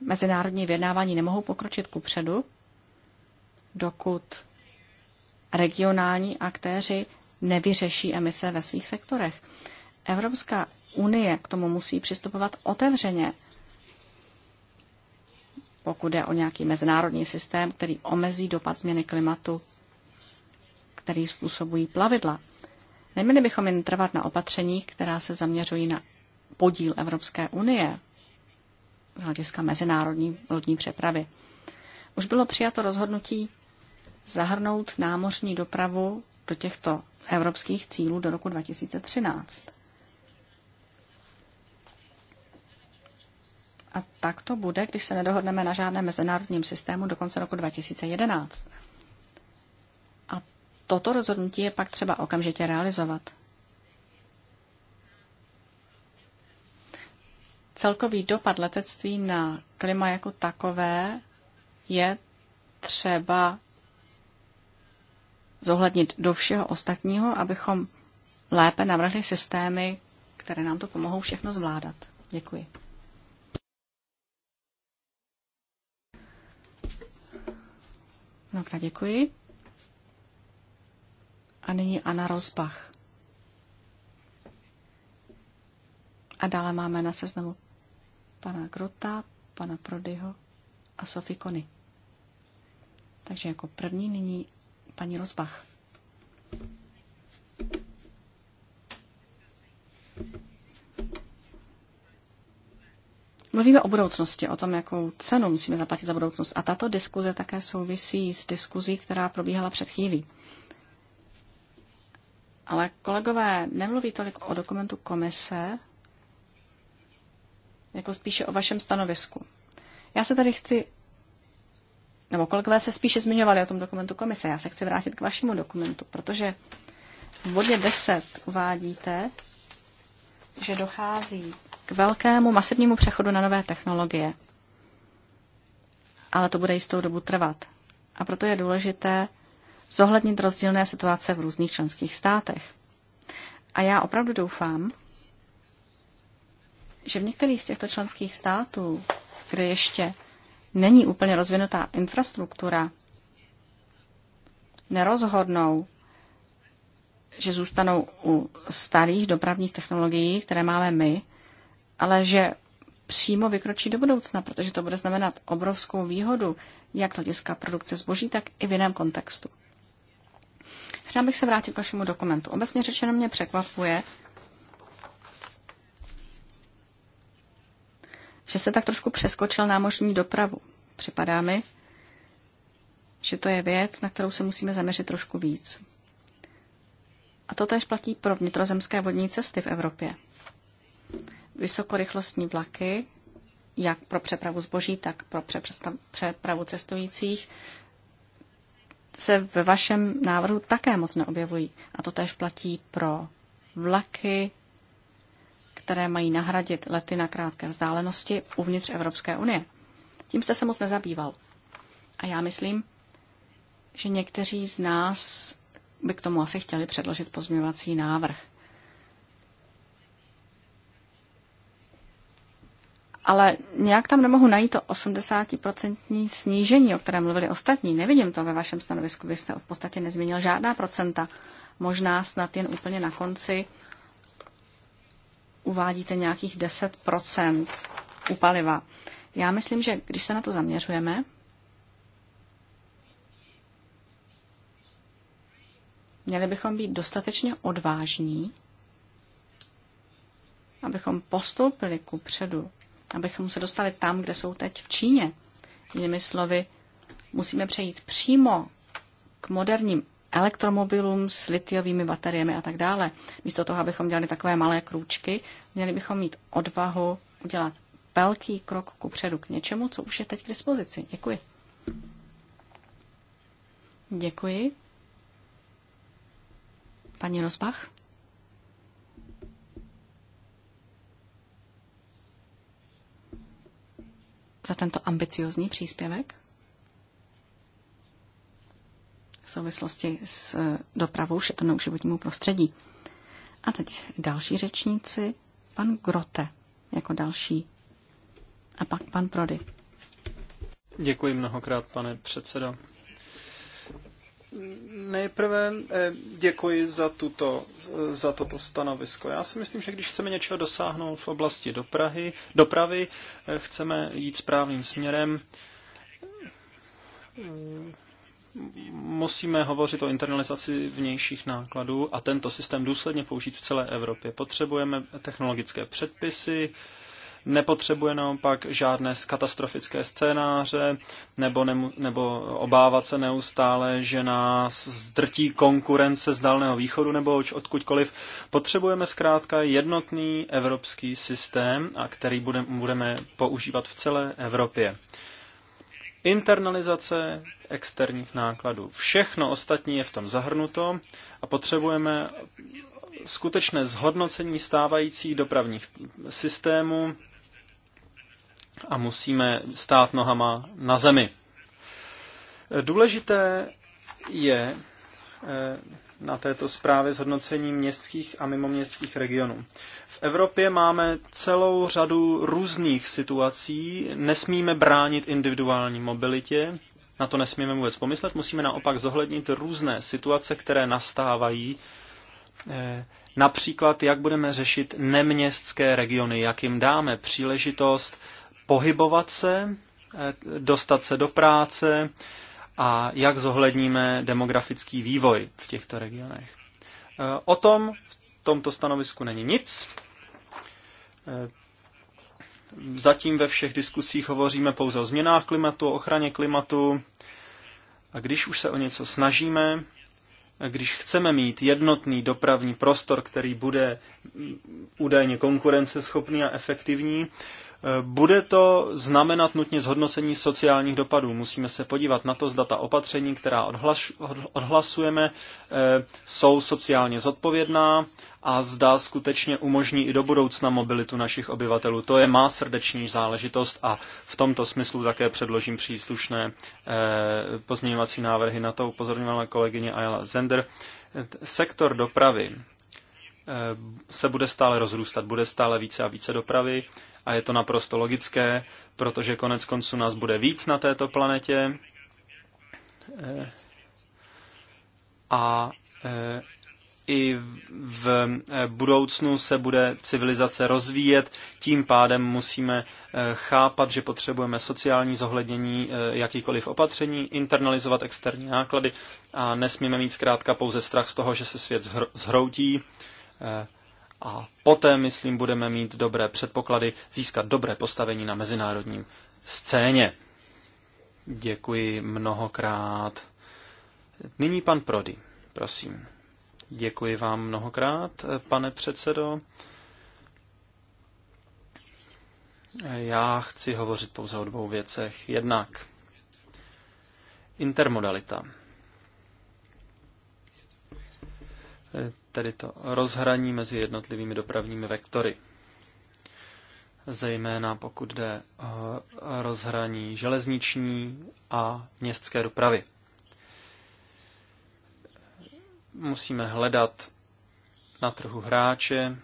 Mezinárodní vyjednávání nemohou pokročit kupředu, dokud regionální aktéři nevyřeší emise ve svých sektorech. Evropská unie k tomu musí přistupovat otevřeně, pokud je o nějaký mezinárodní systém, který omezí dopad změny klimatu, který způsobují plavidla. Neměli bychom jen trvat na opatřeních, která se zaměřují na podíl Evropské unie z hlediska mezinárodní lodní přepravy. Už bylo přijato rozhodnutí zahrnout námořní dopravu do těchto evropských cílů do roku 2013. A tak to bude, když se nedohodneme na žádném mezinárodním systému do konce roku 2011. A toto rozhodnutí je pak třeba okamžitě realizovat. Celkový dopad letectví na klima jako takové je třeba zohlednit do všeho ostatního, abychom lépe navrhli systémy, které nám to pomohou všechno zvládat. Děkuji. Mnohokrát děkuji. A nyní Anna Rozbach. A dále máme na seznamu pana Grota, pana Prodyho a Sofie Kony. Takže jako první nyní paní Rozbach. Mluvíme o budoucnosti, o tom, jakou cenu musíme zaplatit za budoucnost. A tato diskuze také souvisí s diskuzí, která probíhala před chvílí. Ale kolegové, nemluví tolik o dokumentu komise, jako spíše o vašem stanovisku. Já se tady chci nebo kolegové se spíše zmiňovali o tom dokumentu komise. Já se chci vrátit k vašemu dokumentu, protože v bodě 10 uvádíte, že dochází k velkému masivnímu přechodu na nové technologie. Ale to bude jistou dobu trvat. A proto je důležité zohlednit rozdílné situace v různých členských státech. A já opravdu doufám, že v některých z těchto členských států, kde ještě není úplně rozvinutá infrastruktura, nerozhodnou, že zůstanou u starých dopravních technologií, které máme my, ale že přímo vykročí do budoucna, protože to bude znamenat obrovskou výhodu, jak z hlediska produkce zboží, tak i v jiném kontextu. Rád bych se vrátil k vašemu dokumentu. Obecně řečeno mě překvapuje, že se tak trošku přeskočil námořní dopravu. Připadá mi, že to je věc, na kterou se musíme zaměřit trošku víc. A to tež platí pro vnitrozemské vodní cesty v Evropě. Vysokorychlostní vlaky, jak pro přepravu zboží, tak pro přepravu cestujících, se ve vašem návrhu také moc neobjevují. A to tež platí pro vlaky, které mají nahradit lety na krátké vzdálenosti uvnitř Evropské unie. Tím jste se moc nezabýval. A já myslím, že někteří z nás by k tomu asi chtěli předložit pozměňovací návrh. Ale nějak tam nemohu najít to 80% snížení, o kterém mluvili ostatní. Nevidím to ve vašem stanovisku, vy jste v podstatě nezměnil žádná procenta. Možná snad jen úplně na konci uvádíte nějakých 10 u paliva. Já myslím, že když se na to zaměřujeme, měli bychom být dostatečně odvážní, abychom postoupili ku předu, abychom se dostali tam, kde jsou teď v Číně. Jinými slovy, musíme přejít přímo k moderním elektromobilům s litiovými bateriemi a tak dále. Místo toho, abychom dělali takové malé krůčky, měli bychom mít odvahu udělat velký krok ku předu k něčemu, co už je teď k dispozici. Děkuji. Děkuji. Paní Rozbach? Za tento ambiciozní příspěvek? v souvislosti s eh, dopravou šetrnou k životnímu prostředí. A teď další řečníci, pan Grote jako další a pak pan Prody. Děkuji mnohokrát, pane předsedo. Nejprve eh, děkuji za, tuto, eh, za toto stanovisko. Já si myslím, že když chceme něčeho dosáhnout v oblasti dopravy, dopravy chceme jít správným směrem, musíme hovořit o internalizaci vnějších nákladů a tento systém důsledně použít v celé Evropě. Potřebujeme technologické předpisy, nepotřebuje naopak žádné katastrofické scénáře nebo, ne, nebo obávat se neustále, že nás zdrtí konkurence z Dálného východu nebo odkudkoliv. Potřebujeme zkrátka jednotný evropský systém, a který budeme budeme používat v celé Evropě internalizace externích nákladů. Všechno ostatní je v tom zahrnuto a potřebujeme skutečné zhodnocení stávajících dopravních systémů a musíme stát nohama na zemi. Důležité je eh, na této zprávě zhodnocení městských a mimoměstských regionů. V Evropě máme celou řadu různých situací, nesmíme bránit individuální mobilitě, na to nesmíme vůbec pomyslet, musíme naopak zohlednit různé situace, které nastávají, eh, například jak budeme řešit neměstské regiony, jak jim dáme příležitost pohybovat se, eh, dostat se do práce, a jak zohledníme demografický vývoj v těchto regionech. Eh, o tom v tomto stanovisku není nic. Eh, zatím ve všech diskusích hovoříme pouze o změnách klimatu, o ochraně klimatu. A když už se o něco snažíme, eh, když chceme mít jednotný dopravní prostor, který bude údajně konkurenceschopný a efektivní, bude to znamenat nutně zhodnocení sociálních dopadů. Musíme se podívat na to, zda ta opatření, která odhlaš, odhlasujeme, eh, jsou sociálně zodpovědná a zda skutečně umožní i do budoucna mobilitu našich obyvatelů. To je má srdeční záležitost a v tomto smyslu také předložím příslušné eh, pozměňovací návrhy. Na to upozorňovala kolegyně Ayala Zender. Sektor dopravy eh, se bude stále rozrůstat, bude stále více a více dopravy a je to naprosto logické, protože konec konců nás bude víc na této planetě eh, a eh, i v eh, budoucnu se bude civilizace rozvíjet, tím pádem musíme chápat, že potřebujeme sociální zohlednění jakýkoliv opatření, internalizovat externí náklady a nesmíme mít zkrátka pouze strach z toho, že se svět zhroutí, a poté, myslím, budeme mít dobré předpoklady získat dobré postavení na mezinárodním scéně. Děkuji mnohokrát. Nyní pan Prody, prosím. Děkuji vám mnohokrát, pane předsedo. Já chci hovořit pouze o dvou věcech. Jednak intermodalita tedy to rozhraní mezi jednotlivými dopravními vektory. Zejména pokud jde o rozhraní železniční a městské dopravy. Musíme hledat na trhu hráče,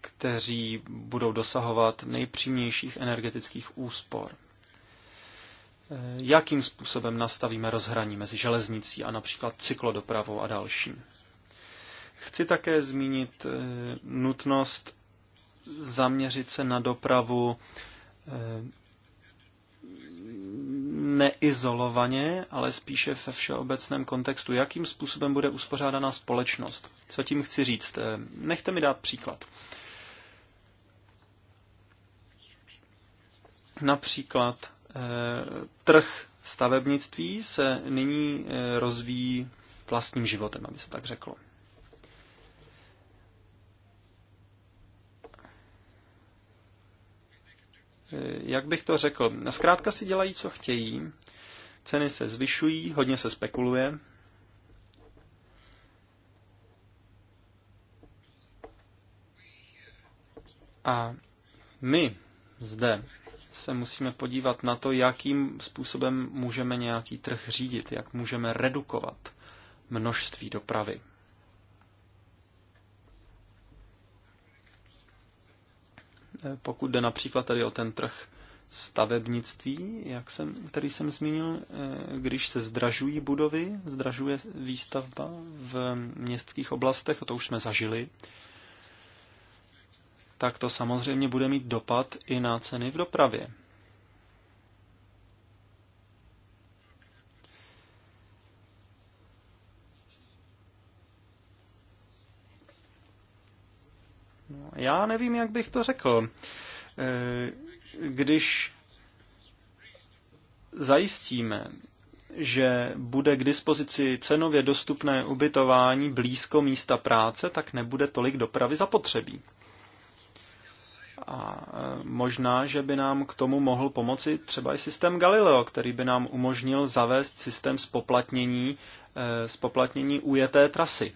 kteří budou dosahovat nejpřímějších energetických úspor. Eh, jakým způsobem nastavíme rozhraní mezi železnicí a například cyklodopravou a dalším. Chci také zmínit eh, nutnost zaměřit se na dopravu eh, neizolovaně, ale spíše ve všeobecném kontextu. Jakým způsobem bude uspořádaná společnost? Co tím chci říct? Nechte mi dát příklad. Například Trh stavebnictví se nyní eh, rozvíjí vlastním životem, aby se tak řeklo. Eh, jak bych to řekl? Zkrátka si dělají, co chtějí. Ceny se zvyšují, hodně se spekuluje. A my zde se musíme podívat na to, jakým způsobem můžeme nějaký trh řídit, jak můžeme redukovat množství dopravy. Pokud jde například tady o ten trh stavebnictví, jak jsem, který jsem zmínil, eh, když se zdražují budovy, zdražuje výstavba v městských oblastech, a to už jsme zažili, tak to samozřejmě bude mít dopad i na ceny v dopravě. No, já nevím, jak bych to řekl. Eh, když zajistíme, že bude k dispozici cenově dostupné ubytování blízko místa práce, tak nebude tolik dopravy zapotřebí. A e, možná, že by nám k tomu mohl pomoci třeba i systém Galileo, který by nám umožnil zavést systém spoplatnění, spoplatnění e, ujeté trasy.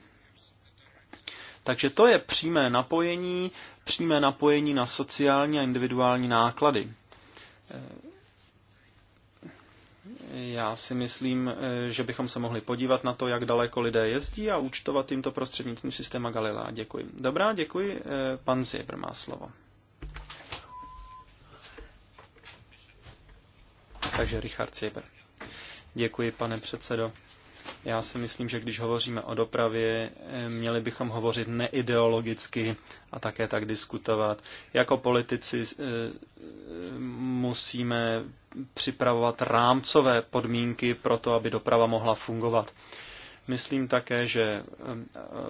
Takže to je přímé napojení, přímé napojení na sociální a individuální náklady. E, já si myslím, že bychom se mohli podívat na to, jak daleko lidé jezdí a účtovat jim to prostřednictvím systému Galilea. Děkuji. Dobrá, děkuji. Pan Zjebr má slovo. takže Richard Sieber. Děkuji, pane předsedo. Já si myslím, že když hovoříme o dopravě, eh, měli bychom hovořit neideologicky a také tak diskutovat. Jako politici eh, musíme připravovat rámcové podmínky pro to, aby doprava mohla fungovat. Myslím také, že eh,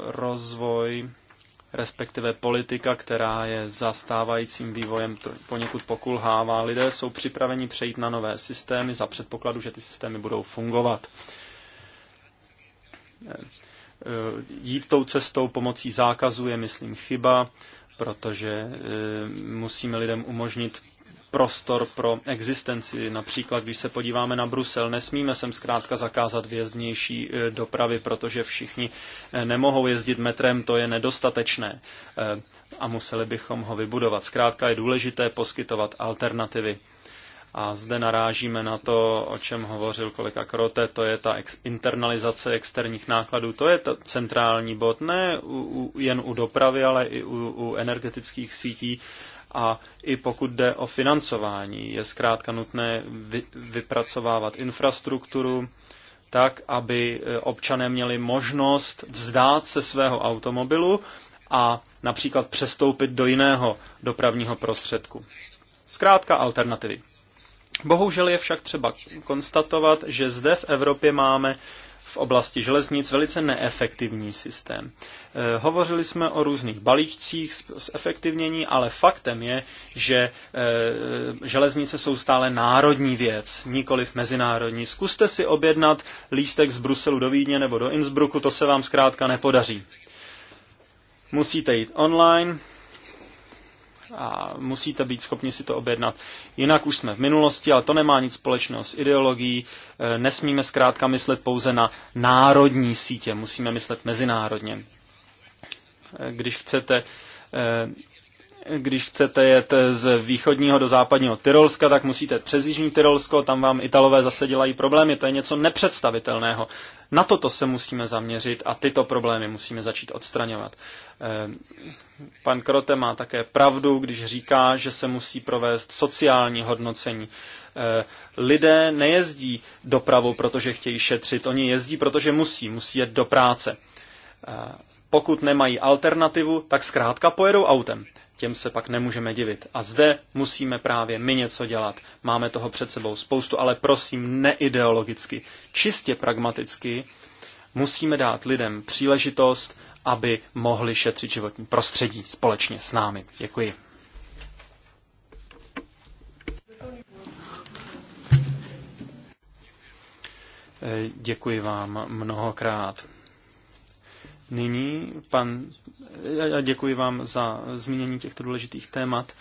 rozvoj respektive politika, která je zastávajícím vývojem poněkud pokulhává. Lidé jsou připraveni přejít na nové systémy za předpokladu, že ty systémy budou fungovat. E, e, jít tou cestou pomocí zákazu je, myslím, chyba, protože e, musíme lidem umožnit prostor pro existenci. Například, když se podíváme na Brusel, nesmíme sem zkrátka zakázat vězdnější eh, dopravy, protože všichni eh, nemohou jezdit metrem, to je nedostatečné eh, a museli bychom ho vybudovat. Zkrátka je důležité poskytovat alternativy. A zde narážíme na to, o čem hovořil kolega Krote, to je ta ex- internalizace externích nákladů, to je ta centrální bod, ne u, u, jen u dopravy, ale i u, u energetických sítí, a i pokud jde o financování, je zkrátka nutné vy, vypracovávat infrastrukturu tak, aby e, občané měli možnost vzdát se svého automobilu a například přestoupit do jiného dopravního prostředku. Zkrátka alternativy. Bohužel je však třeba konstatovat, že zde v Evropě máme v oblasti železnic velice neefektivní systém. Eh, hovořili jsme o různých balíčcích z efektivnění, ale faktem je, že eh, železnice jsou stále národní věc, nikoli mezinárodní. Zkuste si objednat lístek z Bruselu do Vídně nebo do Innsbrucku, to se vám zkrátka nepodaří. Musíte jít online, a musíte být schopni si to objednat. Jinak už jsme v minulosti, ale to nemá nic společného s ideologií. E, nesmíme zkrátka myslet pouze na národní sítě, musíme myslet mezinárodně. E, když chcete e, když chcete jet z východního do západního Tyrolska, tak musíte přes jižní Tyrolsko, tam vám Italové zase dělají problémy, to je něco nepředstavitelného. Na toto se musíme zaměřit a tyto problémy musíme začít odstraňovat. Eh, pan Krote má také pravdu, když říká, že se musí provést sociální hodnocení. Eh, lidé nejezdí dopravou, protože chtějí šetřit, oni jezdí, protože musí, musí jet do práce eh, pokud nemají alternativu, tak zkrátka pojedou autem těm se pak nemůžeme divit. A zde musíme právě my něco dělat. Máme toho před sebou spoustu, ale prosím neideologicky, čistě pragmaticky musíme dát lidem příležitost, aby mohli šetřit životní prostředí společně s námi. Děkuji. Děkuji vám mnohokrát. Nyní, pan, já děkuji vám za zmínění těchto důležitých témat,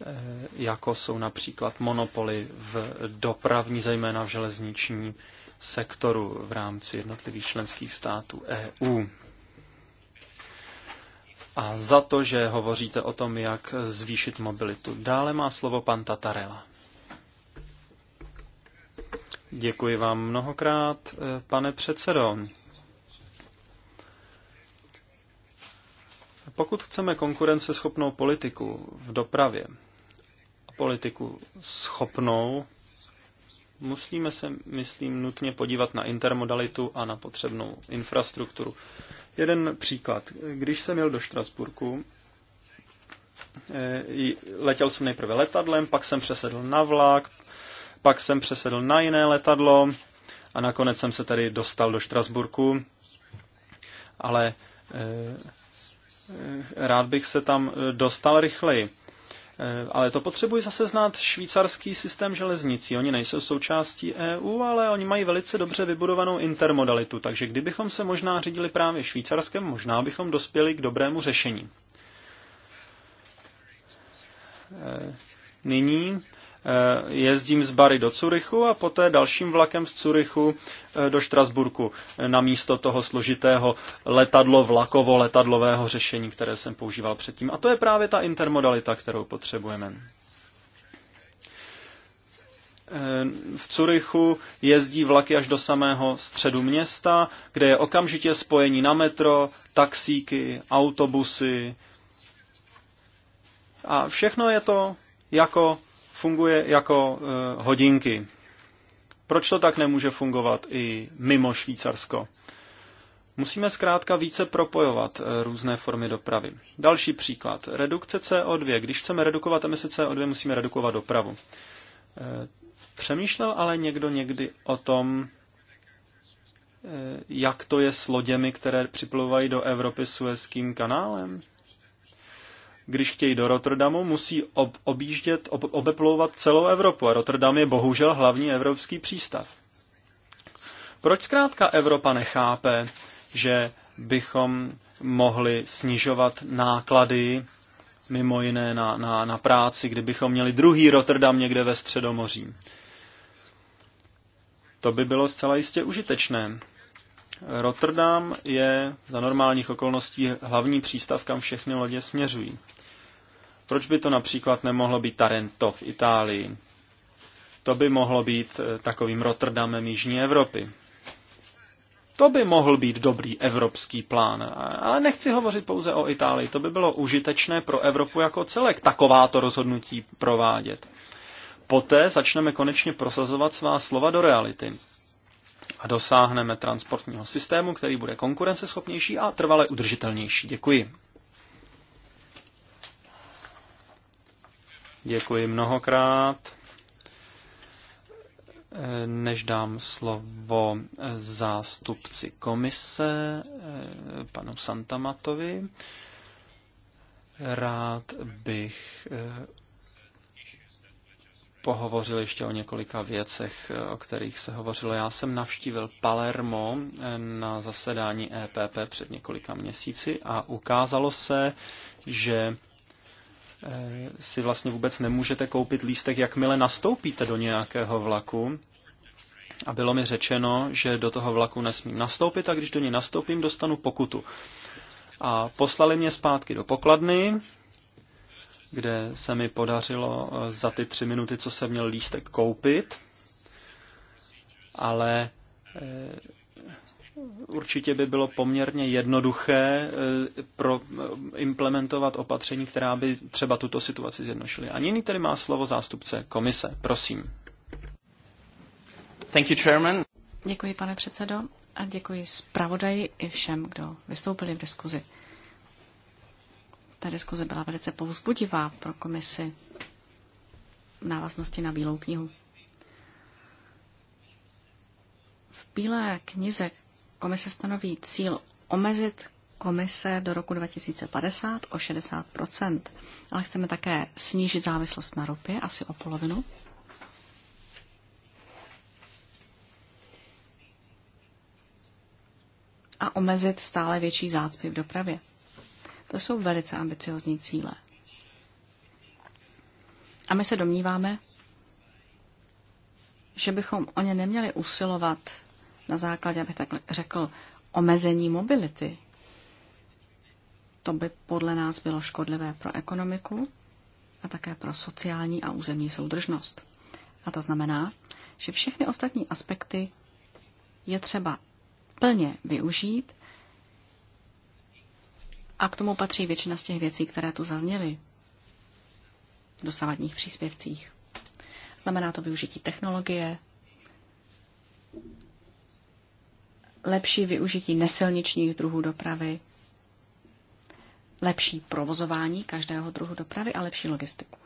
eh, jako jsou například monopoly v dopravní, zejména v železniční sektoru v rámci jednotlivých členských států EU. A za to, že hovoříte o tom, jak zvýšit mobilitu. Dále má slovo pan Tatarela. Děkuji vám mnohokrát, eh, pane předsedo. Pokud chceme konkurenceschopnou politiku v dopravě a politiku schopnou, musíme se, myslím, nutně podívat na intermodalitu a na potřebnou infrastrukturu. Jeden příklad. Když jsem jel do Štrasburku, eh, letěl jsem nejprve letadlem, pak jsem přesedl na vlak, pak jsem přesedl na jiné letadlo a nakonec jsem se tady dostal do Štrasburku. Ale eh, Eh, rád bych se tam eh, dostal rychleji. Eh, ale to potřebuji zase znát švýcarský systém železnicí. Oni nejsou součástí EU, ale oni mají velice dobře vybudovanou intermodalitu, takže kdybychom se možná řídili právě švýcarskem, možná bychom dospěli k dobrému řešení. Nyní Eh, jezdím z Bary do Curychu a poté dalším vlakem z Curychu eh, do Štrasburku, eh, místo toho složitého letadlo vlakovo letadlového řešení, které jsem používal předtím. A to je právě ta intermodalita, kterou potřebujeme. V Curychu jezdí vlaky až do samého středu města, kde je okamžitě spojení na metro, taxíky, autobusy. A všechno je to jako funguje jako eh, hodinky. Proč to tak nemůže fungovat i mimo Švýcarsko? Musíme zkrátka více propojovat eh, různé formy dopravy. Další příklad. Redukce CO2. Když chceme redukovat emise CO2, musíme redukovat dopravu. Eh, přemýšlel ale někdo někdy o tom, jak to je s loděmi, které připlouvají do Evropy Suezkým kanálem? když chtějí do Rotterdamu, musí ob- objíždět, ob- obeplouvat celou Evropu. A Rotterdam je bohužel hlavní evropský přístav. Proč zkrátka Evropa nechápe, že bychom mohli snižovat náklady mimo jiné na, na, na práci, kdybychom měli druhý Rotterdam někde ve Středomoří? To by bylo zcela jistě užitečné. Rotterdam je za normálních okolností hlavní přístav, kam všechny lodě směřují. Proč by to například nemohlo být Tarento v Itálii? To by mohlo být eh, takovým Rotterdamem Jižní Evropy. To by mohl být dobrý evropský plán, ale nechci hovořit pouze o Itálii. To by bylo užitečné pro Evropu jako celek, takováto rozhodnutí provádět. Poté začneme konečně prosazovat svá slova do reality a dosáhneme transportního systému, který bude konkurenceschopnější a trvale udržitelnější. Děkuji. Děkuji mnohokrát. Než dám slovo zástupci komise, panu Santamatovi, rád bych eh, pohovořil ještě o několika věcech, o kterých se hovořilo. Já jsem navštívil Palermo eh, na zasedání EPP před několika měsíci a ukázalo se, že Eh, si vlastně vůbec nemůžete koupit lístek, jakmile nastoupíte do nějakého vlaku. A bylo mi řečeno, že do toho vlaku nesmím nastoupit a když do něj nastoupím, dostanu pokutu. A poslali mě zpátky do pokladny, kde se mi podařilo eh, za ty tři minuty, co jsem měl lístek koupit, ale eh, určitě by bylo poměrně jednoduché eh, pro eh, implementovat opatření, která by třeba tuto situaci zjednošily. A nyní tedy má slovo zástupce komise. Prosím. Thank you, chairman. Děkuji, pane předsedo, a děkuji zpravodaji i všem, kdo vystoupili v diskuzi. Ta diskuze byla velice povzbudivá pro komisi v návaznosti na Bílou knihu. V Bílé knize Komise stanoví cíl omezit komise do roku 2050 o 60 ale chceme také snížit závislost na ropě asi o polovinu. A omezit stále větší zácpy v dopravě. To jsou velice ambiciozní cíle. A my se domníváme, že bychom o ně neměli usilovat na základě, abych tak řekl, omezení mobility. To by podle nás bylo škodlivé pro ekonomiku a také pro sociální a územní soudržnost. A to znamená, že všechny ostatní aspekty je třeba plně využít a k tomu patří většina z těch věcí, které tu zazněly v dosavadních příspěvcích. Znamená to využití technologie, lepší využití nesilničních druhů dopravy, lepší provozování každého druhu dopravy a lepší logistiku.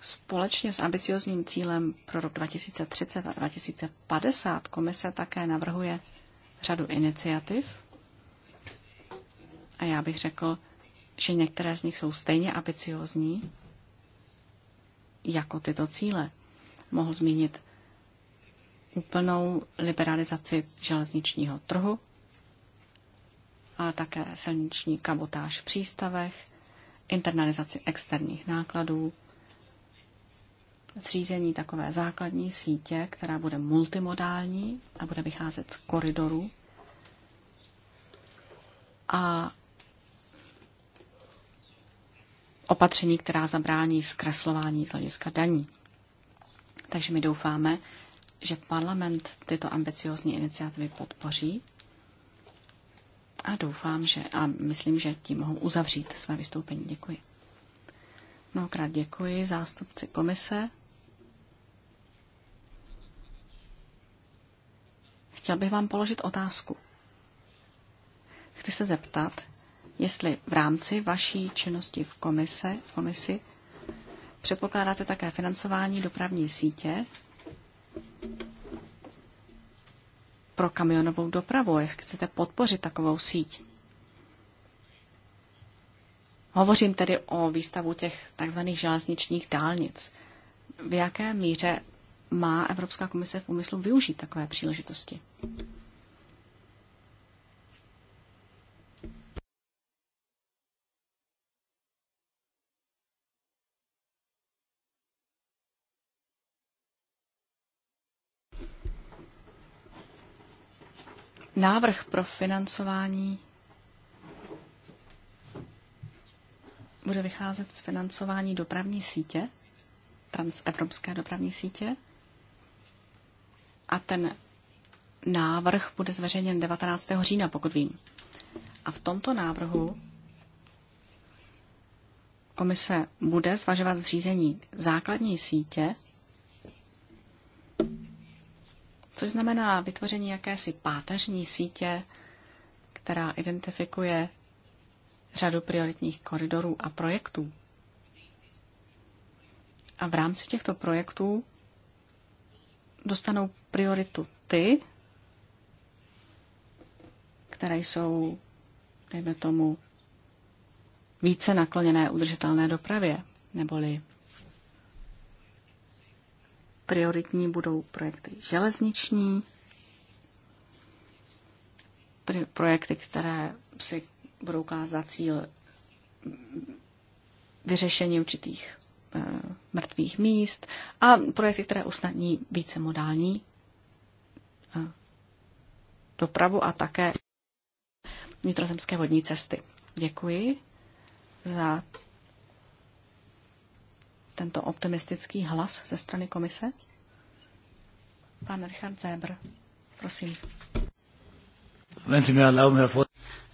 Společně s ambiciozním cílem pro rok 2030 a 2050 komise také navrhuje řadu iniciativ. A já bych řekl, že některé z nich jsou stejně ambiciozní jako tyto cíle mohl zmínit úplnou liberalizaci železničního trhu, ale také silniční kabotáž v přístavech, internalizaci externích nákladů, zřízení takové základní sítě, která bude multimodální a bude vycházet z koridorů a opatření, která zabrání zkreslování z hlediska daní. Takže my doufáme, že parlament tyto ambiciozní iniciativy podpoří a doufám, že a myslím, že tím mohu uzavřít své vystoupení. Děkuji. Mnohokrát děkuji zástupci komise. Chtěl bych vám položit otázku. Chci se zeptat, jestli v rámci vaší činnosti v komise, komisi Předpokládáte také financování dopravní sítě pro kamionovou dopravu, jestli chcete podpořit takovou síť. Hovořím tedy o výstavu těch tzv. železničních dálnic. V jaké míře má Evropská komise v úmyslu využít takové příležitosti? návrh pro financování bude vycházet z financování dopravní sítě, transevropské dopravní sítě. A ten návrh bude zveřejněn 19. října, pokud vím. A v tomto návrhu komise bude zvažovat zřízení základní sítě což znamená vytvoření jakési páteřní sítě, která identifikuje řadu prioritních koridorů a projektů. A v rámci těchto projektů dostanou prioritu ty, které jsou, dejme tomu, více nakloněné udržitelné dopravě, neboli Prioritní budou projekty železniční, projekty, které si budou klást za cíl vyřešení určitých e, mrtvých míst a projekty, které usnadní více modální e, dopravu a také vnitrozemské vodní cesty. Děkuji za tento optimistický hlas ze strany komise? Pan Richard Zébr, prosím.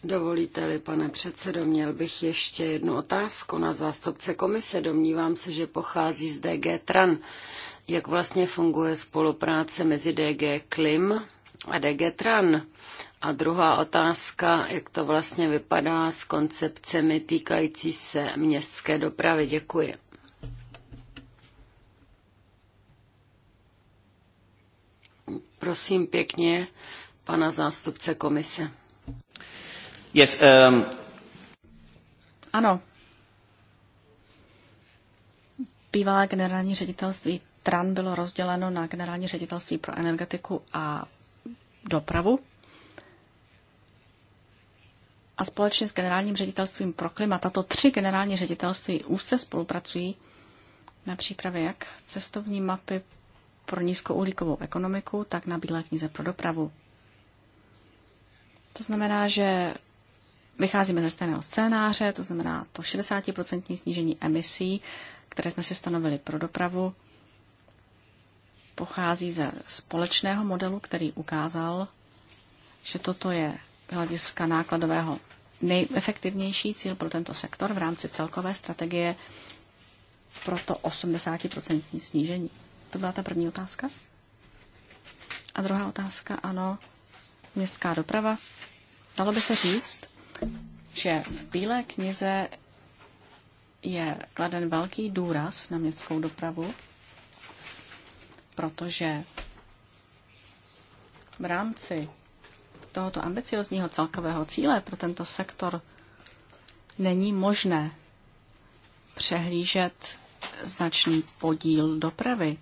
Dovolíte-li, pane předsedo, měl bych ještě jednu otázku na zástupce komise. Domnívám se, že pochází z DG TRAN. Jak vlastně funguje spolupráce mezi DG Klim a DG TRAN? A druhá otázka, jak to vlastně vypadá s koncepcemi týkající se městské dopravy. Děkuji. Prosím pěkně pana zástupce komise. Yes, um... Ano. Bývalé generální ředitelství TRAN bylo rozděleno na generální ředitelství pro energetiku a dopravu. A společně s generálním ředitelstvím pro klima tato tři generální ředitelství úzce spolupracují na přípravě jak cestovní mapy pro nízkouhlíkovou ekonomiku, tak na Bílé knize pro dopravu. To znamená, že vycházíme ze stejného scénáře, to znamená to 60% snížení emisí, které jsme si stanovili pro dopravu, pochází ze společného modelu, který ukázal, že toto je z hlediska nákladového nejefektivnější cíl pro tento sektor v rámci celkové strategie pro to 80% snížení. To byla ta první otázka. A druhá otázka, ano, městská doprava. Dalo by se říct, že v Bílé knize je kladen velký důraz na městskou dopravu, protože v rámci tohoto ambiciozního celkového cíle pro tento sektor není možné přehlížet značný podíl dopravy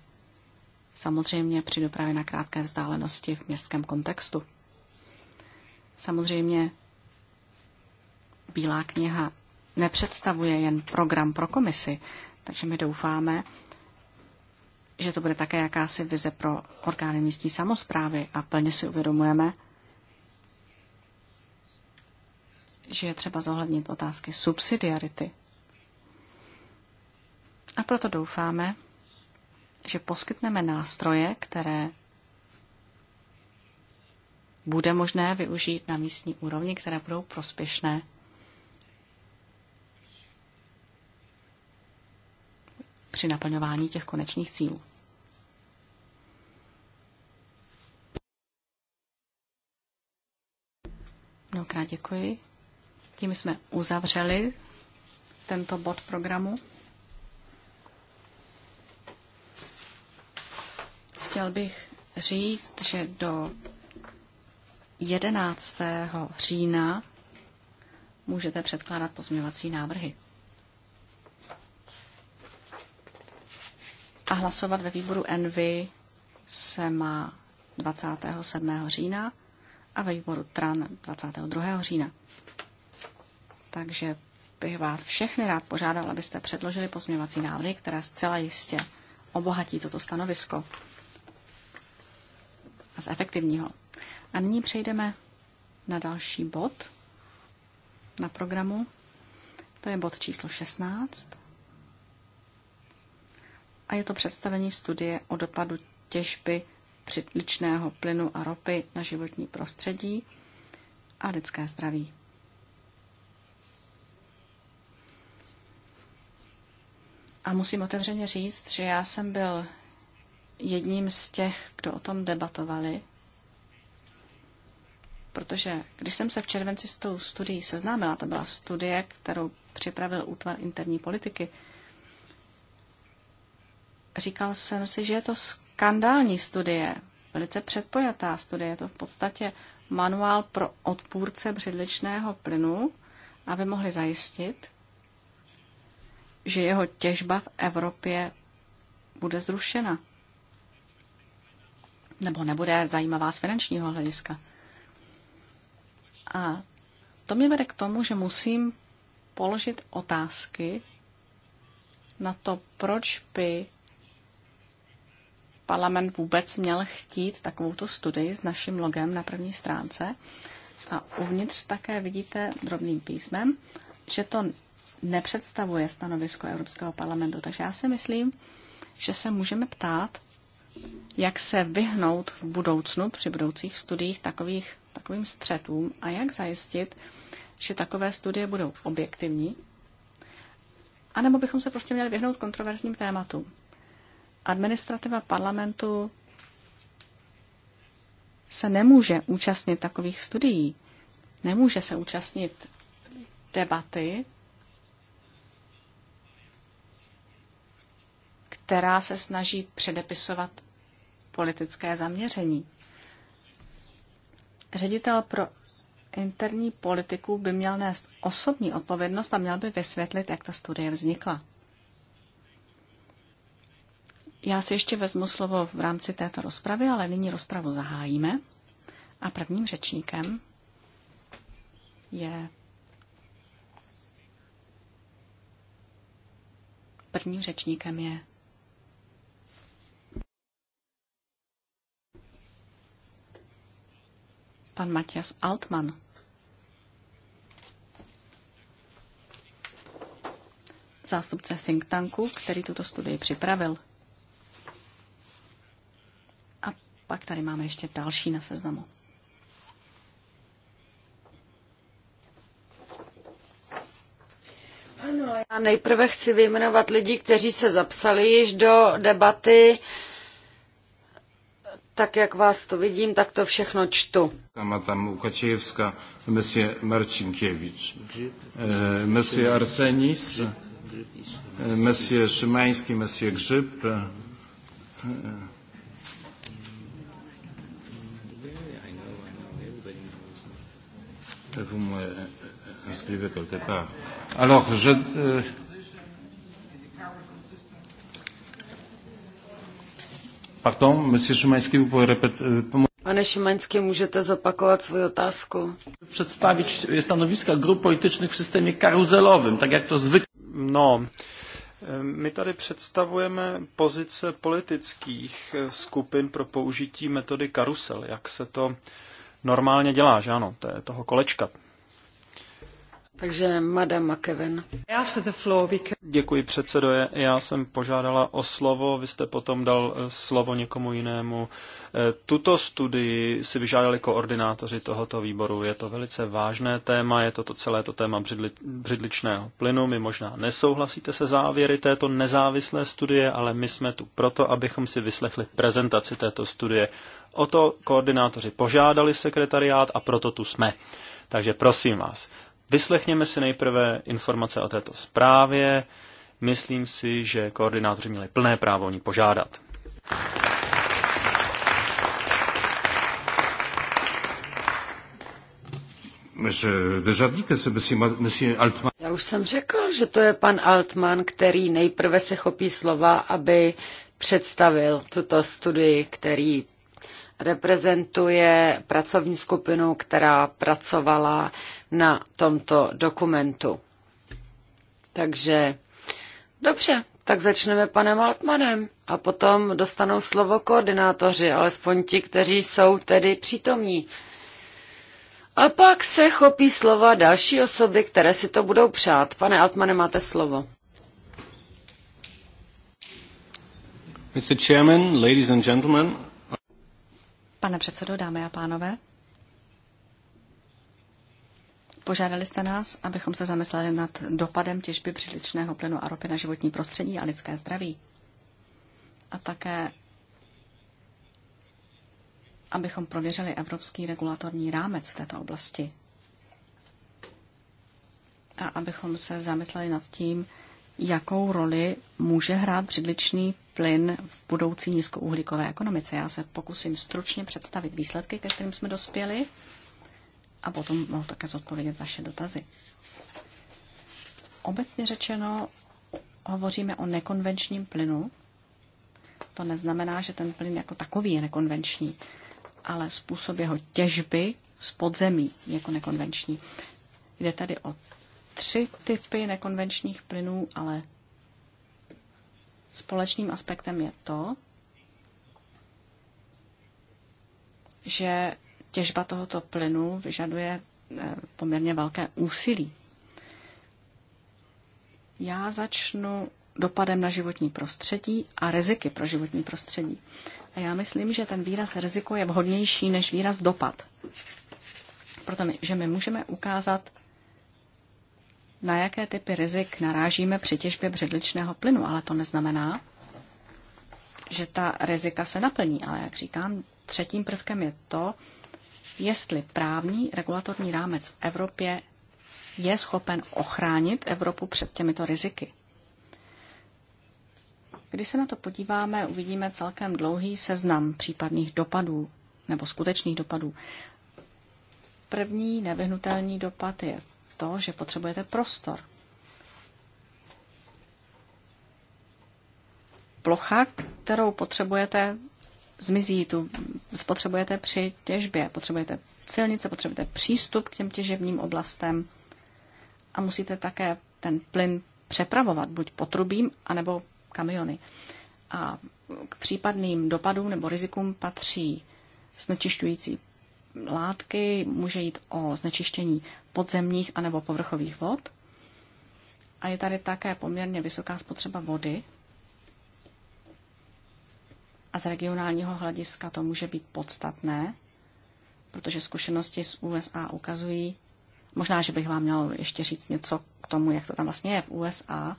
Samozřejmě při dopravě na krátké vzdálenosti v městském kontextu. Samozřejmě Bílá kniha nepředstavuje jen program pro komisi, takže my doufáme, že to bude také jakási vize pro orgány místní samozprávy a plně si uvědomujeme, že je třeba zohlednit otázky subsidiarity. A proto doufáme, že poskytneme nástroje, které bude možné využít na místní úrovni, které budou prospěšné. při naplňování těch konečných cílů. Mnohokrát děkuji. Tím jsme uzavřeli tento bod programu. Chtěl bych říct, že do 11. října můžete předkládat pozměňovací návrhy. A hlasovat ve výboru Envy se má 27. října a ve výboru TRAN 22. října. Takže bych vás všechny rád požádal, abyste předložili pozměňovací návrhy, které zcela jistě obohatí toto stanovisko z efektivního. A nyní přejdeme na další bod na programu. To je bod číslo 16. A je to představení studie o dopadu těžby přidličného plynu a ropy na životní prostředí a lidské zdraví. A musím otevřeně říct, že já jsem byl jedním z těch, kdo o tom debatovali, protože když jsem se v červenci s tou studií seznámila, to byla studie, kterou připravil útvar interní politiky, říkal jsem si, že je to skandální studie, velice předpojatá studie, je to v podstatě manuál pro odpůrce břidličného plynu, aby mohli zajistit, že jeho těžba v Evropě bude zrušena nebo nebude zajímavá z finančního hlediska. A to mě vede k tomu, že musím položit otázky na to, proč by parlament vůbec měl chtít tu studii s naším logem na první stránce. A uvnitř také vidíte drobným písmem, že to nepředstavuje stanovisko Evropského parlamentu. Takže já si myslím, že se můžeme ptát, jak se vyhnout v budoucnu při budoucích studiích takových, takovým střetům a jak zajistit, že takové studie budou objektivní, anebo bychom se prostě měli vyhnout kontroverzním tématům. Administrativa parlamentu se nemůže účastnit takových studií, nemůže se účastnit debaty která se snaží předepisovat politické zaměření. Ředitel pro interní politiku by měl nést osobní odpovědnost a měl by vysvětlit, jak ta studie vznikla. Já si ještě vezmu slovo v rámci této rozpravy, ale nyní rozpravu zahájíme. A prvním řečníkem je prvním řečníkem je Pan Matias Altman. Zástupce think tanku, který tuto studii připravil. A pak tady máme ještě další na seznamu. Ano, já nejprve chci vyjmenovat lidi, kteří se zapsali již do debaty tak jak vás to vidím, tak to všechno čtu. Má tam Lukačevská, Messie Marcinkiewicz, Messie Arsenis, Messie Szymański, Messie Grzyb. Vous m'inscrivez quelque part. Alors, je, euh, Pardon, monsieur eh, Pane Šimaňský, můžete zopakovat svou otázku? Představit stanoviska grup politických v systému karuzelovém, tak jak to zvykle. No, eh, my tady představujeme pozice politických eh, skupin pro použití metody karusel, jak se to normálně dělá, že ano, to je toho kolečka. Takže Madame McEwen. Děkuji předsedo, já jsem požádala o slovo, vy jste potom dal eh, slovo někomu jinému. Eh, tuto studii si vyžádali koordinátoři tohoto výboru. Je to velice vážné téma, je to, to celé to téma břidli, břidličného plynu. My možná nesouhlasíte se závěry této nezávislé studie, ale my jsme tu proto, abychom si vyslechli prezentaci této studie. O to koordinátoři požádali sekretariát a proto tu jsme. Takže prosím vás, Vyslechněme si nejprve informace o této zprávě. Myslím si, že koordinátoři měli plné právo o ní požádat. Já už jsem řekl, že to je pan Altman, který nejprve se chopí slova, aby představil tuto studii, který reprezentuje pracovní skupinu, která pracovala na tomto dokumentu. Takže dobře, tak začneme panem Altmanem a potom dostanou slovo koordinátoři, alespoň ti, kteří jsou tedy přítomní. A pak se chopí slova další osoby, které si to budou přát. Pane Altmane, máte slovo. Mr. Chairman, ladies and gentlemen, Pane předsedo, dámy a pánové, požádali jste nás, abychom se zamysleli nad dopadem těžby příličného plynu a ropy na životní prostředí a lidské zdraví. A také, abychom prověřili evropský regulatorní rámec v této oblasti. A abychom se zamysleli nad tím, jakou roli může hrát břidličný plyn v budoucí nízkouhlíkové ekonomice. Já se pokusím stručně představit výsledky, ke kterým jsme dospěli a potom mohu také zodpovědět vaše dotazy. Obecně řečeno, hovoříme o nekonvenčním plynu. To neznamená, že ten plyn jako takový je nekonvenční, ale způsob jeho těžby z podzemí jako nekonvenční. Jde tady o tři typy nekonvenčních plynů, ale společným aspektem je to, že těžba tohoto plynu vyžaduje eh, poměrně velké úsilí. Já začnu dopadem na životní prostředí a riziky pro životní prostředí. A já myslím, že ten výraz riziko je vhodnější než výraz dopad. Protože my můžeme ukázat, na jaké typy rizik narážíme při těžbě břidličného plynu, ale to neznamená, že ta rizika se naplní. Ale jak říkám, třetím prvkem je to, jestli právní regulatorní rámec v Evropě je schopen ochránit Evropu před těmito riziky. Když se na to podíváme, uvidíme celkem dlouhý seznam případných dopadů nebo skutečných dopadů. První nevyhnutelný dopad je to, že potřebujete prostor. Plocha, kterou potřebujete, zmizí tu, spotřebujete při těžbě, potřebujete silnice, potřebujete přístup k těm těžebním oblastem a musíte také ten plyn přepravovat buď potrubím, anebo kamiony. A k případným dopadům nebo rizikům patří znečišťující látky, může jít o znečištění podzemních anebo povrchových vod. A je tady také poměrně vysoká spotřeba vody. A z regionálního hlediska to může být podstatné, protože zkušenosti z USA ukazují, možná, že bych vám měl ještě říct něco k tomu, jak to tam vlastně je v USA.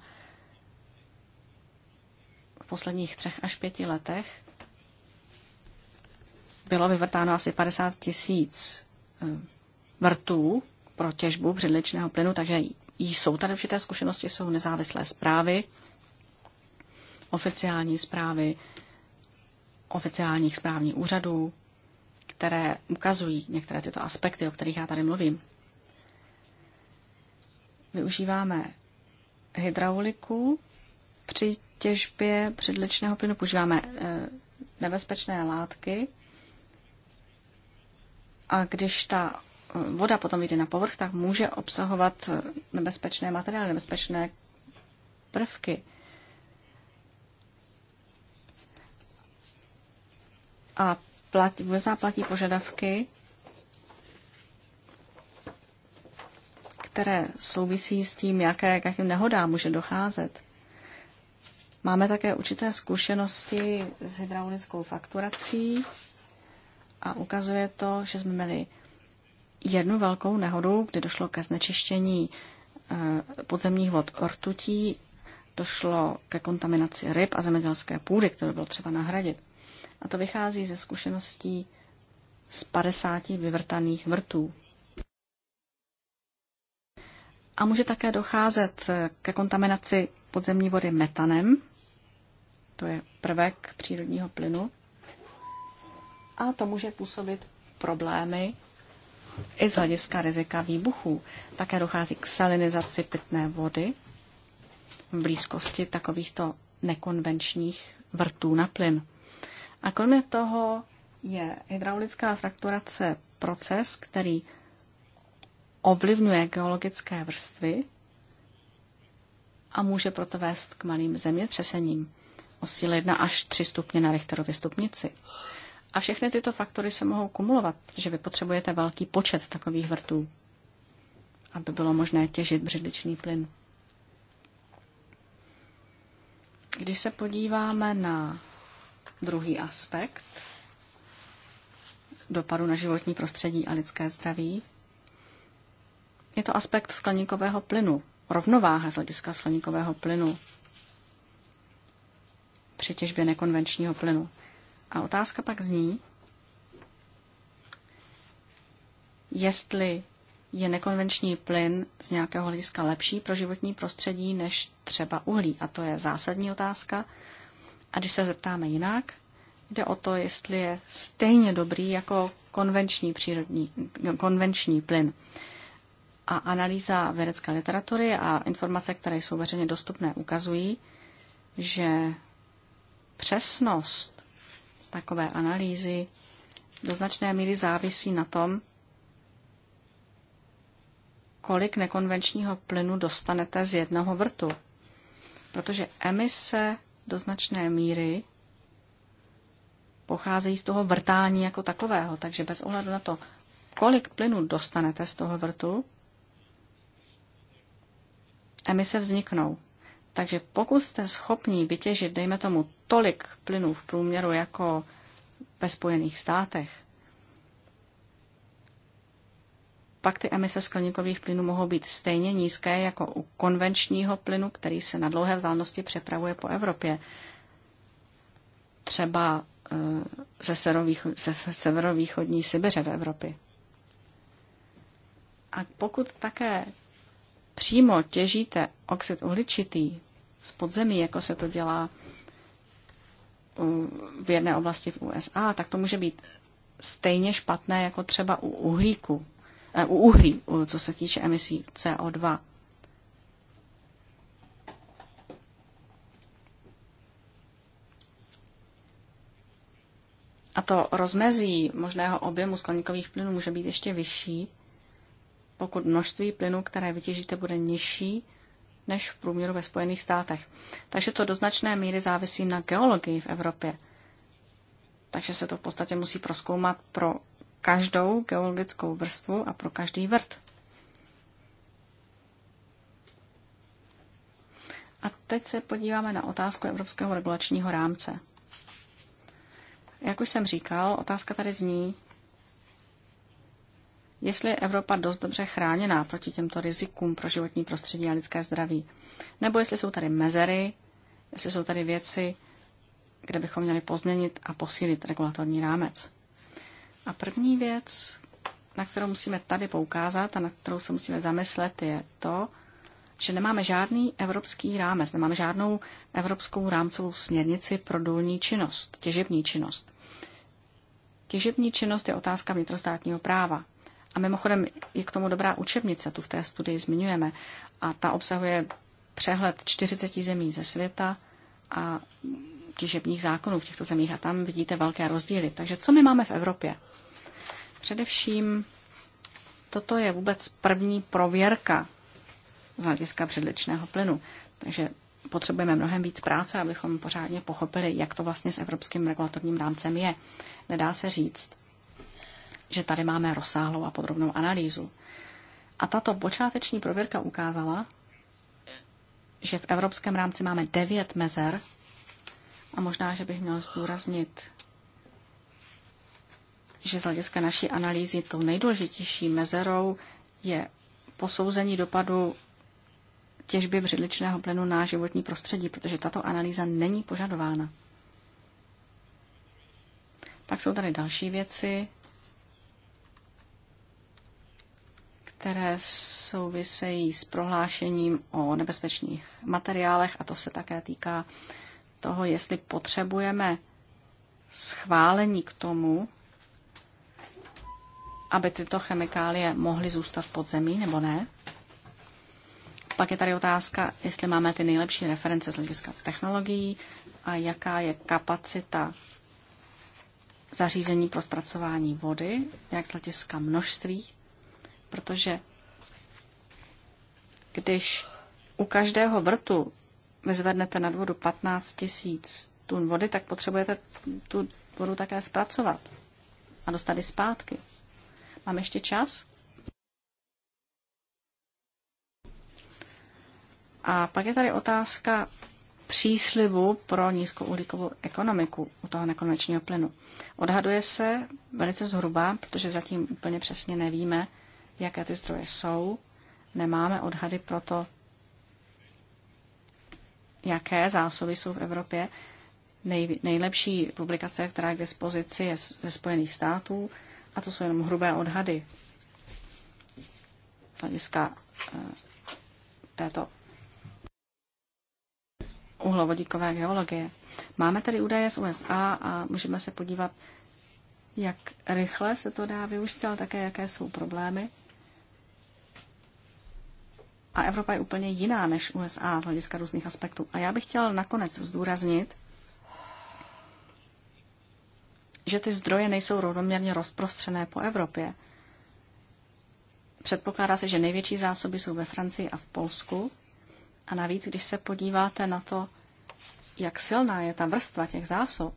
V posledních třech až pěti letech bylo vyvrtáno asi 50 tisíc eh, vrtů pro těžbu břidličného plynu, takže jsou tady určité zkušenosti, jsou nezávislé zprávy, oficiální zprávy oficiálních správních úřadů, které ukazují některé tyto aspekty, o kterých já tady mluvím. Využíváme hydrauliku při těžbě předličného plynu, používáme eh, nebezpečné látky, a když ta eh, voda potom jde na povrch, tak může obsahovat eh, nebezpečné materiály, nebezpečné prvky. A platí, USA platí požadavky, které souvisí s tím, jaké, k jakým nehodám může docházet. Máme také určité zkušenosti s hydraulickou fakturací a ukazuje to, že jsme měli jednu velkou nehodu, kdy došlo ke znečištění eh, podzemních vod ortutí, došlo ke kontaminaci ryb a zemědělské půdy, kterou bylo třeba nahradit. A to vychází ze zkušeností z 50 vyvrtaných vrtů. A může také docházet eh, ke kontaminaci podzemní vody metanem, to je prvek přírodního plynu, a to může působit problémy i z hlediska rizika výbuchů. Také dochází k salinizaci pitné vody v blízkosti takovýchto nekonvenčních vrtů na plyn. A kromě toho je hydraulická frakturace proces, který ovlivňuje geologické vrstvy a může proto vést k malým zemětřesením o síle 1 až 3 stupně na Richterově stupnici. A všechny tyto faktory se mohou kumulovat, protože vy potřebujete velký počet takových vrtů, aby bylo možné těžit břidličný plyn. Když se podíváme na druhý aspekt dopadu na životní prostředí a lidské zdraví, je to aspekt skleníkového plynu, rovnováha z hlediska skleníkového plynu při těžbě nekonvenčního plynu. A otázka pak zní, jestli je nekonvenční plyn z nějakého hlediska lepší pro životní prostředí než třeba uhlí. A to je zásadní otázka. A když se zeptáme jinak, jde o to, jestli je stejně dobrý jako konvenční, přírodní, konvenční plyn. A analýza vědecké literatury a informace, které jsou veřejně dostupné, ukazují, že přesnost takové analýzy do značné míry závisí na tom, kolik nekonvenčního plynu dostanete z jednoho vrtu. Protože emise do značné míry pocházejí z toho vrtání jako takového. Takže bez ohledu na to, kolik plynu dostanete z toho vrtu, emise vzniknou. Takže pokud jste schopní vytěžit, dejme tomu, tolik plynů v průměru jako ve Spojených státech, pak ty emise skleníkových plynů mohou být stejně nízké jako u konvenčního plynu, který se na dlouhé vzdálenosti přepravuje po Evropě. Třeba eh, ze, ze severovýchodní Sibiře do Evropy. A pokud také přímo těžíte oxid uhličitý z podzemí, jako se to dělá v jedné oblasti v USA, tak to může být stejně špatné jako třeba u uhlíku, eh, u uhlí, co se týče emisí CO2. A to rozmezí možného objemu skleníkových plynů může být ještě vyšší, pokud množství plynu, které vytěžíte, bude nižší než v průměru ve Spojených státech. Takže to do značné míry závisí na geologii v Evropě. Takže se to v podstatě musí proskoumat pro každou geologickou vrstvu a pro každý vrt. A teď se podíváme na otázku Evropského regulačního rámce. Jak už jsem říkal, otázka tady zní, jestli je Evropa dost dobře chráněná proti těmto rizikům pro životní prostředí a lidské zdraví. Nebo jestli jsou tady mezery, jestli jsou tady věci, kde bychom měli pozměnit a posílit regulatorní rámec. A první věc, na kterou musíme tady poukázat a na kterou se musíme zamyslet, je to, že nemáme žádný evropský rámec, nemáme žádnou evropskou rámcovou směrnici pro důlní činnost, těžební činnost. Těžební činnost je otázka vnitrostátního práva. A mimochodem je k tomu dobrá učebnice, tu v té studii zmiňujeme. A ta obsahuje přehled 40 zemí ze světa a těžebních zákonů v těchto zemích. A tam vidíte velké rozdíly. Takže co my máme v Evropě? Především toto je vůbec první prověrka z hlediska předličného plynu. Takže potřebujeme mnohem víc práce, abychom pořádně pochopili, jak to vlastně s evropským regulatorním rámcem je. Nedá se říct, že tady máme rozsáhlou a podrobnou analýzu. A tato počáteční prověrka ukázala, že v evropském rámci máme devět mezer a možná, že bych měl zdůraznit, že z hlediska naší analýzy tou nejdůležitější mezerou je posouzení dopadu těžby břidličného plynu na životní prostředí, protože tato analýza není požadována. Pak jsou tady další věci, které souvisejí s prohlášením o nebezpečných materiálech a to se také týká toho, jestli potřebujeme schválení k tomu, aby tyto chemikálie mohly zůstat pod zemí nebo ne. Pak je tady otázka, jestli máme ty nejlepší reference z hlediska technologií a jaká je kapacita zařízení pro zpracování vody, jak z hlediska množství protože když u každého vrtu vyzvednete nad vodu 15 tisíc tun vody, tak potřebujete tu vodu také zpracovat a dostat ji zpátky. Mám ještě čas? A pak je tady otázka příslivu pro nízkouhlíkovou ekonomiku u toho nekonvenčního plynu. Odhaduje se velice zhruba, protože zatím úplně přesně nevíme, jaké ty zdroje jsou, nemáme odhady pro to, jaké zásoby jsou v Evropě. Nej, nejlepší publikace, která je k dispozici, je ze Spojených států a to jsou jenom hrubé odhady z hlediska eh, této uhlovodíkové geologie. Máme tady údaje z USA a můžeme se podívat, jak rychle se to dá využít, ale také jaké jsou problémy. A Evropa je úplně jiná než USA z hlediska různých aspektů. A já bych chtěl nakonec zdůraznit, že ty zdroje nejsou rovnoměrně rozprostřené po Evropě. Předpokládá se, že největší zásoby jsou ve Francii a v Polsku. A navíc, když se podíváte na to, jak silná je ta vrstva těch zásob,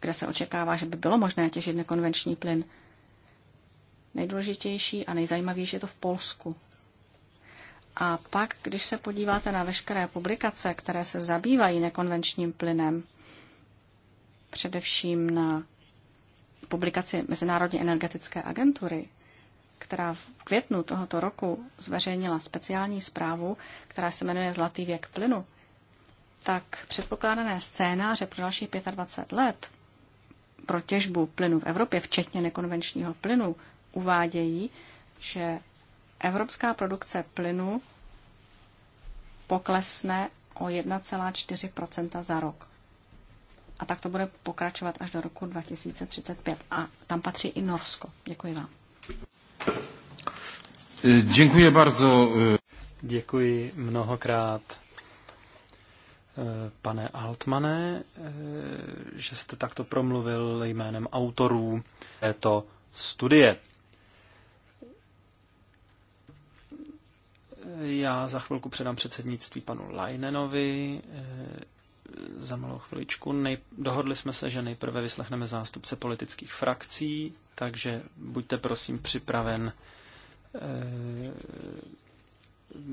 kde se očekává, že by bylo možné těžit nekonvenční plyn, nejdůležitější a nejzajímavější je to v Polsku. A pak, když se podíváte na veškeré publikace, které se zabývají nekonvenčním plynem, především na publikaci Mezinárodní energetické agentury, která v květnu tohoto roku zveřejnila speciální zprávu, která se jmenuje Zlatý věk plynu, tak předpokládané scénáře pro dalších 25 let pro těžbu plynu v Evropě, včetně nekonvenčního plynu, uvádějí, že evropská produkce plynu poklesne o 1,4 za rok. A tak to bude pokračovat až do roku 2035. A tam patří i Norsko. Děkuji vám. Děkuji bardzo. Děkuji mnohokrát, pane Altmane, že jste takto promluvil jménem autorů této studie. Já za chvilku předám předsednictví panu Lajnenovi. Eh, za malou chviličku. Nej... Dohodli jsme se, že nejprve vyslechneme zástupce politických frakcí, takže buďte prosím připraven eh,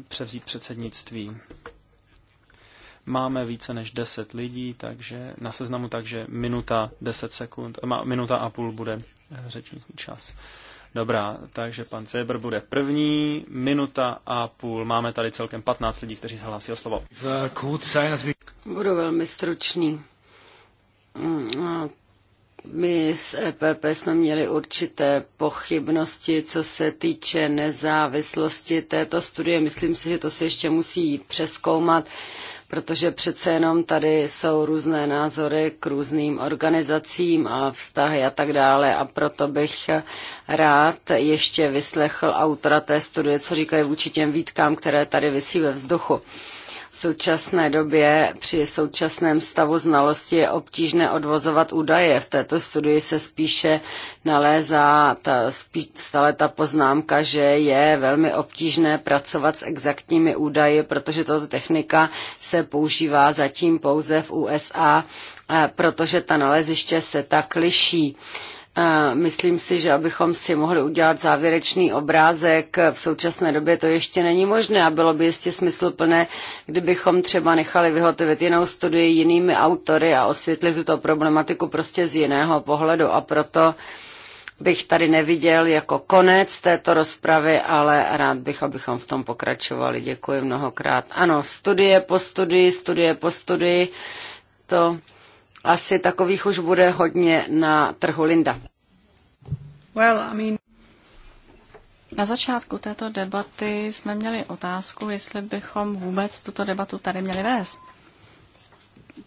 převzít předsednictví. Máme více než 10 lidí, takže na seznamu takže minuta 10 sekund, eh, minuta a půl bude řečnický čas. Dobrá, takže pan Cebr bude první, minuta a půl. Máme tady celkem 15 lidí, kteří se hlásí o slovo. Budu velmi stručný. Mm, my z EPP jsme měli určité pochybnosti, co se týče nezávislosti této studie. Myslím si, že to se ještě musí přeskoumat protože přece jenom tady jsou různé názory k různým organizacím a vztahy a tak dále a proto bych rád ještě vyslechl autora té studie, co říkají vůči těm výtkám, které tady vysí ve vzduchu. V současné době při současném stavu znalosti je obtížné odvozovat údaje. V této studii se spíše nalézá ta, stále ta poznámka, že je velmi obtížné pracovat s exaktními údaji, protože tato technika se používá zatím pouze v USA, protože ta naleziště se tak liší. Uh, Myslím si, že abychom si mohli udělat závěrečný obrázek, v současné době to ještě není možné a bylo by jistě smysluplné, kdybychom třeba nechali vyhotovit jinou studii jinými autory a osvětlit tuto problematiku prostě z jiného pohledu a proto bych tady neviděl jako konec této rozpravy, ale rád bych, abychom v tom pokračovali. Děkuji mnohokrát. Ano, studie po studii, studie po studii, to asi takových už bude hodně na trhu Linda. Well, I mean... Na začátku této debaty jsme měli otázku, jestli bychom vůbec tuto debatu tady měli vést.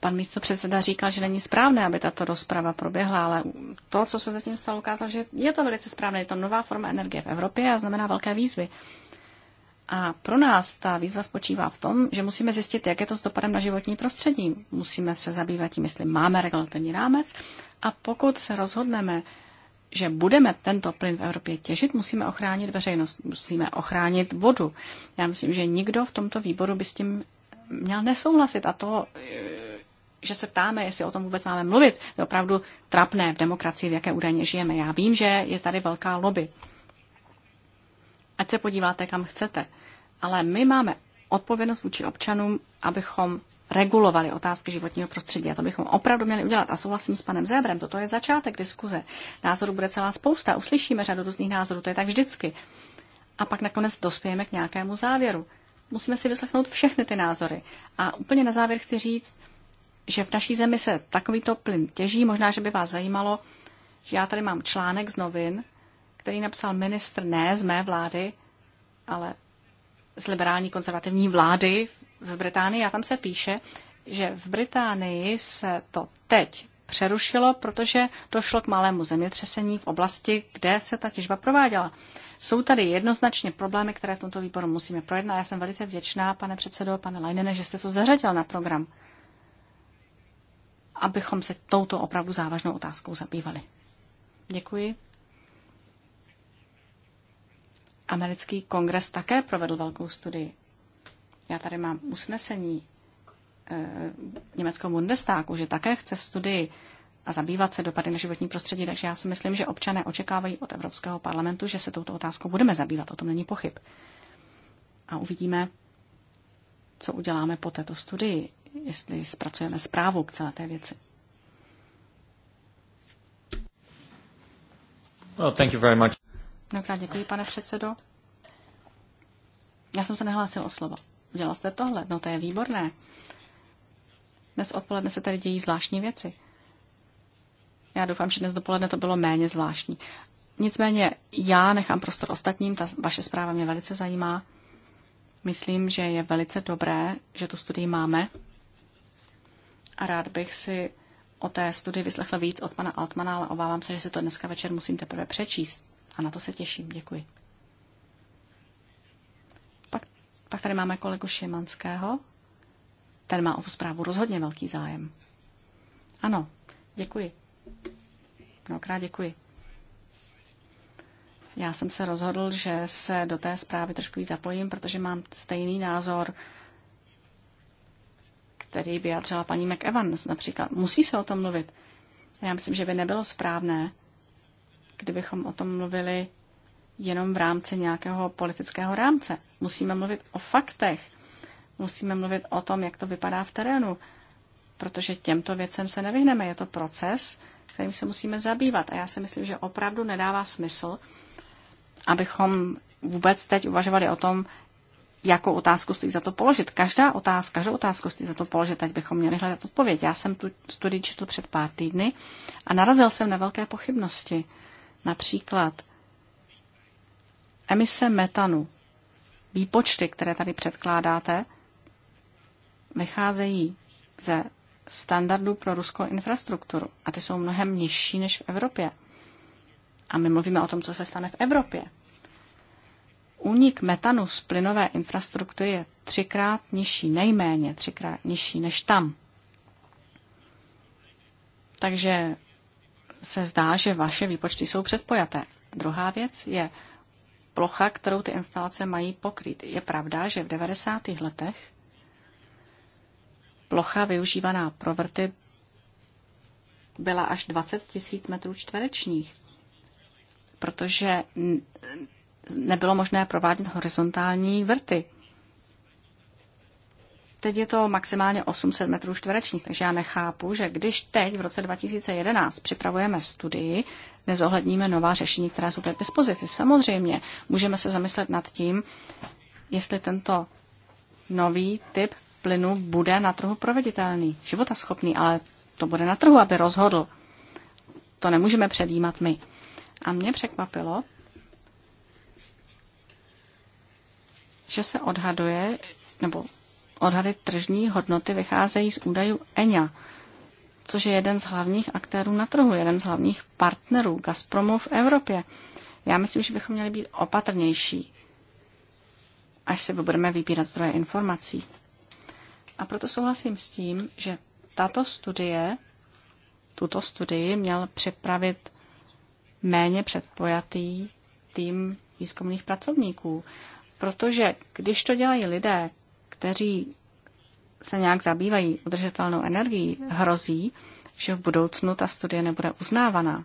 Pan místo předseda říkal, že není správné, aby tato rozprava proběhla, ale to, co se zatím stalo, ukázalo, že je to velice správné. Je to nová forma energie v Evropě a znamená velké výzvy. A pro nás ta výzva spočívá v tom, že musíme zjistit, jak je to s dopadem na životní prostředí. Musíme se zabývat tím, jestli máme regulatorní rámec a pokud se rozhodneme, že budeme tento plyn v Evropě těžit, musíme ochránit veřejnost, musíme ochránit vodu. Já myslím, že nikdo v tomto výboru by s tím měl nesouhlasit a to, eh, že se ptáme, jestli o tom vůbec máme mluvit, je opravdu trapné v demokracii, v jaké údajně žijeme. Já vím, že je tady velká lobby ať se podíváte, kam chcete. Ale my máme odpovědnost vůči občanům, abychom regulovali otázky životního prostředí. A to bychom opravdu měli udělat. A souhlasím s panem Zébrem, toto je začátek diskuze. Názorů bude celá spousta, uslyšíme řadu různých názorů, to je tak vždycky. A pak nakonec dospějeme k nějakému závěru. Musíme si vyslechnout všechny ty názory. A úplně na závěr chci říct, že v naší zemi se takovýto plyn těží. Možná, že by vás zajímalo, že já tady mám článek z novin, který napsal ministr ne z mé vlády, ale z liberální konzervativní vlády v Británii. A tam se píše, že v Británii se to teď přerušilo, protože došlo k malému zemětřesení v oblasti, kde se ta těžba prováděla. Jsou tady jednoznačně problémy, které v tomto výboru musíme projednat. Já jsem velice vděčná, pane předsedo, pane Leinene, že jste to zařadil na program, abychom se touto opravdu závažnou otázkou zabývali. Děkuji. Americký kongres také provedl velkou studii. Já tady mám usnesení e, německého Bundestagu, že také chce studii a zabývat se dopady na životní prostředí, takže já si myslím, že občané očekávají od Evropského parlamentu, že se touto otázkou budeme zabývat, o tom není pochyb. A uvidíme, co uděláme po této studii, jestli zpracujeme zprávu k celé té věci. Well, thank you very much. Mnohokrát děkuji, pane předsedo. Já jsem se nehlásil o slovo. Udělal jste tohle, no to je výborné. Dnes odpoledne se tady dějí zvláštní věci. Já doufám, že dnes dopoledne to bylo méně zvláštní. Nicméně já nechám prostor ostatním, ta vaše zpráva mě velice zajímá. Myslím, že je velice dobré, že tu studii máme. A rád bych si o té studii vyslechl víc od pana Altmana, ale obávám se, že si to dneska večer musím teprve přečíst. A na to se těším. Děkuji. Pak, pak tady máme kolegu Šimanského. Ten má o tu zprávu rozhodně velký zájem. Ano, děkuji. Mnohokrát děkuji. Já jsem se rozhodl, že se do té zprávy trošku víc zapojím, protože mám stejný názor, který vyjádřila paní McEvans například. Musí se o tom mluvit. Já myslím, že by nebylo správné, kdybychom o tom mluvili jenom v rámci nějakého politického rámce. Musíme mluvit o faktech. Musíme mluvit o tom, jak to vypadá v terénu. Protože těmto věcem se nevyhneme. Je to proces, kterým se musíme zabývat. A já si myslím, že opravdu nedává smysl, abychom vůbec teď uvažovali o tom, jakou otázku stojí za to položit. Každá otázka, každou otázku stojí za to položit, teď bychom měli hledat odpověď. Já jsem tu studii četl před pár týdny a narazil jsem na velké pochybnosti. Například emise metanu. Výpočty, které tady předkládáte, vycházejí ze standardů pro ruskou infrastrukturu a ty jsou mnohem nižší než v Evropě. A my mluvíme o tom, co se stane v Evropě. Únik metanu z plynové infrastruktury je třikrát nižší, nejméně třikrát nižší než tam. Takže se zdá, že vaše výpočty jsou předpojaté. Druhá věc je plocha, kterou ty instalace mají pokrýt. Je pravda, že v 90. letech plocha využívaná pro vrty byla až 20 tisíc metrů čtverečních, protože nebylo možné provádět horizontální vrty. Teď je to maximálně 800 metrů čtverečních, takže já nechápu, že když teď v roce 2011 připravujeme studii, nezohledníme nová řešení, která jsou teď dispozici. Samozřejmě můžeme se zamyslet nad tím, jestli tento nový typ plynu bude na trhu proveditelný, životaschopný, ale to bude na trhu, aby rozhodl. To nemůžeme předjímat my. A mě překvapilo, že se odhaduje, nebo Odhady tržní hodnoty vycházejí z údajů ENIA, což je jeden z hlavních aktérů na trhu, jeden z hlavních partnerů Gazpromu v Evropě. Já myslím, že bychom měli být opatrnější, až se budeme vybírat zdroje informací. A proto souhlasím s tím, že tato studie, tuto studii měl připravit méně předpojatý tým výzkumných pracovníků. Protože když to dělají lidé, kteří se nějak zabývají udržitelnou energií, hrozí, že v budoucnu ta studie nebude uznávaná.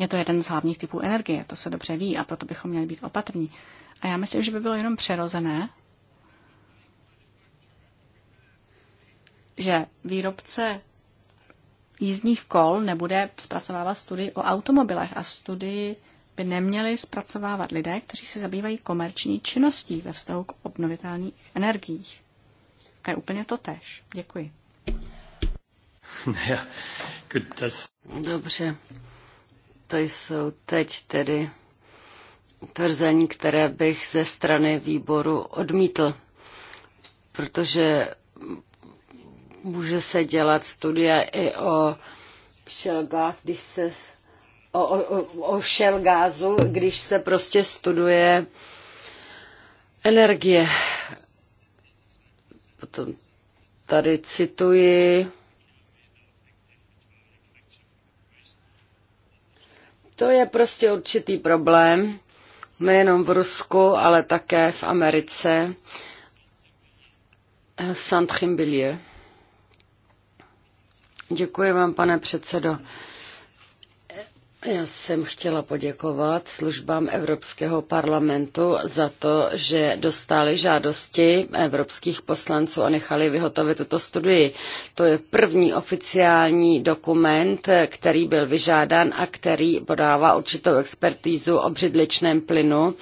Je to jeden z hlavních typů energie, to se dobře ví a proto bychom měli být opatrní. A já myslím, že by bylo jenom přirozené, že výrobce jízdních kol nebude zpracovávat studii o automobilech a studii by neměli zpracovávat lidé, kteří se zabývají komerční činností ve vztahu k obnovitelných energiích. To je úplně to tež. Děkuji. Dobře. To jsou teď tedy tvrzení, které bych ze strany výboru odmítl, protože může se dělat studia i o šelgách, když se o, o, o šel gázu, když se prostě studuje energie. Potom tady cituji. To je prostě určitý problém, nejenom v Rusku, ale také v Americe. Saint-Chimbilieu. Děkuji vám, pane předsedo. Já jsem chtěla poděkovat službám Evropského parlamentu za to, že dostali žádosti evropských poslanců a nechali vyhotovit tuto studii. To je první oficiální dokument, který byl vyžádán a který podává určitou expertízu o břidličném plynu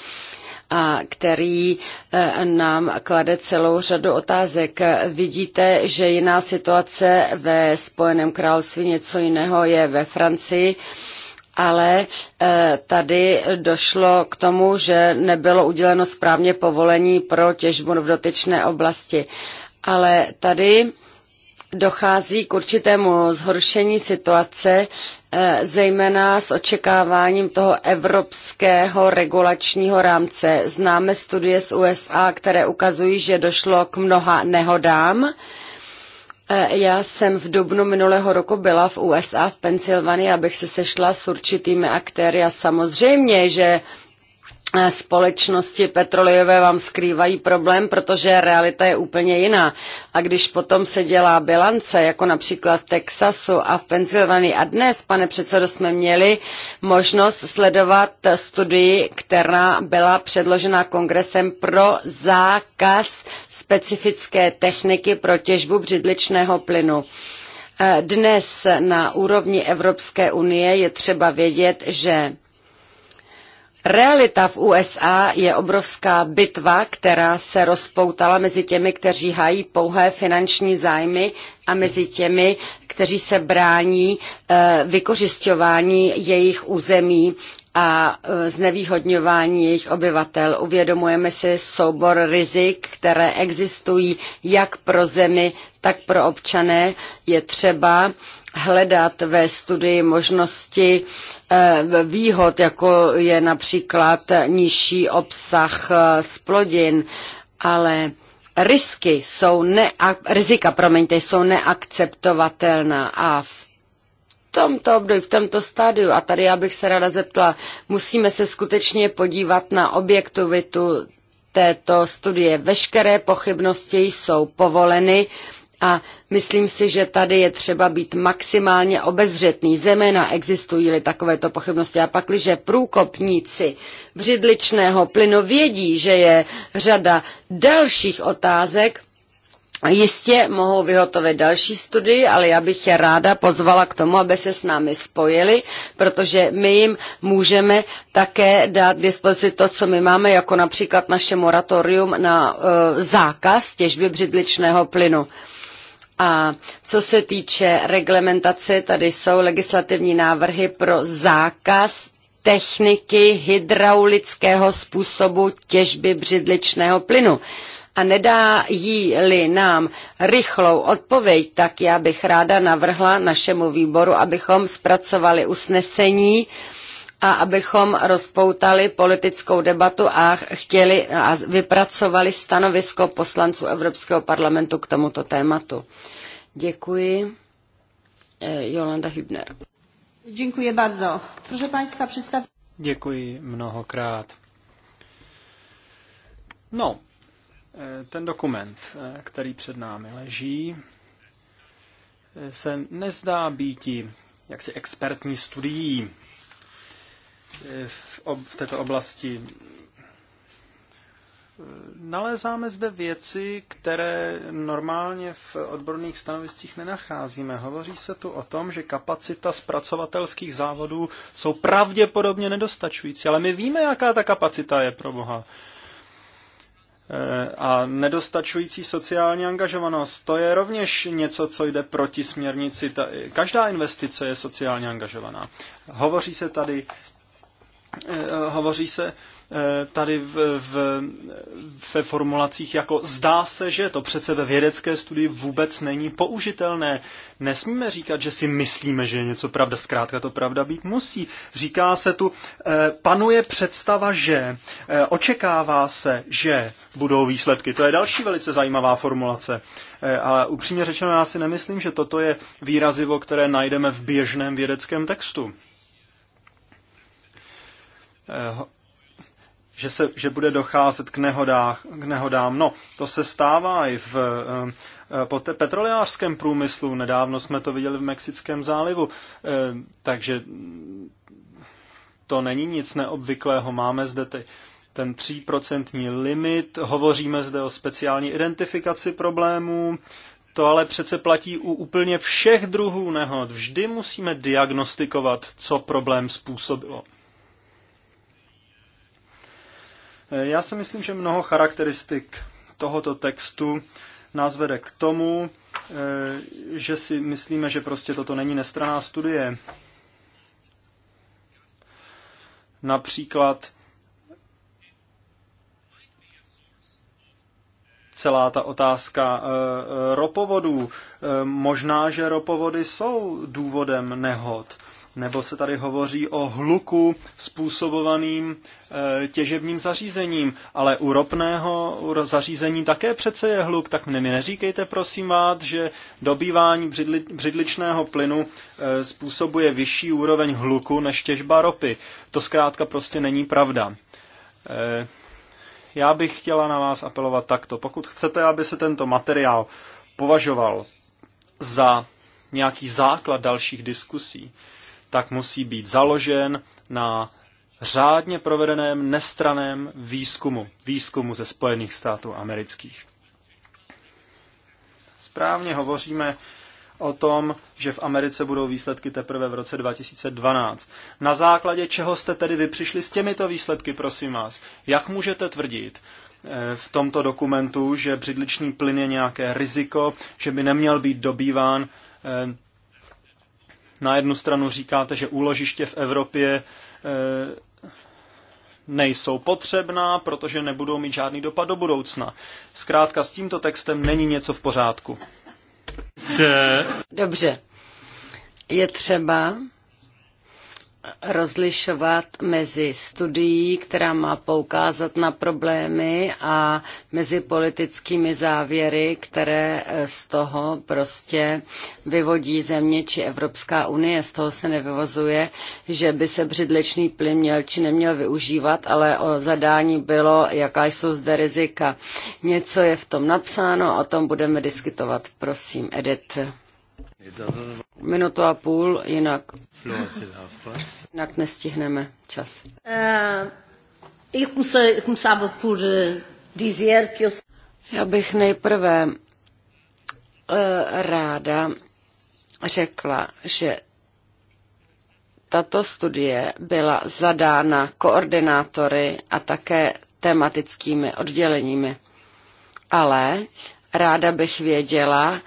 a který eh, nám klade celou řadu otázek. Vidíte, že jiná situace ve Spojeném království, něco jiného je ve Francii ale eh, tady došlo k tomu, že nebylo uděleno správně povolení pro těžbu v dotyčné oblasti. Ale tady dochází k určitému zhoršení situace, eh, zejména s očekáváním toho evropského regulačního rámce. Známe studie z USA, které ukazují, že došlo k mnoha nehodám E, já jsem v dubnu minulého roku byla v USA, v Pensylvánii, abych se sešla s určitými aktéry a samozřejmě, že Eh, společnosti petrolejové vám skrývají problém, protože realita je úplně jiná. A když potom se dělá bilance, jako například v Texasu a v Pensylvánii, a dnes, pane předsedo, jsme měli možnost sledovat studii, která byla předložena kongresem pro zákaz specifické techniky pro těžbu břidličného plynu. Eh, dnes na úrovni Evropské unie je třeba vědět, že Realita v USA je obrovská bitva, která se rozpoutala mezi těmi, kteří hájí pouhé finanční zájmy a mezi těmi, kteří se brání eh, vykořišťování jejich území a eh, znevýhodňování jejich obyvatel. Uvědomujeme si soubor rizik, které existují jak pro zemi, tak pro občané. Je třeba hledat ve studii možnosti eh, výhod, jako je například nižší obsah splodin, eh, ale risky jsou ne, rizika, promiňte, jsou neakceptovatelná a v tomto období, v tomto stádiu, a tady já bych se ráda zeptala, musíme se skutečně podívat na objektivitu této studie. Veškeré pochybnosti jsou povoleny, a myslím si, že tady je třeba být maximálně obezřetný, zejména existují-li takovéto pochybnosti. A pakliže průkopníci břidličného plynu vědí, že je řada dalších otázek, Jistě mohou vyhotovit další studii, ale já bych je ráda pozvala k tomu, aby se s námi spojili, protože my jim můžeme také dát k dispozici to, co my máme, jako například naše moratorium na e, zákaz těžby břidličného plynu. A co se týče reglementace, tady jsou legislativní návrhy pro zákaz techniky hydraulického způsobu těžby břidličného plynu. A nedá jí-li nám rychlou odpověď, tak já bych ráda navrhla našemu výboru, abychom zpracovali usnesení, a abychom rozpoutali politickou debatu a chtěli a vypracovali stanovisko poslanců Evropského parlamentu k tomuto tématu. Děkuji. Eh, Jolanda Hübner. Děkuji bardzo. Proszę Państwa, przystaw... Děkuji mnohokrát. No, eh, ten dokument, eh, který před námi leží, se nezdá býti jaksi expertní studií v, ob, v této oblasti. Nalézáme zde věci, které normálně v odborných stanoviscích nenacházíme. Hovoří se tu o tom, že kapacita zpracovatelských závodů jsou pravděpodobně nedostačující, ale my víme, jaká ta kapacita je pro Boha. Eh, a nedostačující sociální angažovanost, to je rovněž něco, co jde proti směrnici. Eh, každá investice je sociálně angažovaná. Hovoří se tady Eh, hovoří se eh, tady v, v, ve formulacích jako zdá se, že to přece ve vědecké studii vůbec není použitelné. Nesmíme říkat, že si myslíme, že je něco pravda, zkrátka to pravda být musí. Říká se tu, eh, panuje představa, že očekává se, že budou výsledky. To je další velice zajímavá formulace. Ale upřímně řečeno, já si nemyslím, že toto je výrazivo, které najdeme v běžném vědeckém textu. Eh, že, se, že bude docházet k, nehodách, k nehodám. No, to se stává i v eh, po te, petroliářském průmyslu. Nedávno jsme to viděli v Mexickém zálivu. Eh, takže to není nic neobvyklého. Máme zde ty, ten 3% limit, hovoříme zde o speciální identifikaci problémů, to ale přece platí u úplně všech druhů nehod. Vždy musíme diagnostikovat, co problém způsobilo. Já si myslím, že mnoho charakteristik tohoto textu nás vede k tomu, eh, že si myslíme, že prostě toto není nestraná studie. Například celá ta otázka eh, ropovodů. Eh, možná, že ropovody jsou důvodem nehod nebo se tady hovoří o hluku způsobovaným e, těžebním zařízením, ale u ropného u zařízení také přece je hluk, tak mi neříkejte prosím vás, že dobývání břidli, břidličného plynu e, způsobuje vyšší úroveň hluku než těžba ropy. To zkrátka prostě není pravda. E, já bych chtěla na vás apelovat takto. Pokud chcete, aby se tento materiál považoval za nějaký základ dalších diskusí, tak musí být založen na řádně provedeném nestraném výzkumu, výzkumu ze Spojených států amerických. Správně hovoříme o tom, že v Americe budou výsledky teprve v roce 2012. Na základě čeho jste tedy vy přišli s těmito výsledky, prosím vás? Jak můžete tvrdit eh, v tomto dokumentu, že břidličný plyn je nějaké riziko, že by neměl být dobýván eh, na jednu stranu říkáte, že úložiště v Evropě eh, nejsou potřebná, protože nebudou mít žádný dopad do budoucna. Zkrátka s tímto textem není něco v pořádku. Dobře. Je třeba rozlišovat mezi studií, která má poukázat na problémy a mezi politickými závěry, které eh, z toho prostě vyvodí země či Evropská unie. Z toho se nevyvozuje, že by se břidlečný plyn měl či neměl využívat, ale o zadání bylo, jaká jsou zde rizika. Něco je v tom napsáno, o tom budeme diskutovat. Prosím, Edith. Minutu a půl, jinak, jinak nestihneme čas. Eh, eh, Já bych nejprve eh, ráda řekla, že tato studie byla zadána koordinátory a také tematickými odděleními. Ale ráda bych věděla,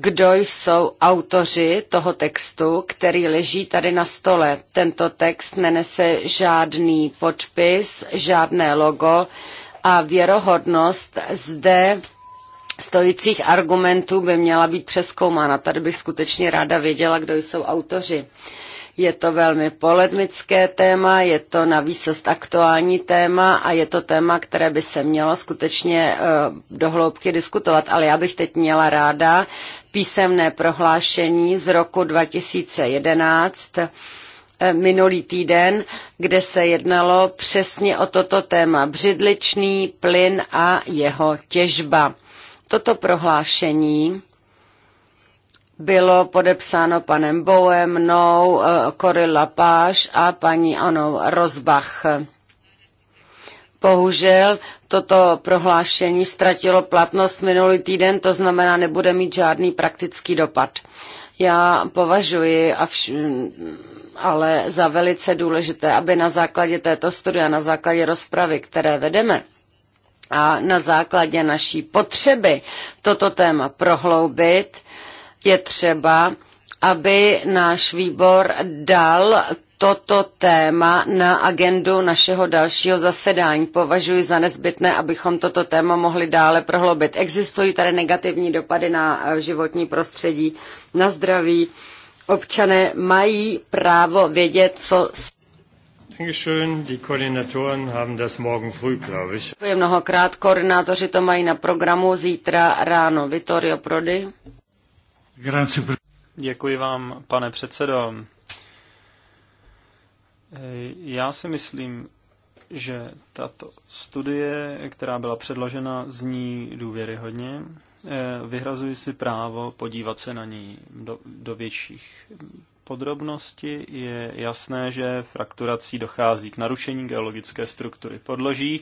kdo jsou autoři toho textu, který leží tady na stole. Tento text nenese žádný podpis, žádné logo a věrohodnost zde stojících argumentů by měla být přeskoumána. Tady bych skutečně ráda věděla, kdo jsou autoři. Je to velmi polemické téma, je to na výsost aktuální téma a je to téma, které by se mělo skutečně eh, dohloubky diskutovat. Ale já bych teď měla ráda písemné prohlášení z roku 2011, eh, minulý týden, kde se jednalo přesně o toto téma břidličný plyn a jeho těžba. Toto prohlášení bylo podepsáno panem Bowem, mnou, Kory eh, Lapáš a paní Anou Rozbach. Bohužel toto prohlášení ztratilo platnost minulý týden, to znamená, nebude mít žádný praktický dopad. Já považuji a vš- ale za velice důležité, aby na základě této studie, na základě rozpravy, které vedeme, a na základě naší potřeby toto téma prohloubit, je třeba, aby náš výbor dal toto téma na agendu našeho dalšího zasedání. Považuji za nezbytné, abychom toto téma mohli dále prohloubit. Existují tady negativní dopady na eh, životní prostředí, na zdraví. Občané mají právo vědět, co Děkuji mnohokrát. Koordinátoři to mají na programu zítra ráno. Vittorio Prodi. Děkuji vám, pane předsedo. Já si myslím, že tato studie, která byla předložena, zní důvěryhodně. Vyhrazuji si právo podívat se na ní do, do větších podrobností. Je jasné, že frakturací dochází k narušení geologické struktury podloží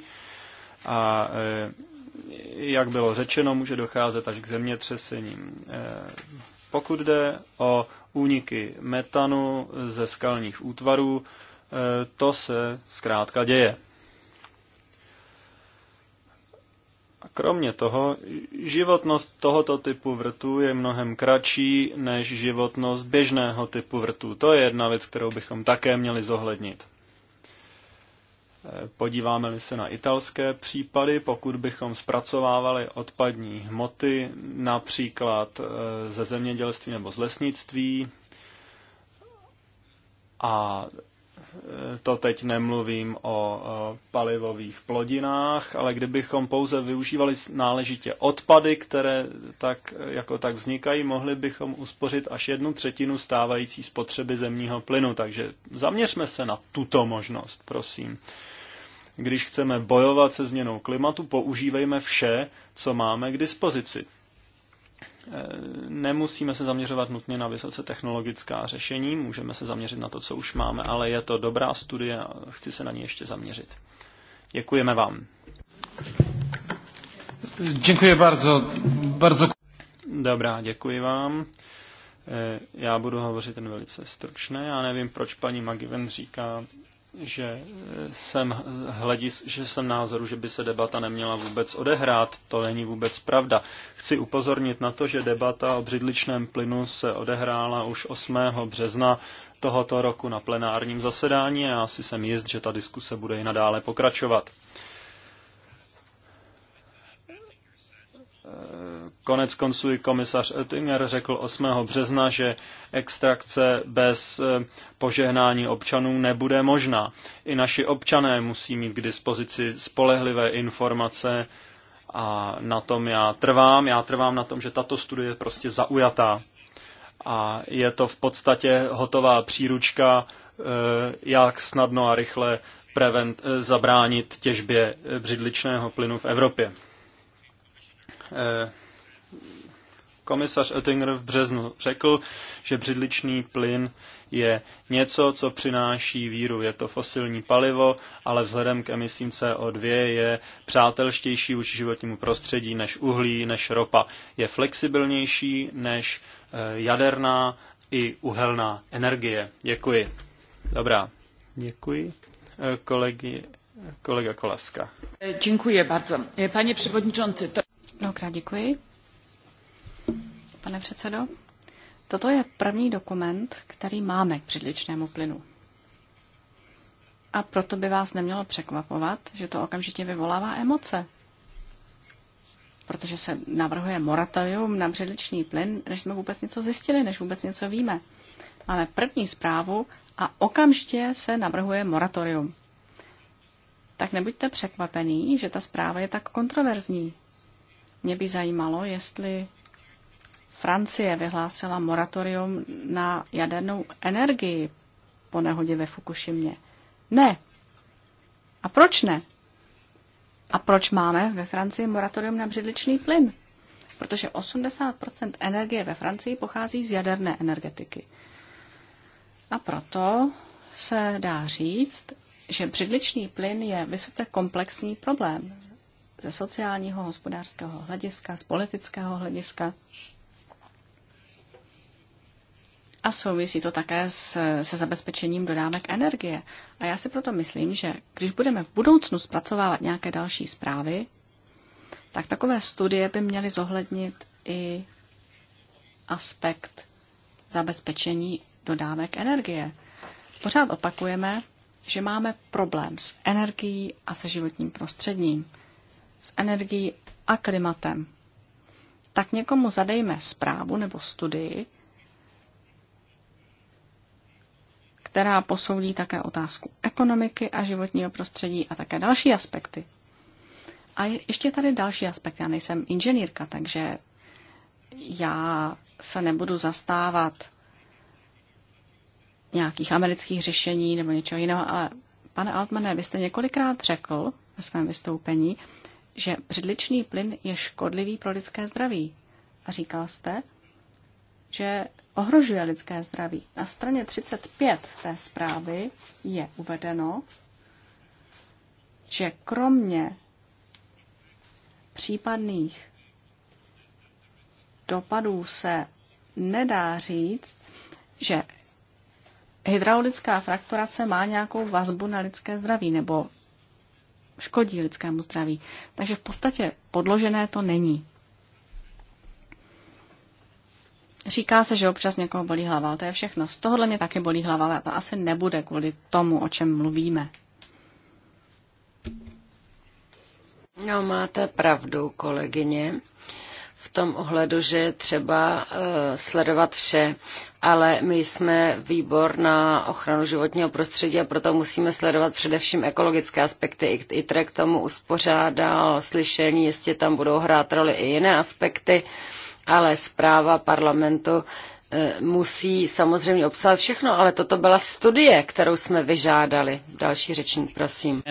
a e, jak bylo řečeno, může docházet až k zemětřesením. Eh, pokud jde o úniky metanu ze skalních útvarů, eh, to se zkrátka děje. A kromě toho, životnost tohoto typu vrtů je mnohem kratší než životnost běžného typu vrtů. To je jedna věc, kterou bychom také měli zohlednit. Podíváme-li se na italské případy, pokud bychom zpracovávali odpadní hmoty například e, ze zemědělství nebo z lesnictví, a e, to teď nemluvím o palivových plodinách, ale kdybychom pouze využívali náležitě odpady, které tak jako tak vznikají, mohli bychom uspořit až jednu třetinu stávající spotřeby zemního plynu. Takže zaměřme se na tuto možnost, prosím. Když chceme bojovat se změnou klimatu, používejme vše, co máme k dispozici. E, nemusíme se zaměřovat nutně na vysoce technologická řešení, můžeme se zaměřit na to, co už máme, ale je to dobrá studie a chci se na ní ještě zaměřit. Děkujeme vám. Děkuji bardzo. bardzo. Dobrá, děkuji vám. E, já budu hovořit ten velice stručné. Já nevím, proč paní Magiven říká, že eh, jsem, hledis, že jsem názoru, že by se debata neměla vůbec odehrát. To není vůbec pravda. Chci upozornit na to, že debata o břidličném plynu se odehrála už 8. března tohoto roku na plenárním zasedání a já si jsem jist, že ta diskuse bude i nadále pokračovat. Konec konců i komisař Oettinger řekl 8. března, že extrakce bez e, požehnání občanů nebude možná. I naši občané musí mít k dispozici spolehlivé informace a na tom já trvám. Já trvám na tom, že tato studie je prostě zaujatá. A je to v podstatě hotová příručka, e, jak snadno a rychle prevent, e, zabránit těžbě břidličného plynu v Evropě Komisař Oettinger v březnu řekl, že břidličný plyn je něco, co přináší víru. Je to fosilní palivo, ale vzhledem k emisím CO2 je přátelštější vůči životnímu prostředí než uhlí, než ropa. Je flexibilnější než eh, jaderná i uhelná energie. Děkuji. Dobrá. Děkuji. Eh, kolegy, kolega Kolaska. Děkuji bardzo. Pane to... Dobrá, děkuji pane předsedo. Toto je první dokument, který máme k břidličnému plynu. A proto by vás nemělo překvapovat, že to okamžitě vyvolává emoce. Protože se navrhuje moratorium na břidličný plyn, než jsme vůbec něco zjistili, než vůbec něco víme. Máme první zprávu a okamžitě se navrhuje moratorium. Tak nebuďte překvapený, že ta zpráva je tak kontroverzní. Mě by zajímalo, jestli Francie vyhlásila moratorium na jadernou energii po nehodě ve Fukušimě. Ne. A proč ne? A proč máme ve Francii moratorium na břidličný plyn? Protože 80 energie ve Francii pochází z jaderné energetiky. A proto se dá říct, že břidličný plyn je vysoce komplexní problém ze sociálního, hospodářského hlediska, z politického hlediska. A souvisí to také s, se zabezpečením dodávek energie. A já si proto myslím, že když budeme v budoucnu zpracovávat nějaké další zprávy, tak takové studie by měly zohlednit i aspekt zabezpečení dodávek energie. Pořád opakujeme, že máme problém s energií a se životním prostředím, s energií a klimatem. Tak někomu zadejme zprávu nebo studii, která posoudí také otázku ekonomiky a životního prostředí a také další aspekty. A ještě tady další aspekt. Já nejsem inženýrka, takže já se nebudu zastávat nějakých amerických řešení nebo něčeho jiného, ale pane Altmane, vy jste několikrát řekl ve svém vystoupení, že břidličný plyn je škodlivý pro lidské zdraví. A říkal jste, že ohrožuje lidské zdraví. Na straně 35 té zprávy je uvedeno, že kromě případných dopadů se nedá říct, že hydraulická frakturace má nějakou vazbu na lidské zdraví nebo škodí lidskému zdraví. Takže v podstatě podložené to není. Říká se, že občas někoho bolí hlava, ale to je všechno. Z tohohle mě taky bolí hlava, ale to asi nebude kvůli tomu, o čem mluvíme. No, máte pravdu, kolegyně, v tom ohledu, že je třeba uh, sledovat vše, ale my jsme výbor na ochranu životního prostředí a proto musíme sledovat především ekologické aspekty. i k tomu uspořádal slyšení, jestli tam budou hrát roli i jiné aspekty. Uh, ale zpráva parlamentu e, musí samozřejmě obsahovat všechno, ale toto byla studie, kterou jsme vyžádali. Další řečník, prosím.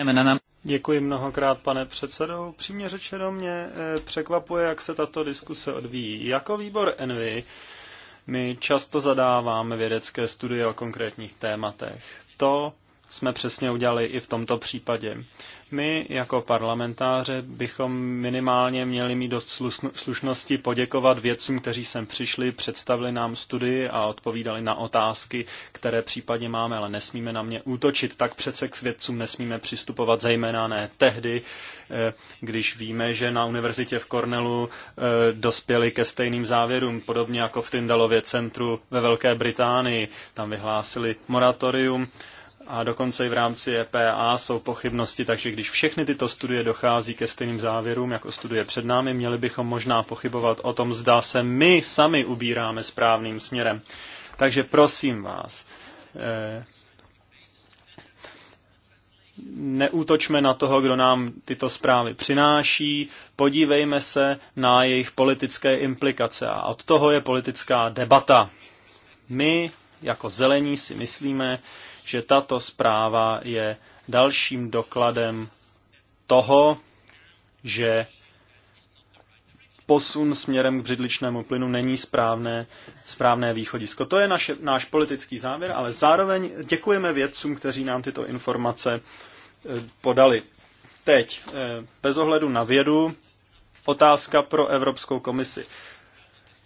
Děkuji mnohokrát, pane předsedo. Přímě řečeno mě e, překvapuje, jak se tato diskuse odvíjí. Jako výbor Envy my často zadáváme vědecké studie o konkrétních tématech. To jsme přesně udělali i v tomto případě. My jako parlamentáře bychom minimálně měli mít dost slušnosti poděkovat vědcům, kteří sem přišli, představili nám studii a odpovídali na otázky, které případně máme, ale nesmíme na mě útočit. Tak přece k vědcům nesmíme přistupovat, zejména ne tehdy, eh, když víme, že na univerzitě v Cornellu eh, dospěli ke stejným závěrům, podobně jako v Tyndalově centru ve Velké Británii. Tam vyhlásili moratorium a dokonce i v rámci EPA jsou pochybnosti, takže když všechny tyto studie dochází ke stejným závěrům jako studie před námi, měli bychom možná pochybovat o tom, zda se my sami ubíráme správným směrem. Takže prosím vás, eh, neútočme na toho, kdo nám tyto zprávy přináší, podívejme se na jejich politické implikace a od toho je politická debata. My jako zelení si myslíme, že tato zpráva je dalším dokladem toho, že posun směrem k břidličnému plynu není správné, správné východisko. To je naše, náš politický závěr, ale zároveň děkujeme vědcům, kteří nám tyto informace e, podali. Teď, e, bez ohledu na vědu, otázka pro Evropskou komisi.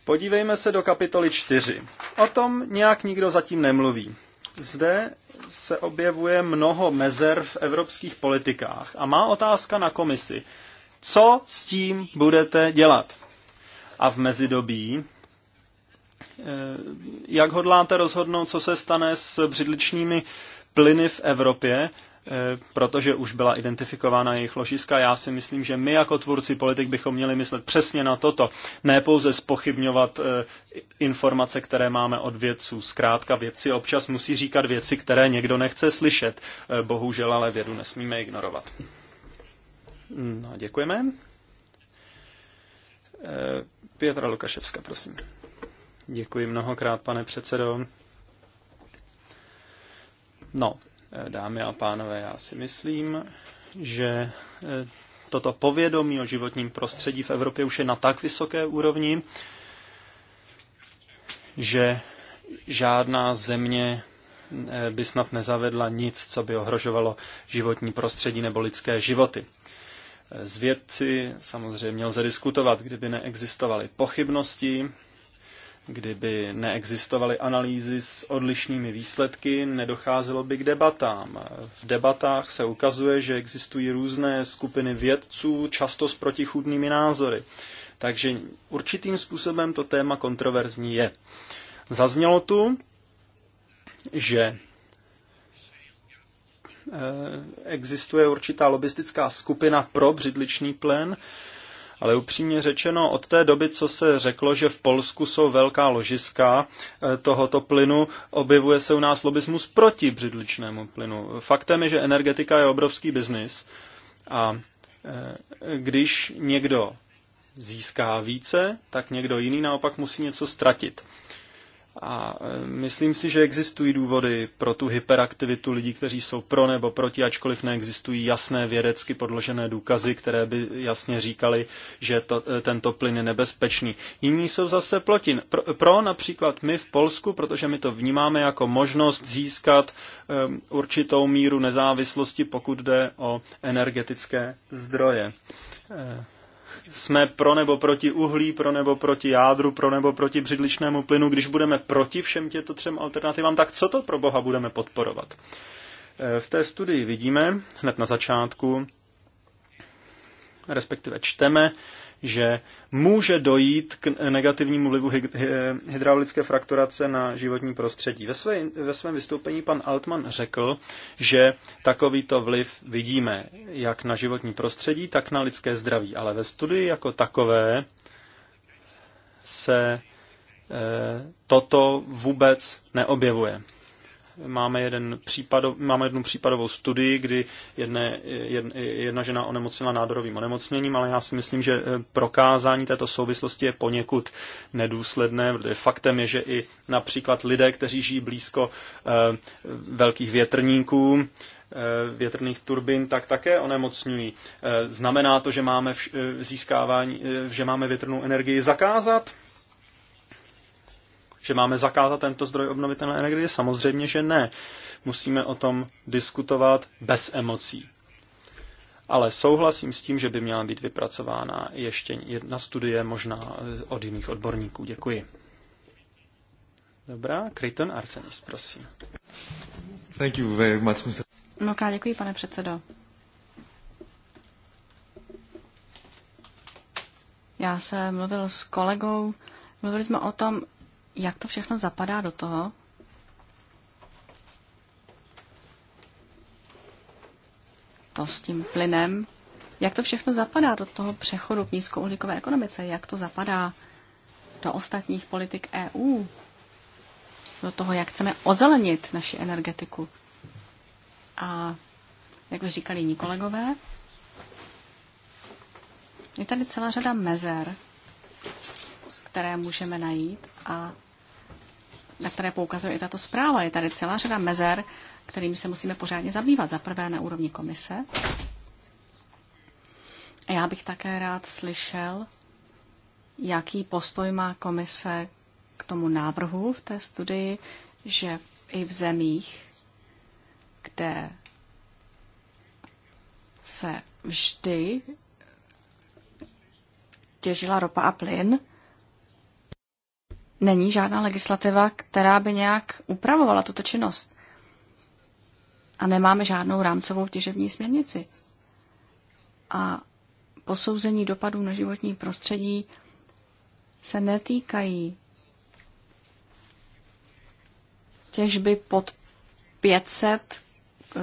Podívejme se do kapitoly 4. O tom nějak nikdo zatím nemluví. Zde se objevuje mnoho mezer v evropských politikách. A má otázka na komisi. Co s tím budete dělat? A v mezidobí, eh, jak hodláte rozhodnout, co se stane s břidličními plyny v Evropě Eh, protože už byla identifikována jejich ložiska. Já si myslím, že my jako tvůrci politik bychom měli myslet přesně na toto, ne pouze spochybňovat eh, informace, které máme od vědců. Zkrátka vědci občas musí říkat věci, které někdo nechce slyšet. Eh, bohužel ale vědu nesmíme ignorovat. No, děkujeme. Pětra Lukaševska, prosím. Děkuji mnohokrát, pane předsedo. No, Eh, dámy a pánové, já si myslím, že eh, toto povědomí o životním prostředí v Evropě už je na tak vysoké úrovni, že žádná země eh, by snad nezavedla nic, co by ohrožovalo životní prostředí nebo lidské životy. Z vědci samozřejmě lze diskutovat, kdyby neexistovaly pochybnosti, Kdyby neexistovaly analýzy s odlišnými výsledky, nedocházelo by k debatám. V debatách se ukazuje, že existují různé skupiny vědců, často s protichůdnými názory. Takže určitým způsobem to téma kontroverzní je. Zaznělo tu, že eh, existuje určitá lobistická skupina pro břidličný plen, ale upřímně řečeno, od té doby, co se řeklo, že v Polsku jsou velká ložiska eh, tohoto plynu, objevuje se u nás lobismus proti břidličnému plynu. Faktem je, že energetika je obrovský biznis a eh, když někdo získá více, tak někdo jiný naopak musí něco ztratit. A e, myslím si, že existují důvody pro tu hyperaktivitu lidí, kteří jsou pro nebo proti, ačkoliv neexistují jasné vědecky podložené důkazy, které by jasně říkali, že to, e, tento plyn je nebezpečný. Jiní jsou zase plotin. Pro, pro například my v Polsku, protože my to vnímáme jako možnost získat um, určitou míru nezávislosti, pokud jde o energetické zdroje jsme pro nebo proti uhlí, pro nebo proti jádru, pro nebo proti břidličnému plynu, když budeme proti všem těmto třem alternativám, tak co to pro boha budeme podporovat? Eh, v té studii vidíme hned na začátku, respektive čteme, že může dojít k negativnímu vlivu hydraulické frakturace na životní prostředí. Ve, své, ve svém vystoupení pan Altman řekl, že takovýto vliv vidíme jak na životní prostředí, tak na lidské zdraví. Ale ve studii jako takové se e, toto vůbec neobjevuje. Máme, jeden případ, máme jednu případovou studii, kdy jedne, jedna, jedna žena onemocnila nádorovým onemocněním, ale já si myslím, že eh, prokázání této souvislosti je poněkud nedůsledné, protože faktem je, že i například lidé, kteří žijí blízko eh, velkých větrníků, eh, větrných turbin, tak také onemocňují. Znamená to, že máme, získávání, že máme větrnou energii zakázat? že máme zakázat tento zdroj obnovitelné energie? Samozřejmě, že ne. Musíme o tom diskutovat bez emocí. Ale souhlasím s tím, že by měla být vypracována ještě jedna studie, možná od jiných odborníků. Děkuji. Dobrá, Kryton Arsenis, prosím. Thank you very much, Mr. Mnohokrát děkuji, pane předsedo. Já jsem mluvil s kolegou, mluvili jsme o tom, jak to všechno zapadá do toho, to s tím plynem, jak to všechno zapadá do toho přechodu k nízkouhlíkové ekonomice, jak to zapadá do ostatních politik EU, do toho, jak chceme ozelenit naši energetiku. A jak už říkali jiní kolegové, je tady celá řada mezer, které můžeme najít a na které poukazuje i tato zpráva. Je tady celá řada mezer, kterými se musíme pořádně zabývat. Za prvé na úrovni komise. A já bych také rád slyšel, jaký postoj má komise k tomu návrhu v té studii, že i v zemích, kde se vždy těžila ropa a plyn, není žádná legislativa, která by nějak upravovala tuto činnost. A nemáme žádnou rámcovou těžební směrnici. A posouzení dopadů na životní prostředí se netýkají těžby pod 500 eh,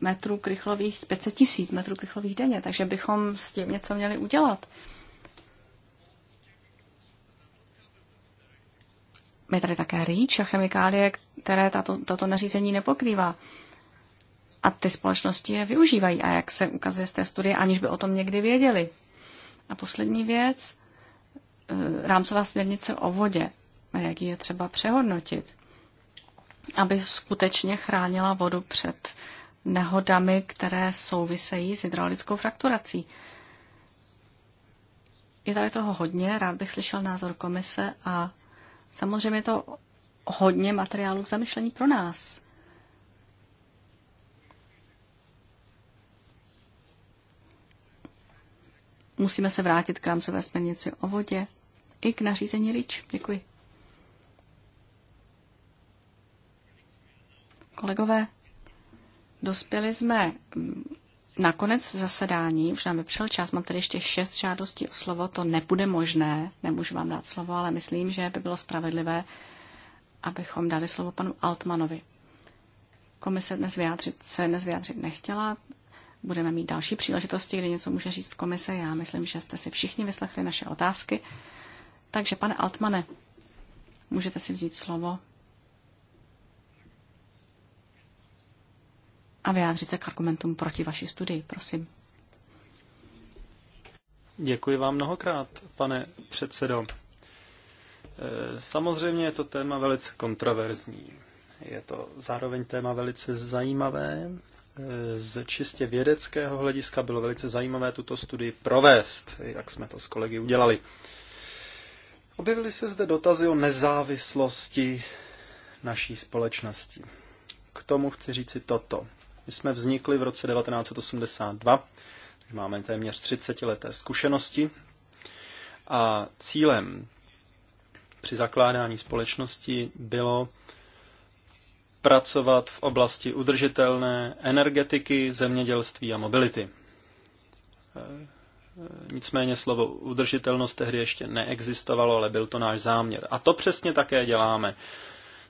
metrů krychlových, 500 tisíc metrů krychlových denně, takže bychom s tím něco měli udělat. je tady také rýč a chemikálie, které tato, tato nařízení nepokrývá. A ty společnosti je využívají. A jak se ukazuje z té studie, aniž by o tom někdy věděli. A poslední věc, e, rámcová směrnice o vodě, jak ji je třeba přehodnotit, aby skutečně chránila vodu před nehodami, které souvisejí s hydraulickou frakturací. Je tady toho hodně, rád bych slyšel názor komise a Samozřejmě to hodně materiálu k zamyšlení pro nás. Musíme se vrátit k rámcové směrnici o vodě i k nařízení RIČ. Děkuji. Kolegové, dospěli jsme mm, na konec zasedání, už nám vypřel čas, mám tady ještě šest žádostí o slovo, to nebude možné, nemůžu vám dát slovo, ale myslím, že by bylo spravedlivé, abychom dali slovo panu Altmanovi. Komise dnes vyjádřit, se dnes vyjádřit nechtěla, budeme mít další příležitosti, kdy něco může říct komise. Já myslím, že jste si všichni vyslechli naše otázky. Takže, pane Altmane, můžete si vzít slovo a vyjádřit se k argumentům proti vaší studii, prosím. Děkuji vám mnohokrát, pane předsedo. E, samozřejmě je to téma velice kontroverzní. Je to zároveň téma velice zajímavé. E, z čistě vědeckého hlediska bylo velice zajímavé tuto studii provést, jak jsme to s kolegy udělali. Objevily se zde dotazy o nezávislosti naší společnosti. K tomu chci říci toto. My jsme vznikli v roce 1982, takže máme téměř 30 leté zkušenosti. A cílem při zakládání společnosti bylo pracovat v oblasti udržitelné energetiky, zemědělství a mobility. Nicméně slovo udržitelnost tehdy ještě neexistovalo, ale byl to náš záměr. A to přesně také děláme.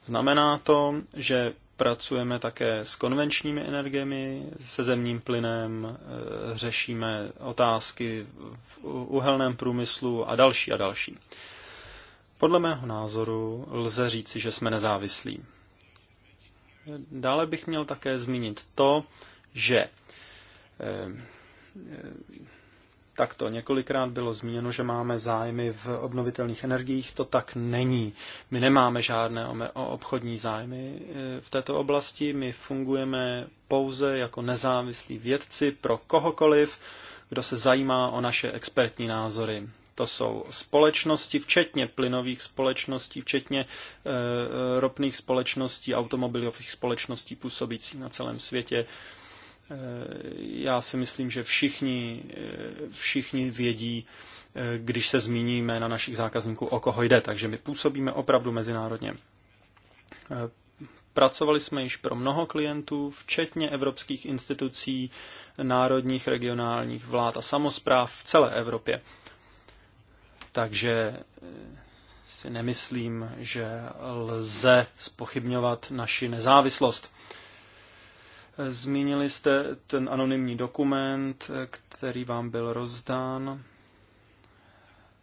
Znamená to, že Pracujeme také s konvenčními energiemi, se zemním plynem, eh, řešíme otázky v uhelném průmyslu a další a další. Podle mého názoru lze říci, že jsme nezávislí. Dále bych měl také zmínit to, že eh, Takto několikrát bylo zmíněno, že máme zájmy v obnovitelných energiích. To tak není. My nemáme žádné obchodní zájmy e, v této oblasti. My fungujeme pouze jako nezávislí vědci pro kohokoliv, kdo se zajímá o naše expertní názory. To jsou společnosti, včetně plynových společností, včetně e, e ropných společností, automobilových společností působící na celém světě. E, já si myslím, že všichni, všichni vědí, když se zmíníme na našich zákazníků, o koho jde. Takže my působíme opravdu mezinárodně. Pracovali jsme již pro mnoho klientů, včetně evropských institucí, národních, regionálních vlád a samozpráv v celé Evropě. Takže si nemyslím, že lze spochybňovat naši nezávislost. Zmínili jste ten anonymní dokument, který vám byl rozdán.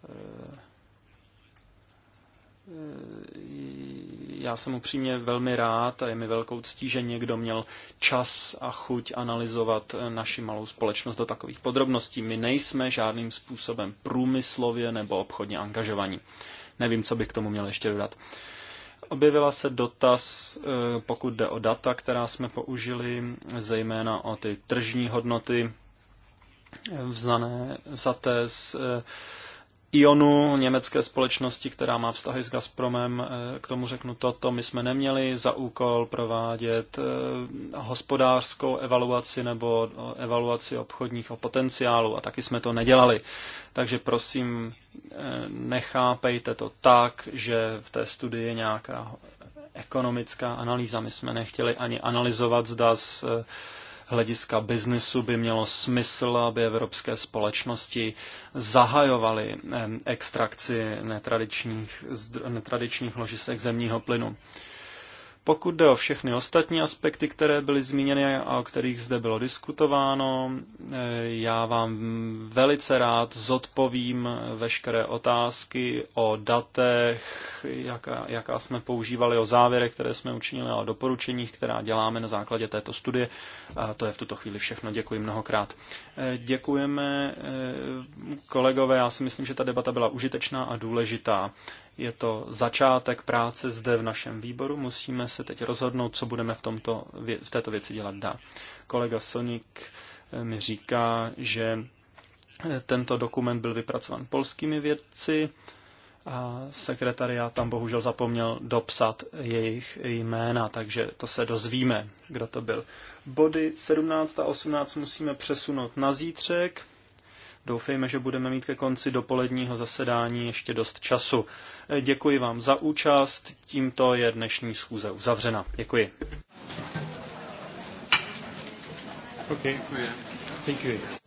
Eh, já jsem upřímně velmi rád a je mi velkou ctí, že někdo měl čas a chuť analyzovat naši malou společnost do takových podrobností. My nejsme žádným způsobem průmyslově nebo obchodně angažovaní. Nevím, co bych k tomu měl ještě dodat. Objevila se dotaz, eh, pokud jde o data, která jsme použili, zejména o ty tržní hodnoty eh, vzané, vzaté z eh, Ionu, německé společnosti, která má vztahy s Gazpromem, eh, k tomu řeknu toto, my jsme neměli za úkol provádět eh, hospodářskou evaluaci nebo eh, evaluaci obchodních o potenciálu a taky jsme to nedělali. Takže prosím, nechápejte to tak, že v té studii je nějaká ekonomická analýza. My jsme nechtěli ani analyzovat, zda z hlediska biznesu by mělo smysl, aby evropské společnosti zahajovaly eh, extrakci netradičních, netradičních ložisek zemního plynu. Pokud jde o všechny ostatní aspekty, které byly zmíněny a o kterých zde bylo diskutováno, eh, já vám velice rád zodpovím veškeré otázky o datech, jaká, jaká jsme používali, o závěrech, které jsme učinili a o doporučeních, která děláme na základě této studie. A to je v tuto chvíli všechno. Děkuji mnohokrát. Eh, děkujeme eh, kolegové, já si myslím, že ta debata byla užitečná a důležitá. Je to začátek práce zde v našem výboru. Musíme se teď rozhodnout, co budeme v, tomto, v této věci dělat dál. Kolega Sonik eh, mi říká, že eh, tento dokument byl vypracován polskými vědci a sekretariát tam bohužel zapomněl dopsat jejich jména, takže to se dozvíme, kdo to byl. Body 17 a 18 musíme přesunout na zítřek Doufejme, že budeme mít ke konci dopoledního zasedání ještě dost času. Děkuji vám za účast, tímto je dnešní schůze uzavřena. Děkuji. Okay. Thank you.